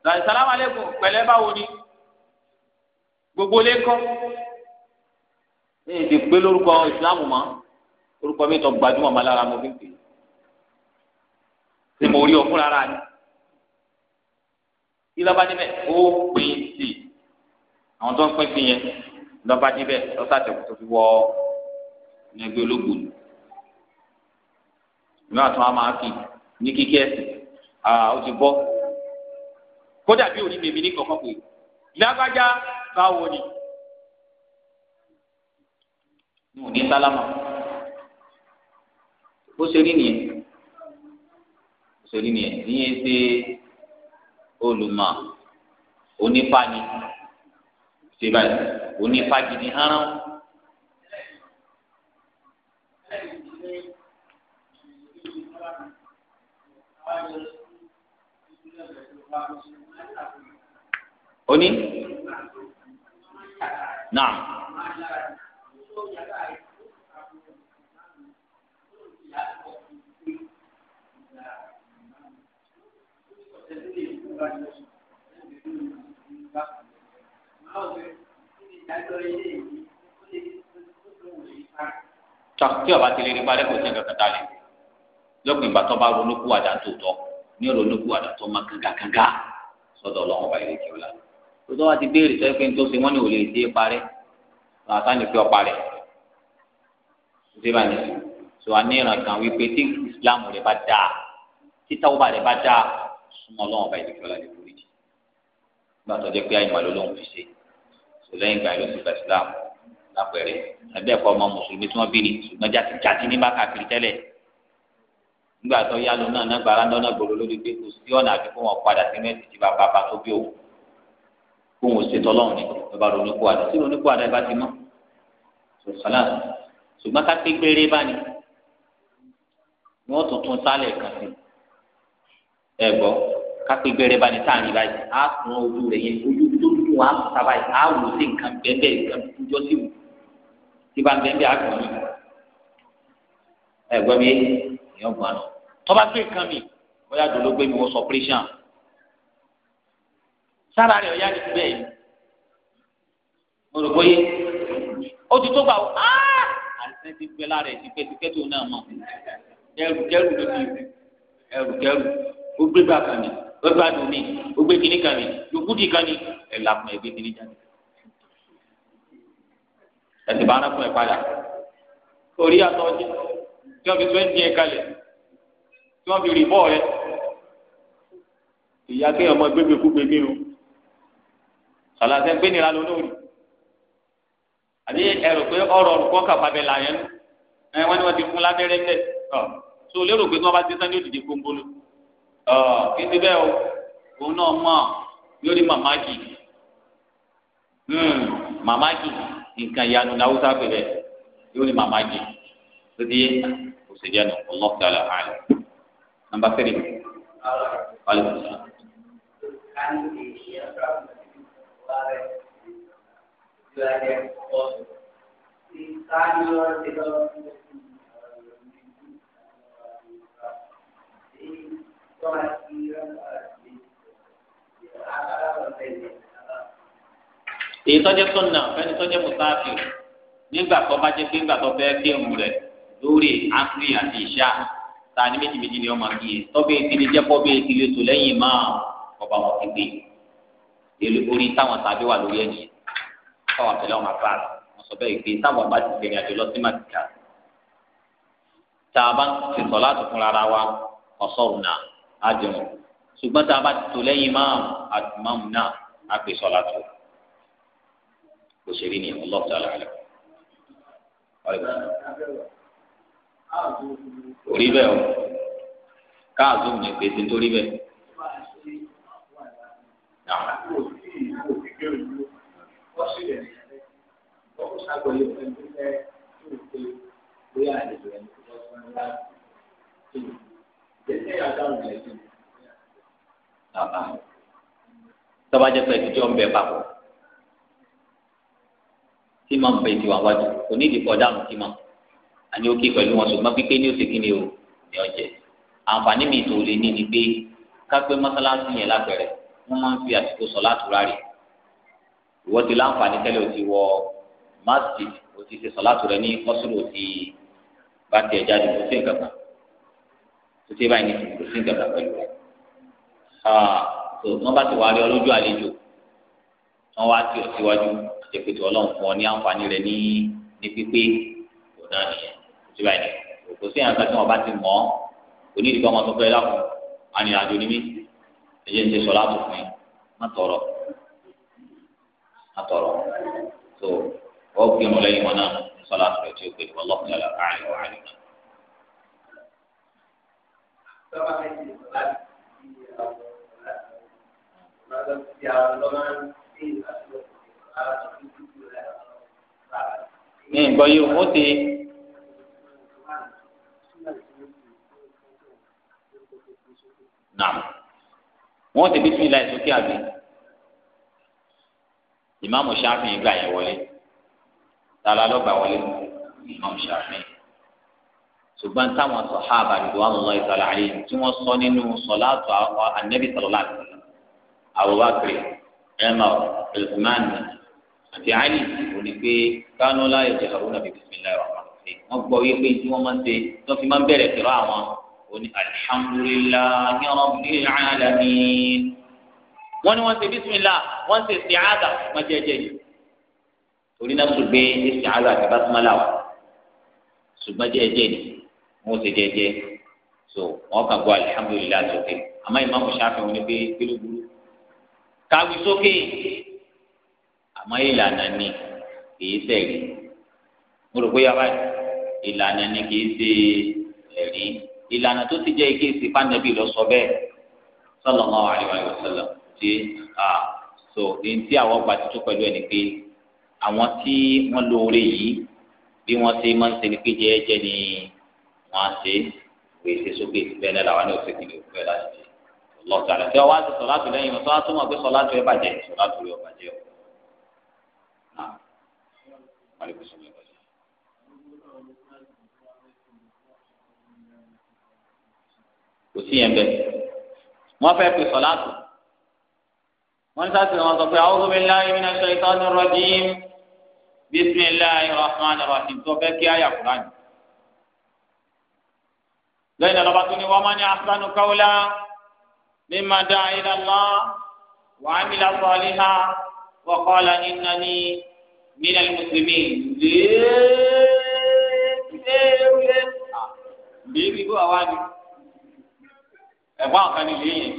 láì sàlámà lẹkọọ pẹ̀lẹ́ báwo ni gbogbo lẹkọ ní èdè pé lórúkọ ìsìlámù mọ orúkọ mi tó gbajúmọ̀ máa lára mo fi ń pè é ṣé mo rí ọ fúnra rà ni kí lọ́ba níbẹ̀ ó pín sí i àwọn tó ń pín sí yẹn lọ́ba níbẹ̀ lọ́sàtẹ̀kù tó fi wọ ẹgbẹ́ ológun ìmọ̀ àtún á máa kì ní kíkẹ́ ẹ̀sìn ó ti bọ́ kódà bí òní bèbí ní kọ̀ọ̀kan pè lágbájá báwo ni mo ní sálámà bó ṣe rí nìyẹn bó ṣe rí nìyẹn ìyẹn ṣe olùmọ̀ onífàní ṣe báyìí onífàgìdì hánà. oni naam tí ọba ti lè rí balẹ̀ kò sí nǹkan kan tá a lè lọ́gbìn ìgbà tó bá ronúkú àdá tó tọ́ ní ronúkú àdá tó má gángagánga sọ́dọ̀ ọlọ́run ọba ìrèké ọ̀la tó tọ́ wá ti béèrè sọ́yẹ́ pé nítorí wọ́n ní ò lè dé parẹ́ àtà ní pé ọ̀pá rẹ̀ ṣé ní ìrànkan wípé tí Islam rẹ̀ bá dáa títà ọba rẹ̀ bá dáa súnmọ́ ọlọ́run ọba ìdíkẹ́ ọlá lè forí jì nígbà tó jẹ́ pé àyìnbá ló lóun fi ṣe sọ lẹ́yìn ìgbà yìí ló ti gba Islam lápẹ̀rẹ̀ ẹgbẹ́ ẹ̀kọ́ ọmọ mùsùlùmí tí wọ́n bí ni ṣùgbọ́n jáde jáde ní bá káàkiri tẹ́lẹ̀ nígbà tó yá lóun náà náà gbàrà lọ́nà gbòòrò lórí pé kò sí ọ̀nà àti kó wọn padà sínú ẹ̀sìn tí bàbá bá tó bí òun kó wọn ṣe ní ẹ gbọ́ kápẹ́ gbẹrẹ bá ní sáà ní báyìí á kún ojú rẹ̀ yẹn ojú tó dùn wá sá báyìí á wò sí nǹkan bẹ́ẹ̀ nǹkan tójọ́ sí wò tí bá ń bẹ́ẹ̀ á kàn mí ẹ gbọ́ mi èèyàn gbọ́n lọ tọ́ba gbé nǹkan mi bóyá dòdò gbé mi wọ́n sọ pírẹ́sàn sára rẹ̀ ọ̀yá ni bẹ́ẹ̀ yìí mo rò bóyá ó ti tó gbà ó àìsàn ti gbẹ lára ẹ̀ tipẹ́tipẹ́ tó náà mọ̀ ẹrù kẹrù ló ti ẹrù kẹrù ó gbé gbà kan ní ó gbà dùn ní ó gbé kíní kan ní yòókù dì kan ní ẹ̀ làkùn ẹ̀ gbé kíní jáde ẹ̀ sì bá arákùn ẹ̀ padà orí àtọ́jú tí wọ́n fi twenty ẹ̀ kalẹ̀ tí wọ́n fi rìbọ̀ rẹ̀ ìyá kéèyàn mọ gbégbékú gbégbéru sọlásẹ gbé nira lónìí àbí ẹrù pé ọ̀rọ̀ ọrùkọ kàfàbẹ là yẹn ẹ wọn ni wọn ti fún lábẹ́rẹ́ tẹ ọ so lérò pé tí wọn bá ti sani ó dìde gbóngbóló kí ti bẹ́ẹ̀ o òun náà mọ̀ yóò rí màmá jì hmm, màmá jì nǹkan ìyanu ní haúsá pè bẹ́ẹ̀ yóò rí màmá jì tó di kò sì jẹ́ nù ọlọ́ọ̀tà là á lọ. nàmbà tẹ́lẹ̀ wàlẹ̀ kò sọ. Thank you. tọ́lá sí èyí tọ́jẹ́ sọ́nà fẹ́ni tọ́jẹ́ mùsáàfì nígbà tó bá jẹ́ pé ńgbà tó fẹ́ kírun rẹ̀ lórí àkúrì àti ìṣá ta ni méjì méjì ni ọmọ yìí tọ́bẹ̀ ìdílé jẹ́pọ̀ bẹ́ẹ̀ ìdílé tó lẹ́yìn máa ọba wọn ti gbé èlò orí táwọn tàbí wà lórí ẹ̀yìn táwọn àtẹlẹ́ wọn bá wọn sọ bẹ́ẹ̀ gbé táwọn bá ti gbẹ̀rẹ̀ àjọ lọ sí màdìgà tá a bá ti sọ láti fúnra wa ọ̀sọ́rùn náà àjùmọ̀ ṣùgbọ́n tá a bá ti tò lẹ́yìn máàmù àtìmáàmù náà á pè sọ́lá tó kò ṣe rí ni Allah ta'ala alam. orí bẹ́ẹ̀ o káàzó ní pèsè nítorí bẹ́ẹ̀. Thank you kéde yàtọ̀ ọ̀nà ẹ̀sìn. bàbá tọ́ba jẹ́ pé ìdíjọ́ ń bẹ papọ̀ tí màá ń bẹ tiwa wájú kò ní ìdìkọ̀ dáhùn tí màá àní ó kí pẹ̀lú wọn ṣùgbọ́n pípé ní òsè kíni o ní ọjẹ́ àǹfààní mi tó lè ní ni pé kápẹ́ mọ́sálásí yẹn lápẹ̀rẹ̀ wọ́n máa ń fi àsìkò sọ látúrà rẹ̀ ìwọ́n ti láǹfààní tẹ́lẹ̀ òtí wọ masjid òtí ṣe sọ látúrẹ̀ ní kọ́sùrù òtí bá tiẹ̀ nǹkan kan títí báyìí ní kò sí ìjọba pẹ̀lú rẹ̀ tó ah, wọ́n bá ti wà lé ọlójú àlejò wọ́n wá tí ò síwájú àtẹ̀pẹ̀tẹ̀ ọlọ́run fún ọ ní àǹfààní rẹ̀ ní ní pípé kò náà nìyẹn kò sí báyìí kò sí àǹkà tí wọ́n bá ti mọ̀ ọ́ kò ní ìdíkọ́ ọmọ tó fẹ́ lákùn arìnrìnàjò ní mí ẹ̀jẹ̀ ń ṣe sọ látò fún yín má tọrọ má tọrọ tó wọ́n gbé wọn wọn náà sọ látò rẹ̀ tí ó pè ní wọ́n lọ́kùnrin àlàkà àlè sábà méjì lè sọ̀rọ̀ láti fi àwọn ọ̀rọ̀ láti máa lọ sí àwọn lọ́mọ sí ìlàsílẹ̀ ara tó fi dúdú rẹ̀ rárá. ní ìgbọ́ yìí ó ti. Naam. Wọ́n ti bí fún ilà àbí. Ìmáàmù Ṣáfìn gbà yẹn wọlé. Tàlà ló wọlé. Ìmáàmù Ṣáfìn ṣùgbọ́n táwọn sọ̀hábà ìlú àlọ́ ìsọ̀lá àlẹ́ tí wọ́n sọ nínú sọ̀láàtọ̀ ànẹ́bí sọ̀lá Abubakar Umar Usman àti Ali òní pé kánú láyé jẹ́ àwọn nàbí bisimilá ìwà máa fi wọ́n gbọ́ wípé tí wọ́n máa ń ṣe tó fi máa ń bẹ̀rẹ̀ tẹ̀rọ àwọn òní alihamudulilayi rabbil alamin wọ́n ní wọ́n ṣe bisimilá wọ́n wọn ti jẹjẹ so wọn kàn gbọ́ alihamudulilayi sókè àmọ́ ìmáàmù sáfẹ wọn ni pé gbẹlúgbẹlú káwí sókè àmọ́ ìlànà ni kìí ṣẹ̀rí mo rò pé yàrá ìlànà ni kìí ṣe ẹ̀rí ìlànà tó ti jẹ ike ti pàǹdàbí lọ sọ bẹ́ẹ̀ sallallahu alaihi wa sallam ti a so ní ti àwọn ọgbà tuntun pẹ̀lú ẹni pé àwọn tí wọn lóore yìí bí wọn ṣe máa ń ṣe pé jẹjẹ ni wọn á ṣe gbèsè sókè bẹ́ẹ̀ náà làwọn náà ṣe kí ni òkú ẹ̀ láti ṣe lọ́ọ̀tà rẹ̀ tí wọ́n á ti sọ̀lá tó lẹ́yìn wọn tó wá tó mọ̀ pé sọ̀lá tó yẹ bàjẹ́ sọ̀lá tó yẹ bàjẹ́ o. kò sí yẹn bẹ́ẹ̀ wọ́n fẹ́ pè sọ̀lá tó wọ́n ní sáà tí wọ́n sọ pé a'udhu billahi minash shaitanir rajim bismillahir rahmanir rahim tó fẹ́ kí àyà kúránì lẹ́yìn náà lọ́ba tó ní wọ́n máa ní asanu kawla mimma da'a ila Allah wa 'amila salihan wa qala innani mina al-muslimin léèlé léèlé bó àwa ni ẹ̀fọ́ kan ní léèyàn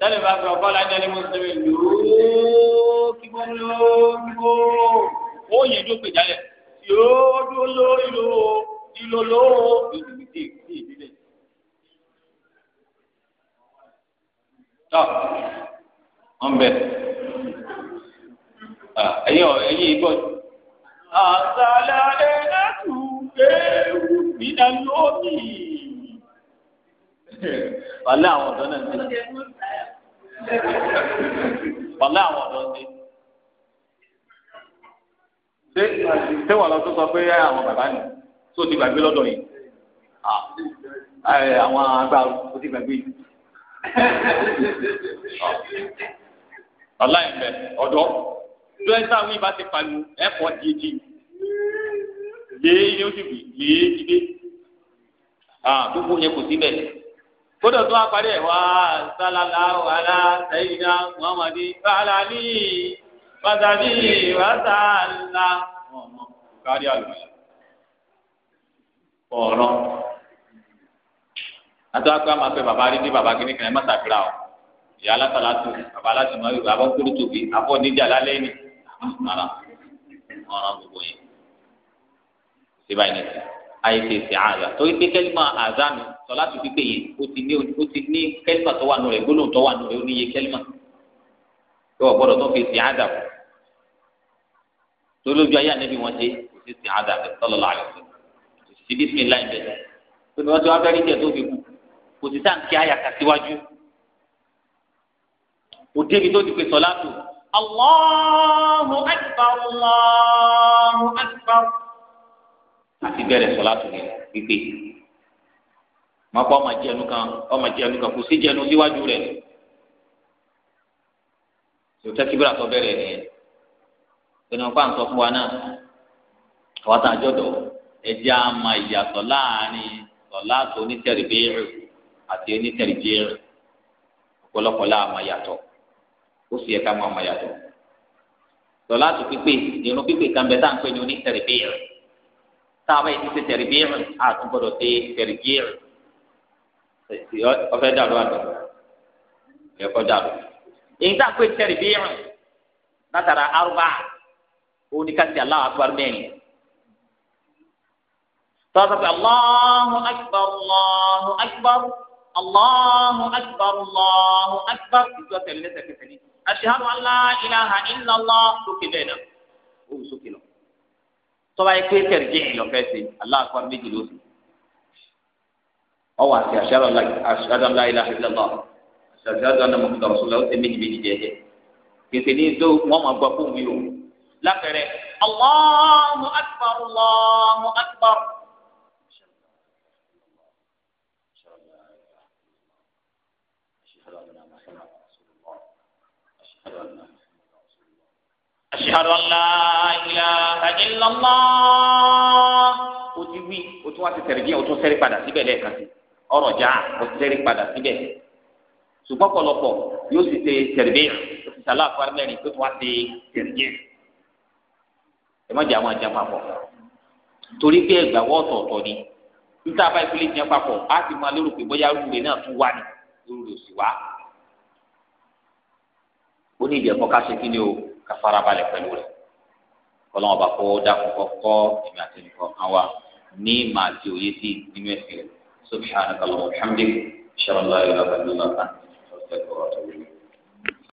tẹ́lẹ̀ bá fi ọ̀kọ́ lájọ́ ní mùsùlùmí lóó kí wọ́n lóó ó yẹ ló gbèjálẹ̀ yóò dúró lóó ìlò ìlò lóó ìdílé ìdílé. tọ́ wọ́n bẹ̀ ẹ̀yin ọ̀ ẹ̀yin ìgbọ́. àtàlà ẹ̀rọ tù ewu ìdá lómi. wàlẹ́ àwọn ọ̀dọ́ náà ń wàlẹ́ àwọn ọ̀dọ́ ń ṣé ṣé wà tó sọ pé àwọn bàbá ni tó ti gbàgbé lọ́dọ̀ yìí àwọn agbára tó ti gbàgbé yìí ọláyìnbẹ ọdọ lóyún àwọn ìbá ti pariwo ẹfọ dídí yéé ni ó ti wì yéé dídé gbogbo yẹn kò síbẹ̀ kódà tó wá parí ẹ wá sálálá wàlá sẹyìnà muhammadu sálálí wàsàbí wàsàlá ọmọ kárí àlùmọ ọ̀rọ̀ àti wá pé a máa fẹ́ bàbá rí ní bàbá kìíní kan ẹ má sàkíra o ìyá alátàlá tó bàbá aláṣẹ máa yóò bàbá kúrú tóbi abọ́ níjà lálẹ́ ni ara ọ̀ràn gbogbo yẹn síbá yẹn ti ayé ti sè àzà torí pé kẹ́límà àzà mi sọlá tó pípé yẹn ó ti ní ó ti ní kẹ́límà tó wà nù rẹ̀ gbólóhùn tó wà nù rẹ̀ ó níye kẹ́límà tó wà gbọ́dọ̀ tó fi sè àzà fún torí ojú ayé ànábì wọn ṣe kò sí sè àzà fún sọlọ́lá àyọ̀fẹ́ kò sí bísí mi láì bẹ̀rẹ̀ tó ní ti wá fẹ́ẹ́ rí jẹ́ tó fi kú kò sí táǹkì àyàkà síwájú òde ibi tó ti pè sọlá tó Allahu akbar Allahu akbar àti bẹ̀rẹ̀ sọlá tó yẹn pípé mọ̀pọ̀ ọmọ jẹnu kan ọmọ jẹnu kan kò sí jẹnu síwájú rẹ̀ tòótọ́ kíbírà tó bẹ̀rẹ̀ nìyẹn pinnu pa nsọ fún wa náà àwọn àtàjọ dọ̀ ẹ̀jẹ̀ àmà ìyàtọ̀ láàrin sọlá tó ní tẹ̀rẹ̀ bẹ́ẹ̀rẹ̀ àti onítẹ̀lẹ́jẹ́ rẹ̀ ọ̀pọ̀lọpọ̀ la máa yàtọ̀ ó sì yẹ ká máa máa yàtọ̀ lọ́la tó pípé irun pípé kan bẹ́ẹ̀ tá à ń pè ní onítẹ̀lẹ́jẹ́ rẹ̀ tá a bá yẹ ti ṣe tẹ̀lẹ́jẹ́ rẹ̀ a tún gbọ́dọ̀ ṣe tẹ̀lẹ́jẹ́ rẹ̀ ọ̀fẹ́ dàrú àdó ẹ̀kọ́ dàrú èyí tá à pè tẹ̀lẹ́jẹ́ látara arúgbà oníkàtí aláwọ̀ akpọ̀ mẹ́rin tọ́sọ̀ pé Allahu akbar Allahu akbar. Allahu akbar Allahu akbar ìjọ tẹ̀lé lẹ́sẹ̀kẹsẹ̀ ni ashhadu an la ilaha illallah sókè bẹ́ẹ̀ náà ó wù sókè lọ tọ́ba yìí pé tẹ̀rìjì ìlọ́fẹ́ ṣe Allahu akbar méjì ló sì ọwọ́ àti ashhadu an la ilaha illallah ashhadu anna Muhammadar rasulullah ó ṣe méjì méjì jẹ́jẹ́ kèsì ní ìdó wọn máa gbọ́ fún mi o lápẹ̀rẹ̀ Allahu akbar Allahu akbar. أشهد أن لا إله إلا الله ó ti wí ó tún wá ti tẹ̀rẹ̀ díẹ̀ ó tún sẹ́rí padà síbẹ̀ lẹ́ẹ̀kan sí ọ̀rọ̀ já ó ti sẹ́rí padà síbẹ̀ ṣùgbọ́n pọ̀lọpọ̀ yóò sì ṣe tẹ̀rẹ̀ díẹ̀ ó ti sàlá àfárí mẹ́rin tó tún wá torí pé ẹgbàwọ́ ọ̀tọ̀ọ̀tọ̀ ni níta bá ìpínlẹ̀ jẹ́ papọ̀ á ti máa lérò pé bóyá rúure náà tún wá ní rúure ò wá ó ní ìdẹ̀kọ́ ká ṣe kí ni o ká farabalẹ̀ pẹ̀lú rẹ̀ kọ́lọ́mọ̀ bá kó dákun kọ́ kọ́ àti ẹnìkan kan ní màá ti òye sí nínú ẹ̀sìn rẹ̀ subhanaka Allahumma wa bihamdik ṣẹlẹ̀ lọ́yọ̀ lọ́wọ́